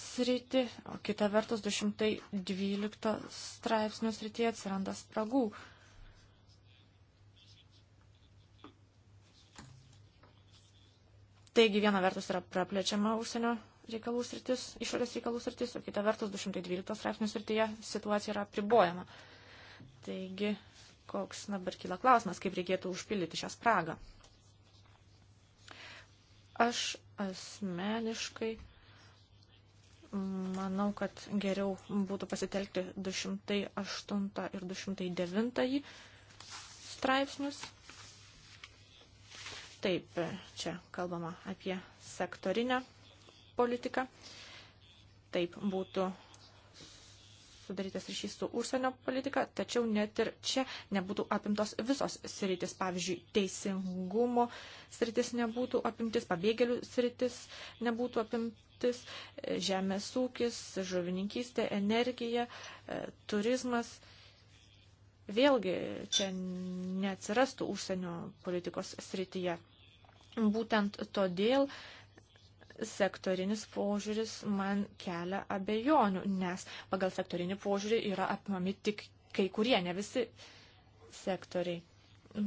sritį, o kita vertus 212 straipsnių srityje atsiranda spragų. Uh, Taigi viena vertus yra praplečiama užsienio reikalų sritis, išorės reikalų sritis, o kita vertus 212 straipsnių srityje situacija yra pribojama. Taigi, koks dabar kyla klausimas, kaip reikėtų užpildyti šią spragą. Aš asmeniškai manau, kad geriau būtų pasitelkti 208 ir 209 straipsnius Taip, čia kalbama apie sektorinę politiką. Taip būtų sudarytas ryšys su užsienio politika, tačiau net ir čia nebūtų apimtos visos sritis. Pavyzdžiui, teisingumo sritis nebūtų apimtis, pabėgėlių sritis nebūtų apimtis, žemės ūkis, žuvininkystė, energija, e, turizmas vėlgi čia neatsirastų užsienio politikos srityje. Būtent todėl sektorinis požiūris man kelia abejonių, nes pagal sektorinį požiūrį yra apimami tik kai kurie, ne visi sektoriai.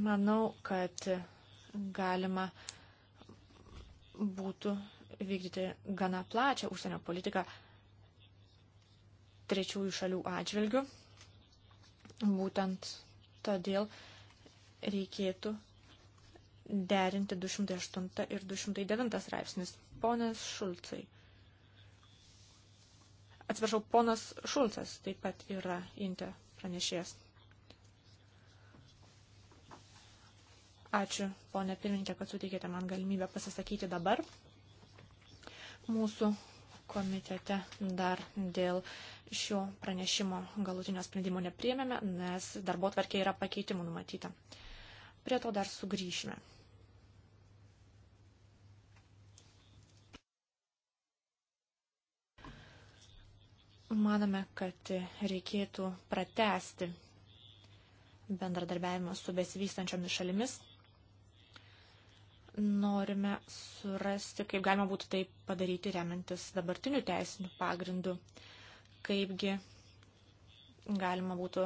Manau, kad galima būtų vykdyti gana plačią užsienio politiką trečiųjų šalių atžvilgių Būtent todėl reikėtų derinti 208 ir 209 straipsnis. Ponas Šulcai. Atsiprašau, ponas Šulcas taip pat yra Inte pranešėjas. Ačiū, ponė pirmininkė, kad suteikėte man galimybę pasisakyti dabar. Mūsų komitete dar dėl šio pranešimo galutinio sprendimo nepriemėme, nes darbo tvarkė yra pakeitimų numatyta. Prie to dar sugrįšime. Manome, kad reikėtų pratesti bendradarbiavimą su besivystančiomis šalimis norime surasti, kaip galima būtų tai padaryti remiantis dabartiniu teisiniu pagrindu, kaipgi galima būtų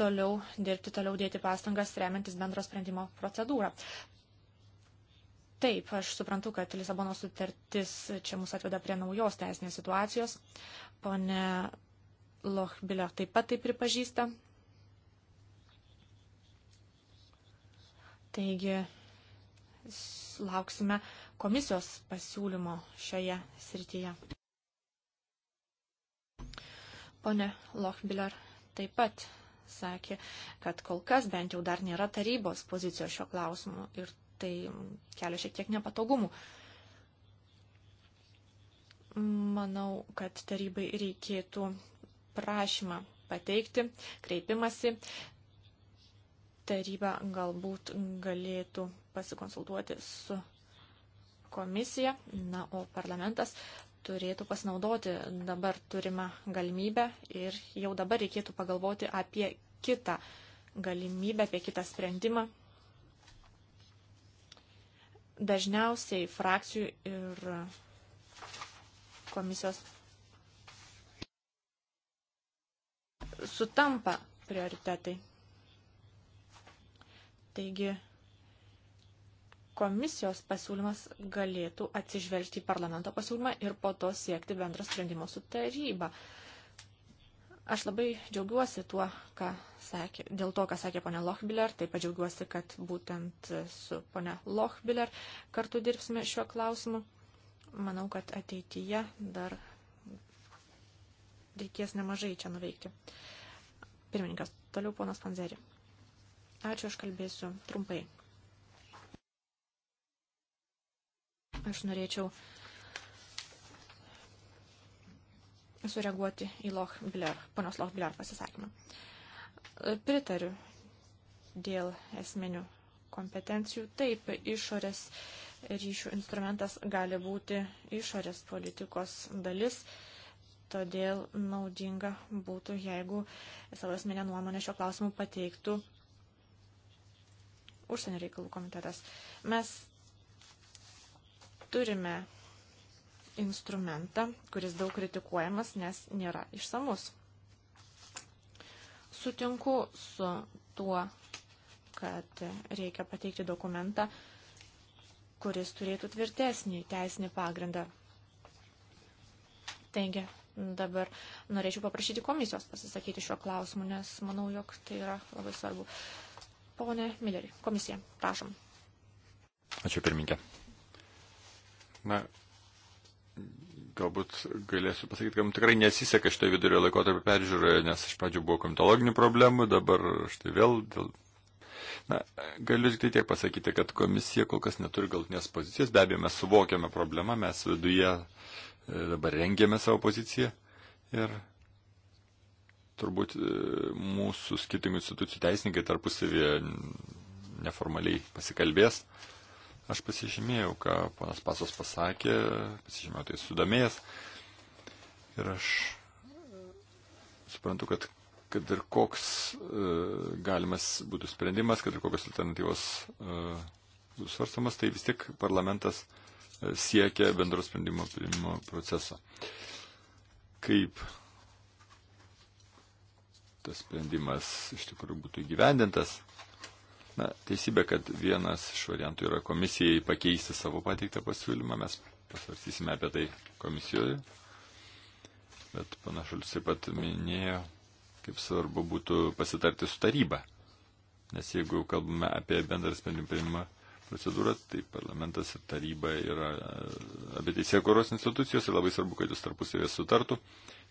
toliau dirbti, toliau dėti pastangas remiantis bendro sprendimo procedūrą. Taip, aš suprantu, kad Lisabono sutartis čia mus atveda prie naujos teisinės situacijos. Pone Lochbilio taip pat tai pripažįsta. Taigi, lauksime komisijos pasiūlymo šioje srityje. Pone Lochbiller taip pat sakė, kad kol kas bent jau dar nėra tarybos pozicijos šio klausimu ir tai kelia šiek tiek nepatogumų. Manau, kad tarybai reikėtų prašymą pateikti, kreipimasi. Taryba galbūt galėtų pasikonsultuoti su komisija, na, o parlamentas turėtų pasinaudoti dabar turimą galimybę ir jau dabar reikėtų pagalvoti apie kitą galimybę, apie kitą sprendimą. Dažniausiai frakcijų ir komisijos sutampa prioritetai. Taigi, komisijos pasiūlymas galėtų atsižvelgti į parlamento pasiūlymą ir po to siekti bendro sprendimo su taryba. Aš labai džiaugiuosi tuo, ką sakė, dėl to, ką sakė ponia Lochbiller, taip pat džiaugiuosi, kad būtent su ponia Lochbiller kartu dirbsime šiuo klausimu. Manau, kad ateityje dar reikės nemažai čia nuveikti. Pirmininkas, toliau ponas Panzeri. Ačiū, aš kalbėsiu trumpai. Aš norėčiau sureaguoti į Loch Blair, ponios Loch Blair pasisakymą. Pritariu dėl esminių kompetencijų. Taip, išorės ryšių instrumentas gali būti išorės politikos dalis, todėl naudinga būtų, jeigu savo esminę nuomonę šio klausimu pateiktų užsienio reikalų komitetas. Mes turime instrumentą, kuris daug kritikuojamas, nes nėra išsamus. Sutinku su tuo, kad reikia pateikti dokumentą, kuris turėtų tvirtesnį teisinį pagrindą. Taigi, dabar norėčiau paprašyti komisijos pasisakyti šiuo klausimu, nes manau, jog tai yra labai svarbu. Pone Milleri, komisija, prašom. Ačiū pirminkė. Na, galbūt galėsiu pasakyti, kad man tikrai nesiseka šitą vidurio laikotarpį peržiūroje, nes iš pradžių buvo komitologinių problemų, dabar štai vėl dėl... Na, galiu tik tai tiek pasakyti, kad komisija kol kas neturi galtinės pozicijos, be abejo mes suvokiame problemą, mes viduje e, dabar rengėme savo poziciją ir turbūt e, mūsų skirtingų institucijų teisininkai tarpusavėje neformaliai pasikalbės. Uh, Aš pasižymėjau, ką ponas Pasas pasakė, pasižymėjau tai sudomėjęs. Ir aš e, suprantu, kad, kad ir koks e, galimas būtų sprendimas, kad ir kokios alternatyvos e, būtų svarstamas, tai vis tiek parlamentas e, siekia bendro sprendimo priimimo proceso. Kaip tas sprendimas iš tikrųjų būtų įgyvendintas, Na, teisybė, kad vienas iš variantų yra komisijai pakeisti savo pateiktą pasiūlymą, mes pasvarstysime apie tai komisijoje, bet panašalis taip pat minėjo, kaip svarbu būtų pasitarti su taryba, nes jeigu kalbame apie bendrą sprendimų priimimą procedūrą, tai parlamentas ir taryba yra e, abi teisėkuros institucijos ir labai svarbu, kad jūs tarpusavėje sutartų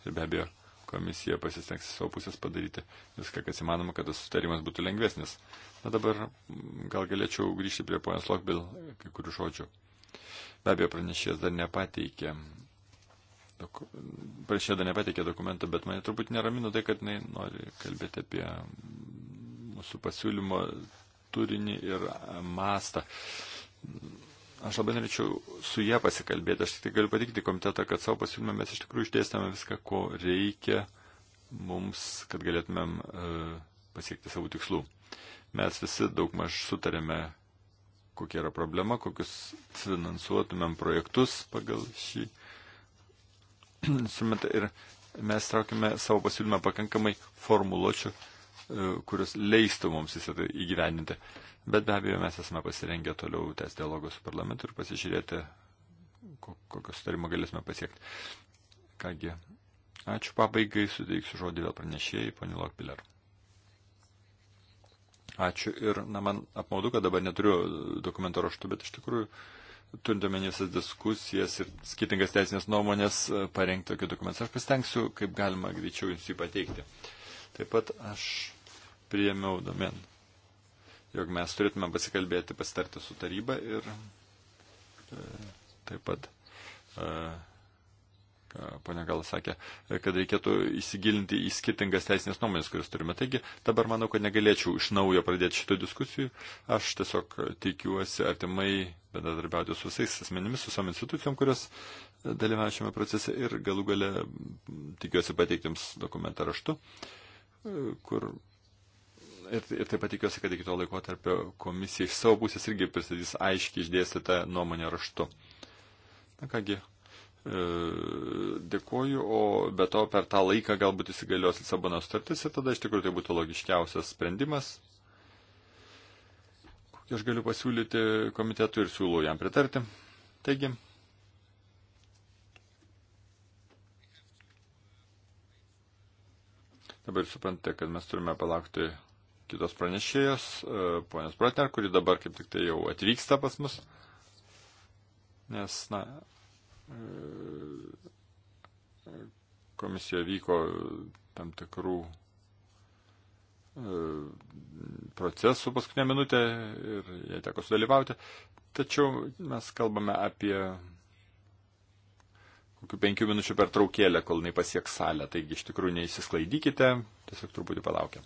ir be abejo komisija pasistengs savo pusės padaryti viską, kas įmanoma, kad tas sutarimas būtų lengvesnis. Na dabar gal galėčiau grįžti prie ponios Lokbil kai kurių žodžių. Be abejo, pranešėjas dar nepateikė. Doku... Pranešėja dar nepateikė dokumentą, bet mane turbūt neramino tai, kad jinai nori kalbėti apie mūsų pasiūlymo turinį ir mastą. Aš labai norėčiau su jie pasikalbėti. Aš tik galiu patikti komitetą, kad savo pasiūlymą mes iš tikrųjų išdėstėme viską, ko reikia mums, kad galėtumėm e, pasiekti savo tikslų. Mes visi daug maž sutarėme, kokia yra problema, kokius finansuotumėm projektus pagal šį [clears throat] instrumentą. Ir mes traukime savo pasiūlymą pakankamai formuluočių, e, kurios leistų mums visą tai įgyvendinti. E, Bet be abejo, mes esame pasirengę toliau tęs dialogą su parlamentu ir pasižiūrėti, kokio sutarimo galėsime pasiekti. Kągi, ačiū pabaigai, suteiksiu žodį vėl pranešėjai, ponė Lokpiller. Ačiū ir, na, man apmaudu, kad dabar neturiu dokumento raštų, bet iš tikrųjų, turint omeny visas diskusijas ir skirtingas teisinės nuomonės, parengti tokį dokumentą. Aš pasitengsiu, kaip galima greičiau jums jį pateikti. Taip pat aš priėmiau domen jog mes turėtume pasikalbėti, pasitarti su taryba ir e, taip pat, e, ponia gal sakė, e, kad reikėtų įsigilinti į skirtingas teisinės nuomonės, kurias turime. Taigi dabar manau, kad negalėčiau iš naujo pradėti šito diskusijų. Aš tiesiog tikiuosi artimai bendradarbiauti su visais asmenimis, su visom institucijom, kurios dalyvauja šiame procese ir galų gale tikiuosi pateikti jums dokumentą raštu kur ir, ir taip pat tikiuosi, kad iki to laiko tarp komisija iš savo pusės irgi pristatys aiškiai išdėstytą nuomonę raštu. Na kągi, e, dėkuoju, o be to per tą laiką galbūt įsigalios Lisabono sutartis ir tada iš tikrųjų tai būtų logiškiausias sprendimas. Kokį aš galiu pasiūlyti komitetui ir siūlau jam pritarti. Taigi. Dabar suprantate, kad mes turime palaukti kitos pranešėjos, e, ponios Bratner, kuri dabar kaip tik tai jau atvyksta pas mus. Nes, na, e, komisijoje vyko tam tikrų e, procesų paskutinę minutę ir jai teko sudalyvauti. Tačiau mes kalbame apie kokių penkių minučių per traukėlę, kol jinai pasieks salę. Taigi iš tikrųjų neįsisklaidykite, tiesiog truputį palaukiam.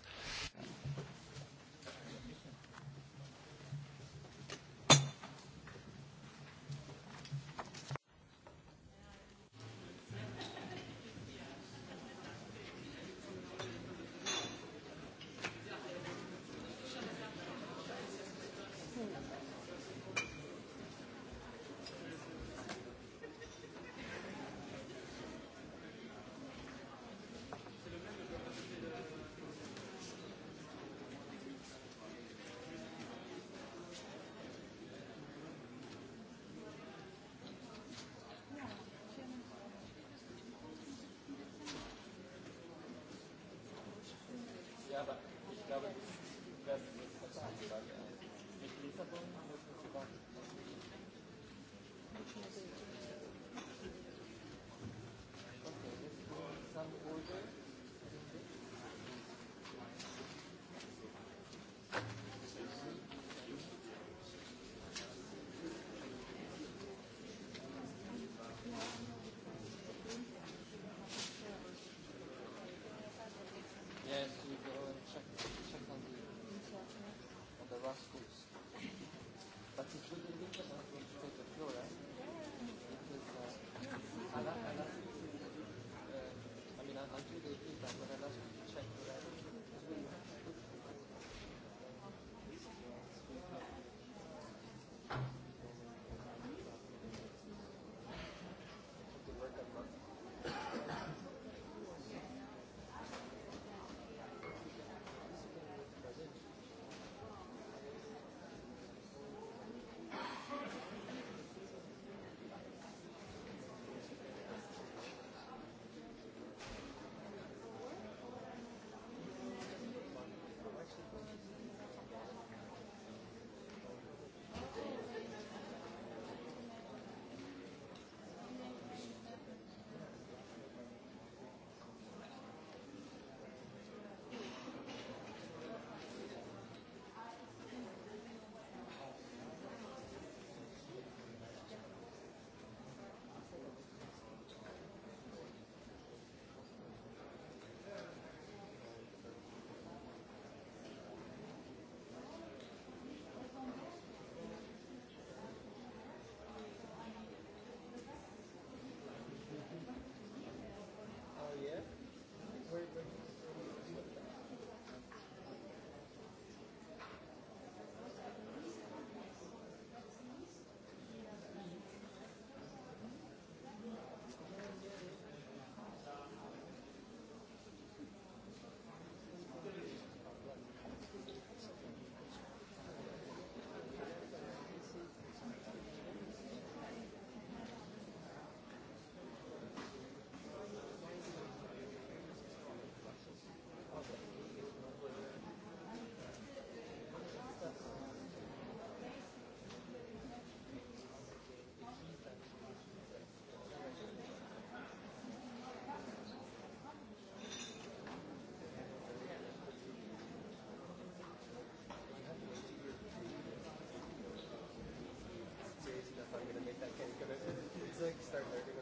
like start lurking.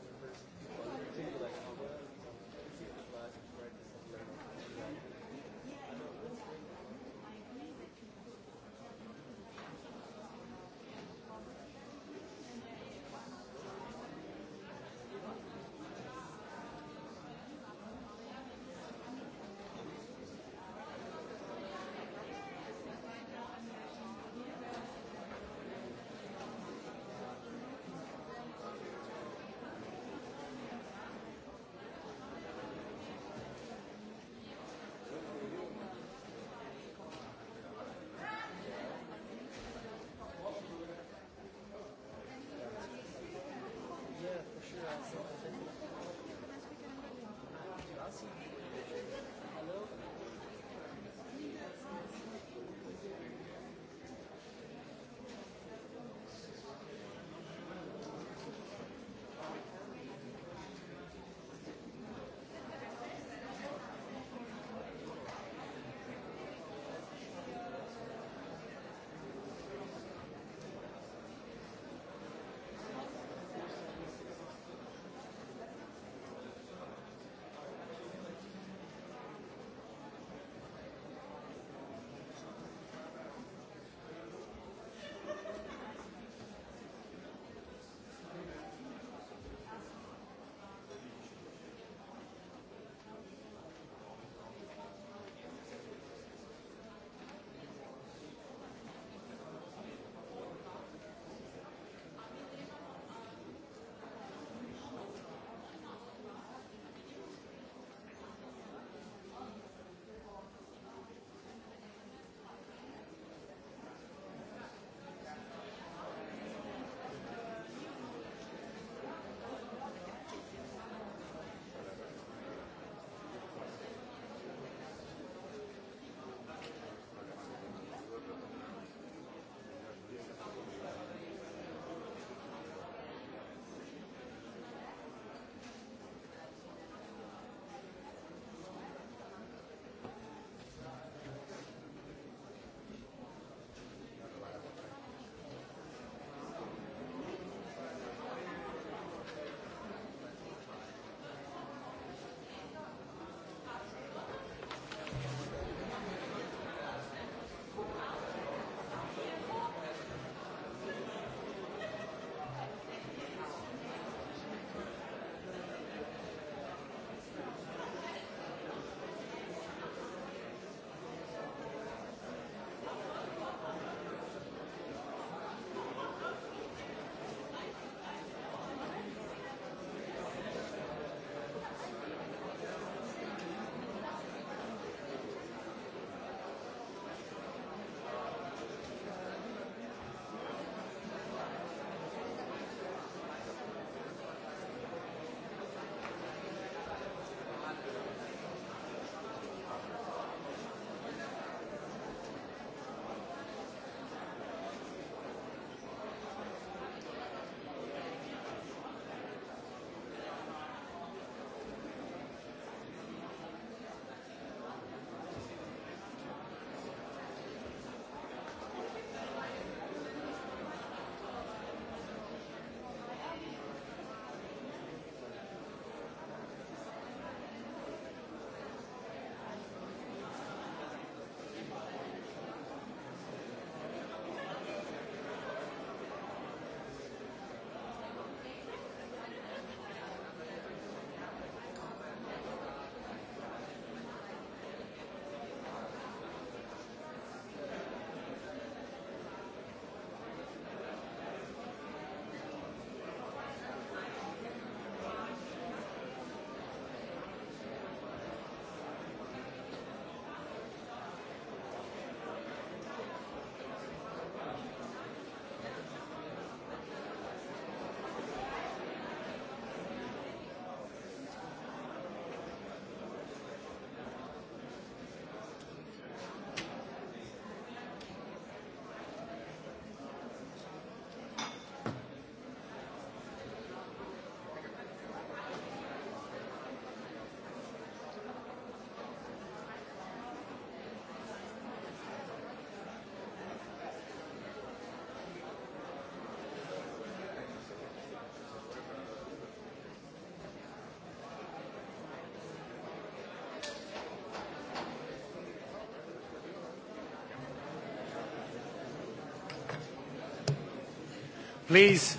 Please,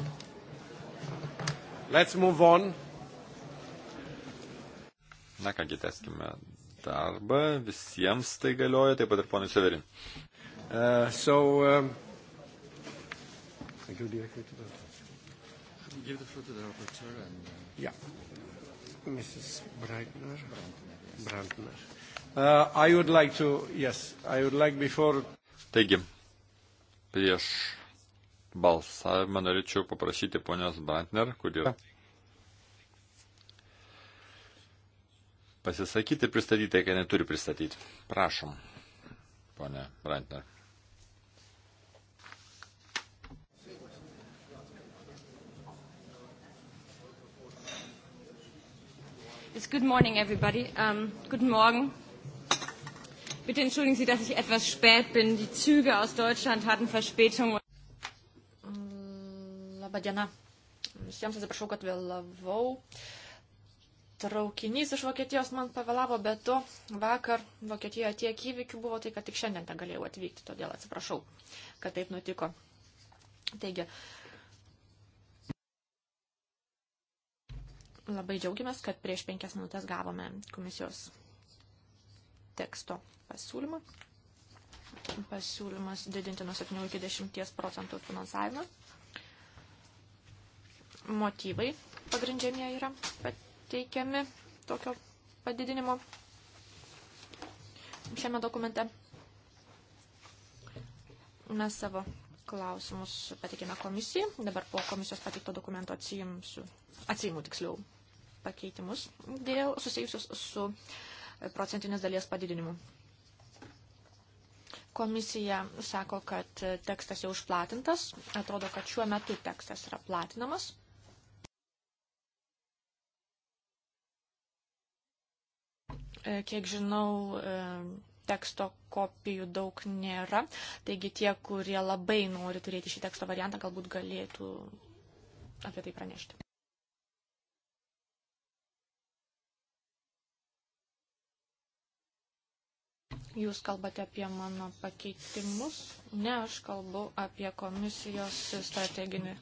let's move on. Na kągi, teskime darbą. Visiems tai galioja, taip pat ir ponui Severin. Uh, so, um, Thank you, directly to the Give the floor to the rapporteur and... Uh, yeah. Mrs. Brandner. Brandner. Yes. Uh, I would like to, yes, I would like before... Taigi, prieš balsavimą norėčiau paprašyti ponios Brantner, kuri pasisakyti, pristatyti tai, ką neturi pristatyti. Prašom, ponė Brantner. It's good morning, everybody. Um, guten Morgen. Bitte entschuldigen Sie, dass ich etwas spät bin. Die Züge aus Deutschland hatten Verspätung diena. Visiems atsiprašau, kad vėlavau. Traukinys iš Vokietijos man pavėlavo, bet to vakar Vokietijoje tiek įvykių buvo, tai kad tik šiandien negalėjau atvykti, todėl atsiprašau, kad taip nutiko. Taigi, labai džiaugiamės, kad prieš penkias minutės gavome komisijos teksto pasiūlymą. Pasiūlymas didinti nuo 7 iki 10 procentų finansavimą motyvai pagrindžiamie yra pateikiami tokio padidinimo šiame dokumente. Mes savo klausimus pateikėme komisijai. Dabar po komisijos pateikto dokumento atsijimsiu, atsijimu tiksliau pakeitimus dėl susijusius su procentinės dalies padidinimu. Komisija sako, kad tekstas jau išplatintas. Atrodo, kad šiuo metu tekstas yra platinamas. E, kiek žinau, e, teksto kopijų daug nėra, taigi tie, kurie labai nori turėti šį teksto variantą, galbūt galėtų apie tai pranešti. Jūs kalbate apie mano pakeitimus, ne aš kalbu apie komisijos strateginį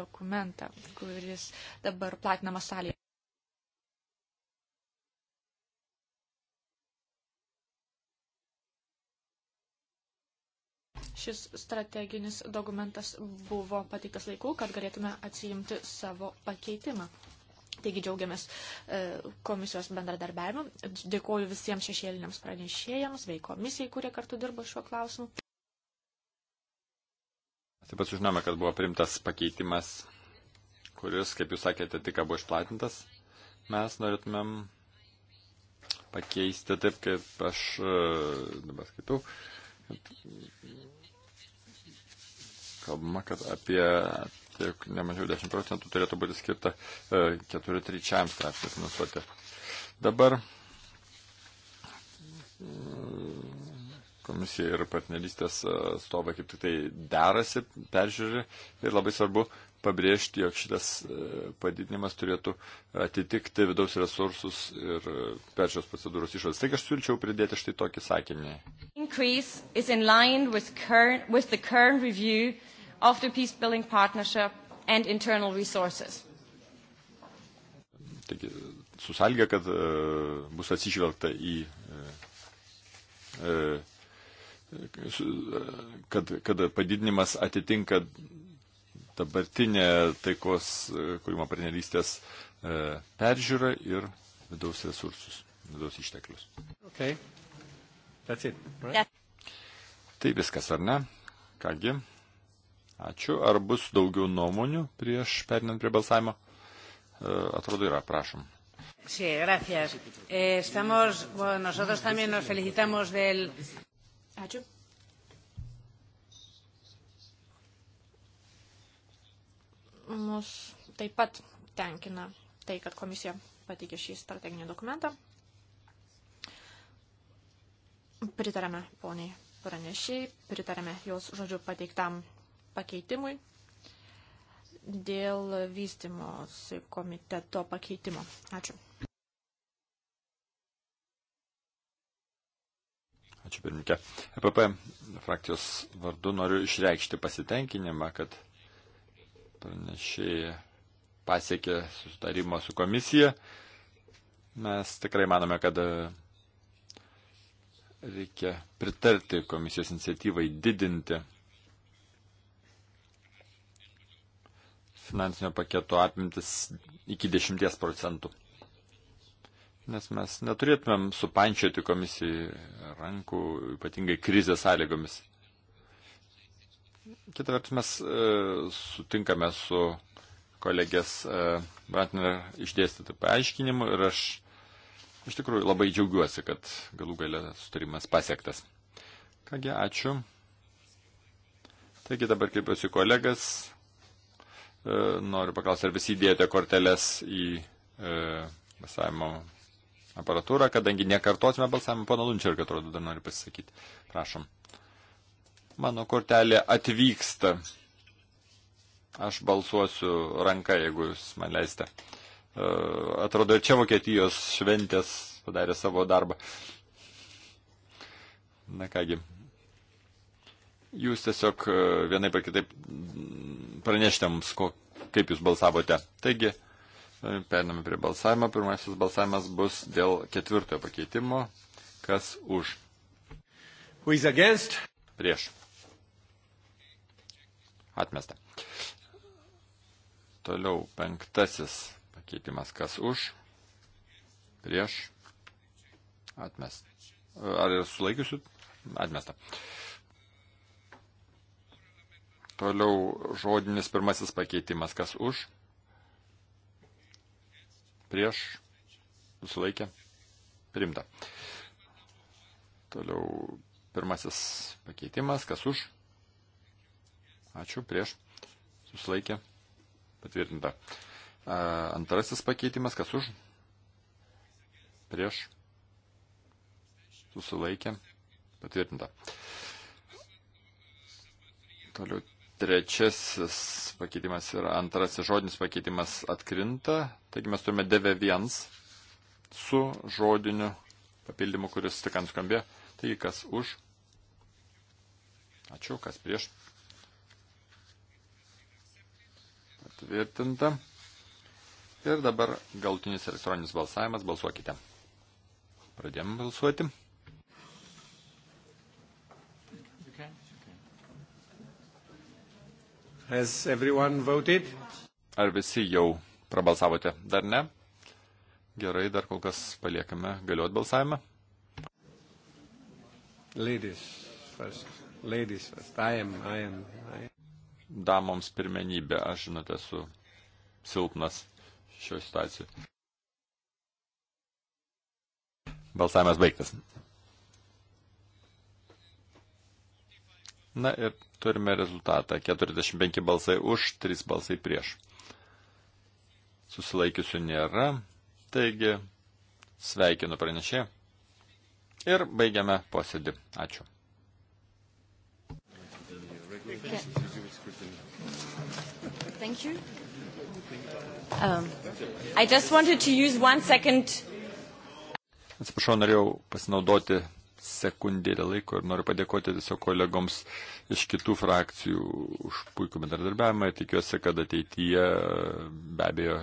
dokumentą, kuris dabar platinamas salėje. šis strateginis dokumentas buvo pateiktas laiku, kad galėtume atsijimti savo pakeitimą. Taigi džiaugiamės e, komisijos bendradarbiavimu. Dėkuoju visiems šešėliniams pranešėjams, bei komisijai, kurie kartu dirbo šiuo klausimu. Taip pat sužinome, kad buvo primtas pakeitimas, kuris, kaip jūs sakėte, tik buvo išplatintas. Mes norėtumėm pakeisti taip, kaip aš e, dabar skaitau kalbama, kad apie tiek nemažiau 10 procentų turėtų būti skirta 4-3 e, straipsnių finansuoti. Dabar mm, komisija ir partnerystės stovai kaip tik tai derasi, peržiūri ir labai svarbu pabrėžti, jog šitas e, padidinimas turėtų atitikti vidaus resursus ir e, peržiūros procedūros išvadas. Taigi aš siūlyčiau pridėti štai tokį sakinį. Increase is in line with, current, with the current review of the Peace Building Partnership and internal resources. Taigi, susalgia, kad e, bus atsižvelgta į, e, e su, e, kad, kad padidinimas atitinka dabartinė taikos e, kūrimo partnerystės e, peržiūra ir vidaus resursus, vidaus išteklius. Okay. That's it, right? That's... Tai viskas, ar ne? Kągi. Ačiū. Ar bus daugiau nuomonių prieš perinant prie balsavimo? E, atrodo yra, prašom. Sí, gracias. Eh, estamos, bueno, nosotros también nos felicitamos del. Ačiū. Mus taip pat tenkina tai, kad komisija pateikė šį strateginį dokumentą. Pritarame poniai pranešiai, pritarame jos žodžiu pateiktam pakeitimui dėl vystimos komiteto pakeitimo. Ačiū. Ačiū pirmininkė. EPP frakcijos vardu noriu išreikšti pasitenkinimą, kad pranešėjai pasiekė susitarimo su komisija. Mes tikrai manome, kad e, reikia pritarti komisijos iniciatyvai didinti finansinio paketo apimtis iki 10 procentų. Nes mes neturėtumėm supančioti komisijai rankų, ypatingai krizės sąlygomis. Kita vertus, mes e, sutinkame su kolegės e, Brantner išdėstyti paaiškinimu ir aš iš tikrųjų labai džiaugiuosi, kad galų galę sutarimas pasiektas. Kągi, ačiū. Taigi dabar kreipiuosi kolegas, E, noriu paklausti, ar visi įdėjote korteles į e, balsavimo aparatūrą, kadangi nekartosime balsavimo. Pana Lunčerka, atrodo, dar nori pasisakyti. Prašom. Mano kortelė atvyksta. Aš balsuosiu ranką, jeigu jūs man leisite. E, atrodo, čia Vokietijos šventės padarė savo darbą. Na kągi, jūs tiesiog e, vienai par kitaip pranešite mums, ko, kaip jūs balsavote. Taigi, e, periname prie balsavimo. Pirmasis balsavimas bus dėl ketvirtojo pakeitimo. Kas už? Prieš. Atmesta. Toliau penktasis pakeitimas. Kas už? Prieš. Atmesta. Ar ir sulaikiusiu? Atmesta. Uh, Toliau žodinis pirmasis pakeitimas. Kas už? Prieš? Susilaikė? Primta. Toliau pirmasis pakeitimas. Kas už? Ačiū. Prieš? Susilaikė? Patvirtinta. Antrasis pakeitimas. Kas už? Prieš? Susilaikė? Patvirtinta. Toliau trečiasis pakeitimas ir antrasis žodinis pakeitimas atkrinta. Taigi mes turime DV1 su žodiniu papildymu, kuris tik ant skambė. Taigi kas už? Ačiū, kas prieš? Patvirtinta. Ir dabar galtinis elektroninis balsavimas. Balsuokite. Pradėjome balsuoti. Has everyone voted? Ar visi jau prabalsavote? Dar ne? Gerai, dar kol kas paliekame galiot balsavimą. Ladies first. Ladies first. I am, I am, I am. Damoms pirmenybė, aš žinote, esu silpnas šioje situacijoje. Balsavimas baigtas. Na ir Turime rezultatą. 45 balsai už, 3 balsai prieš. Susilaikiusių nėra. Taigi, sveikinu pranešė. Ir baigiame posėdį. Ačiū. Thank you. Um, I just wanted to use one second. Atsiprašau, norėjau pasinaudoti sekundėlę laiko ir noriu padėkoti tiesiog kolegoms iš kitų frakcijų už puikų bendradarbiavimą. Tikiuosi, kad ateityje be abejo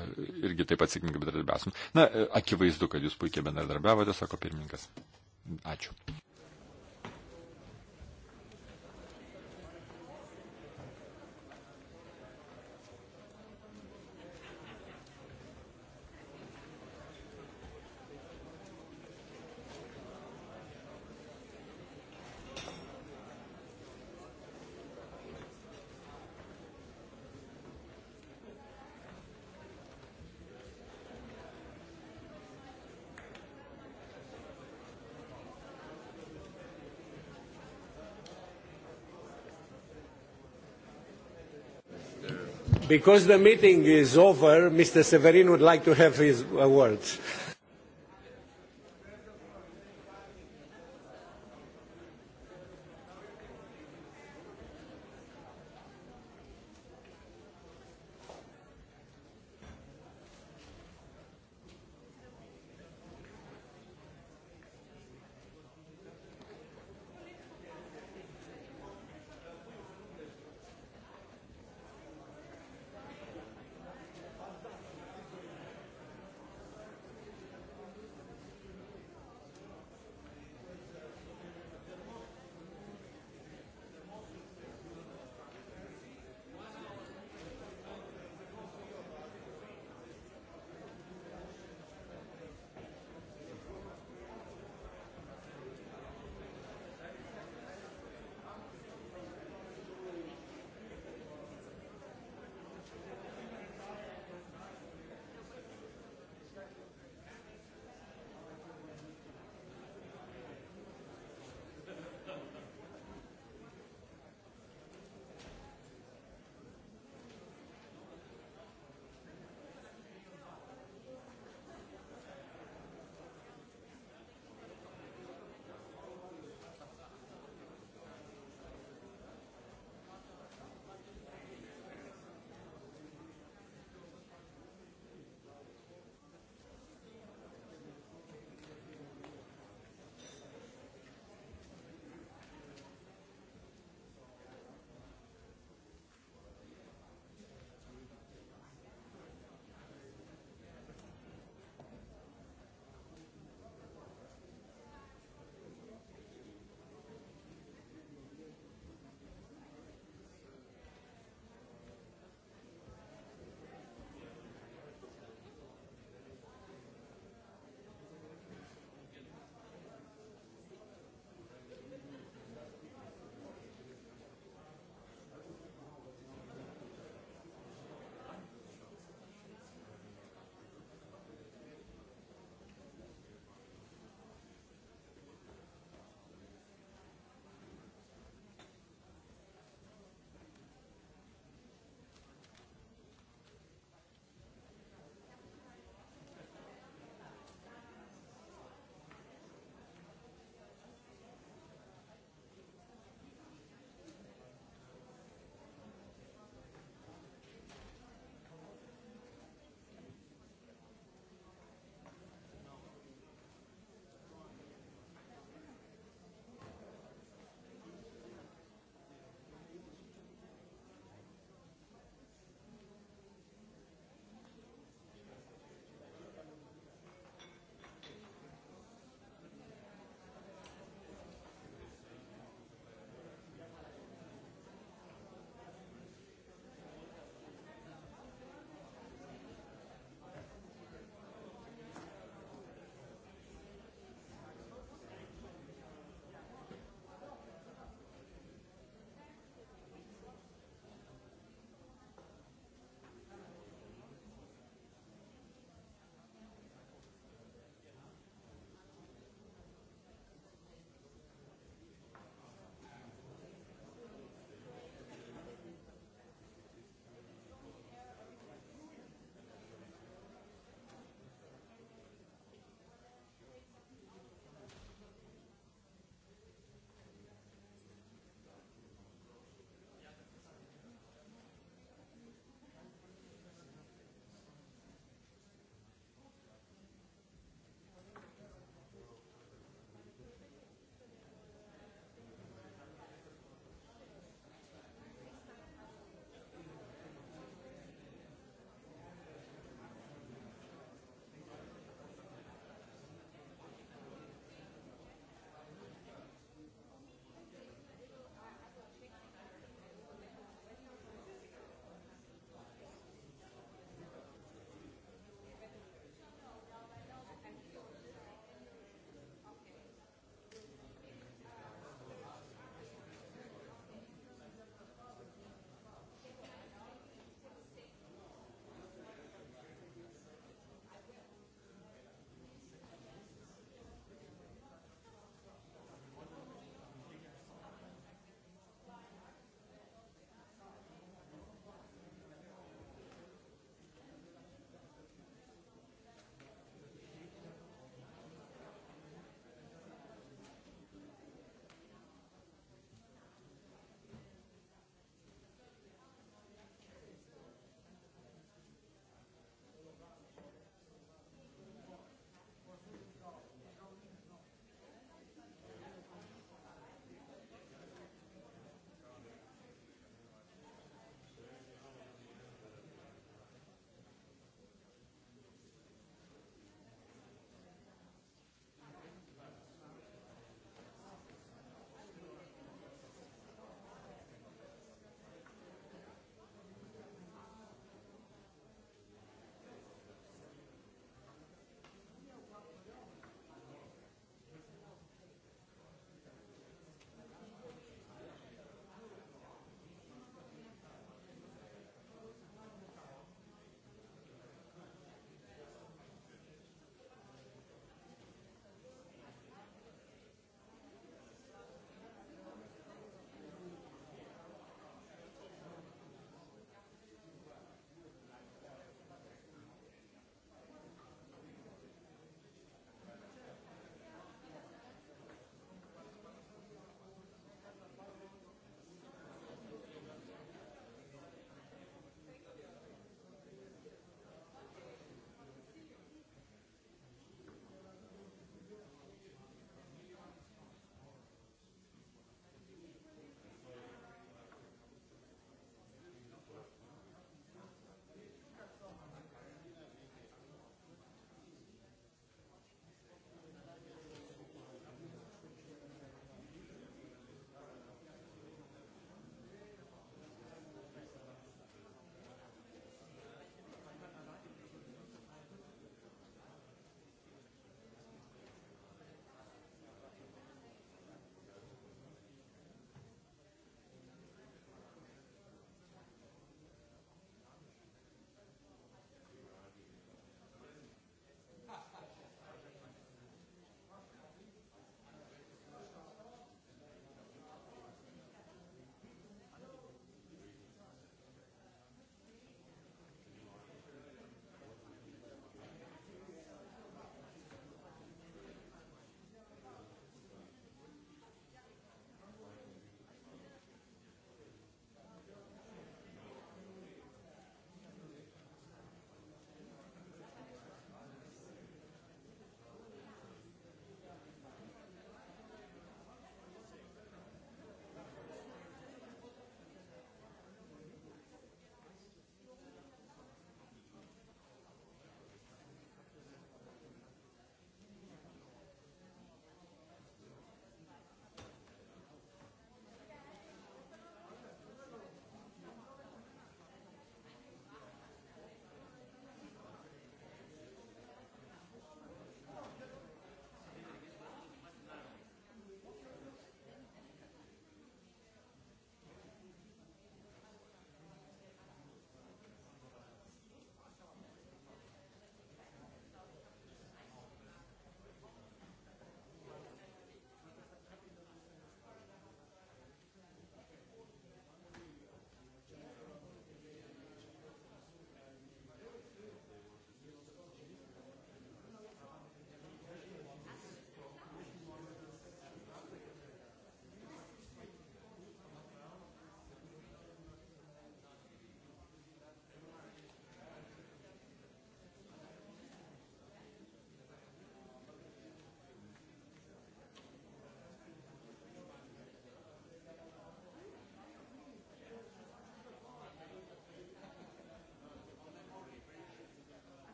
irgi taip pat sėkmingai bendradarbiausim. Na, akivaizdu, kad jūs puikiai bendradarbiavote, sako pirmininkas. Ačiū. Because the meeting is over, Mr. Severin would like to have his uh, words.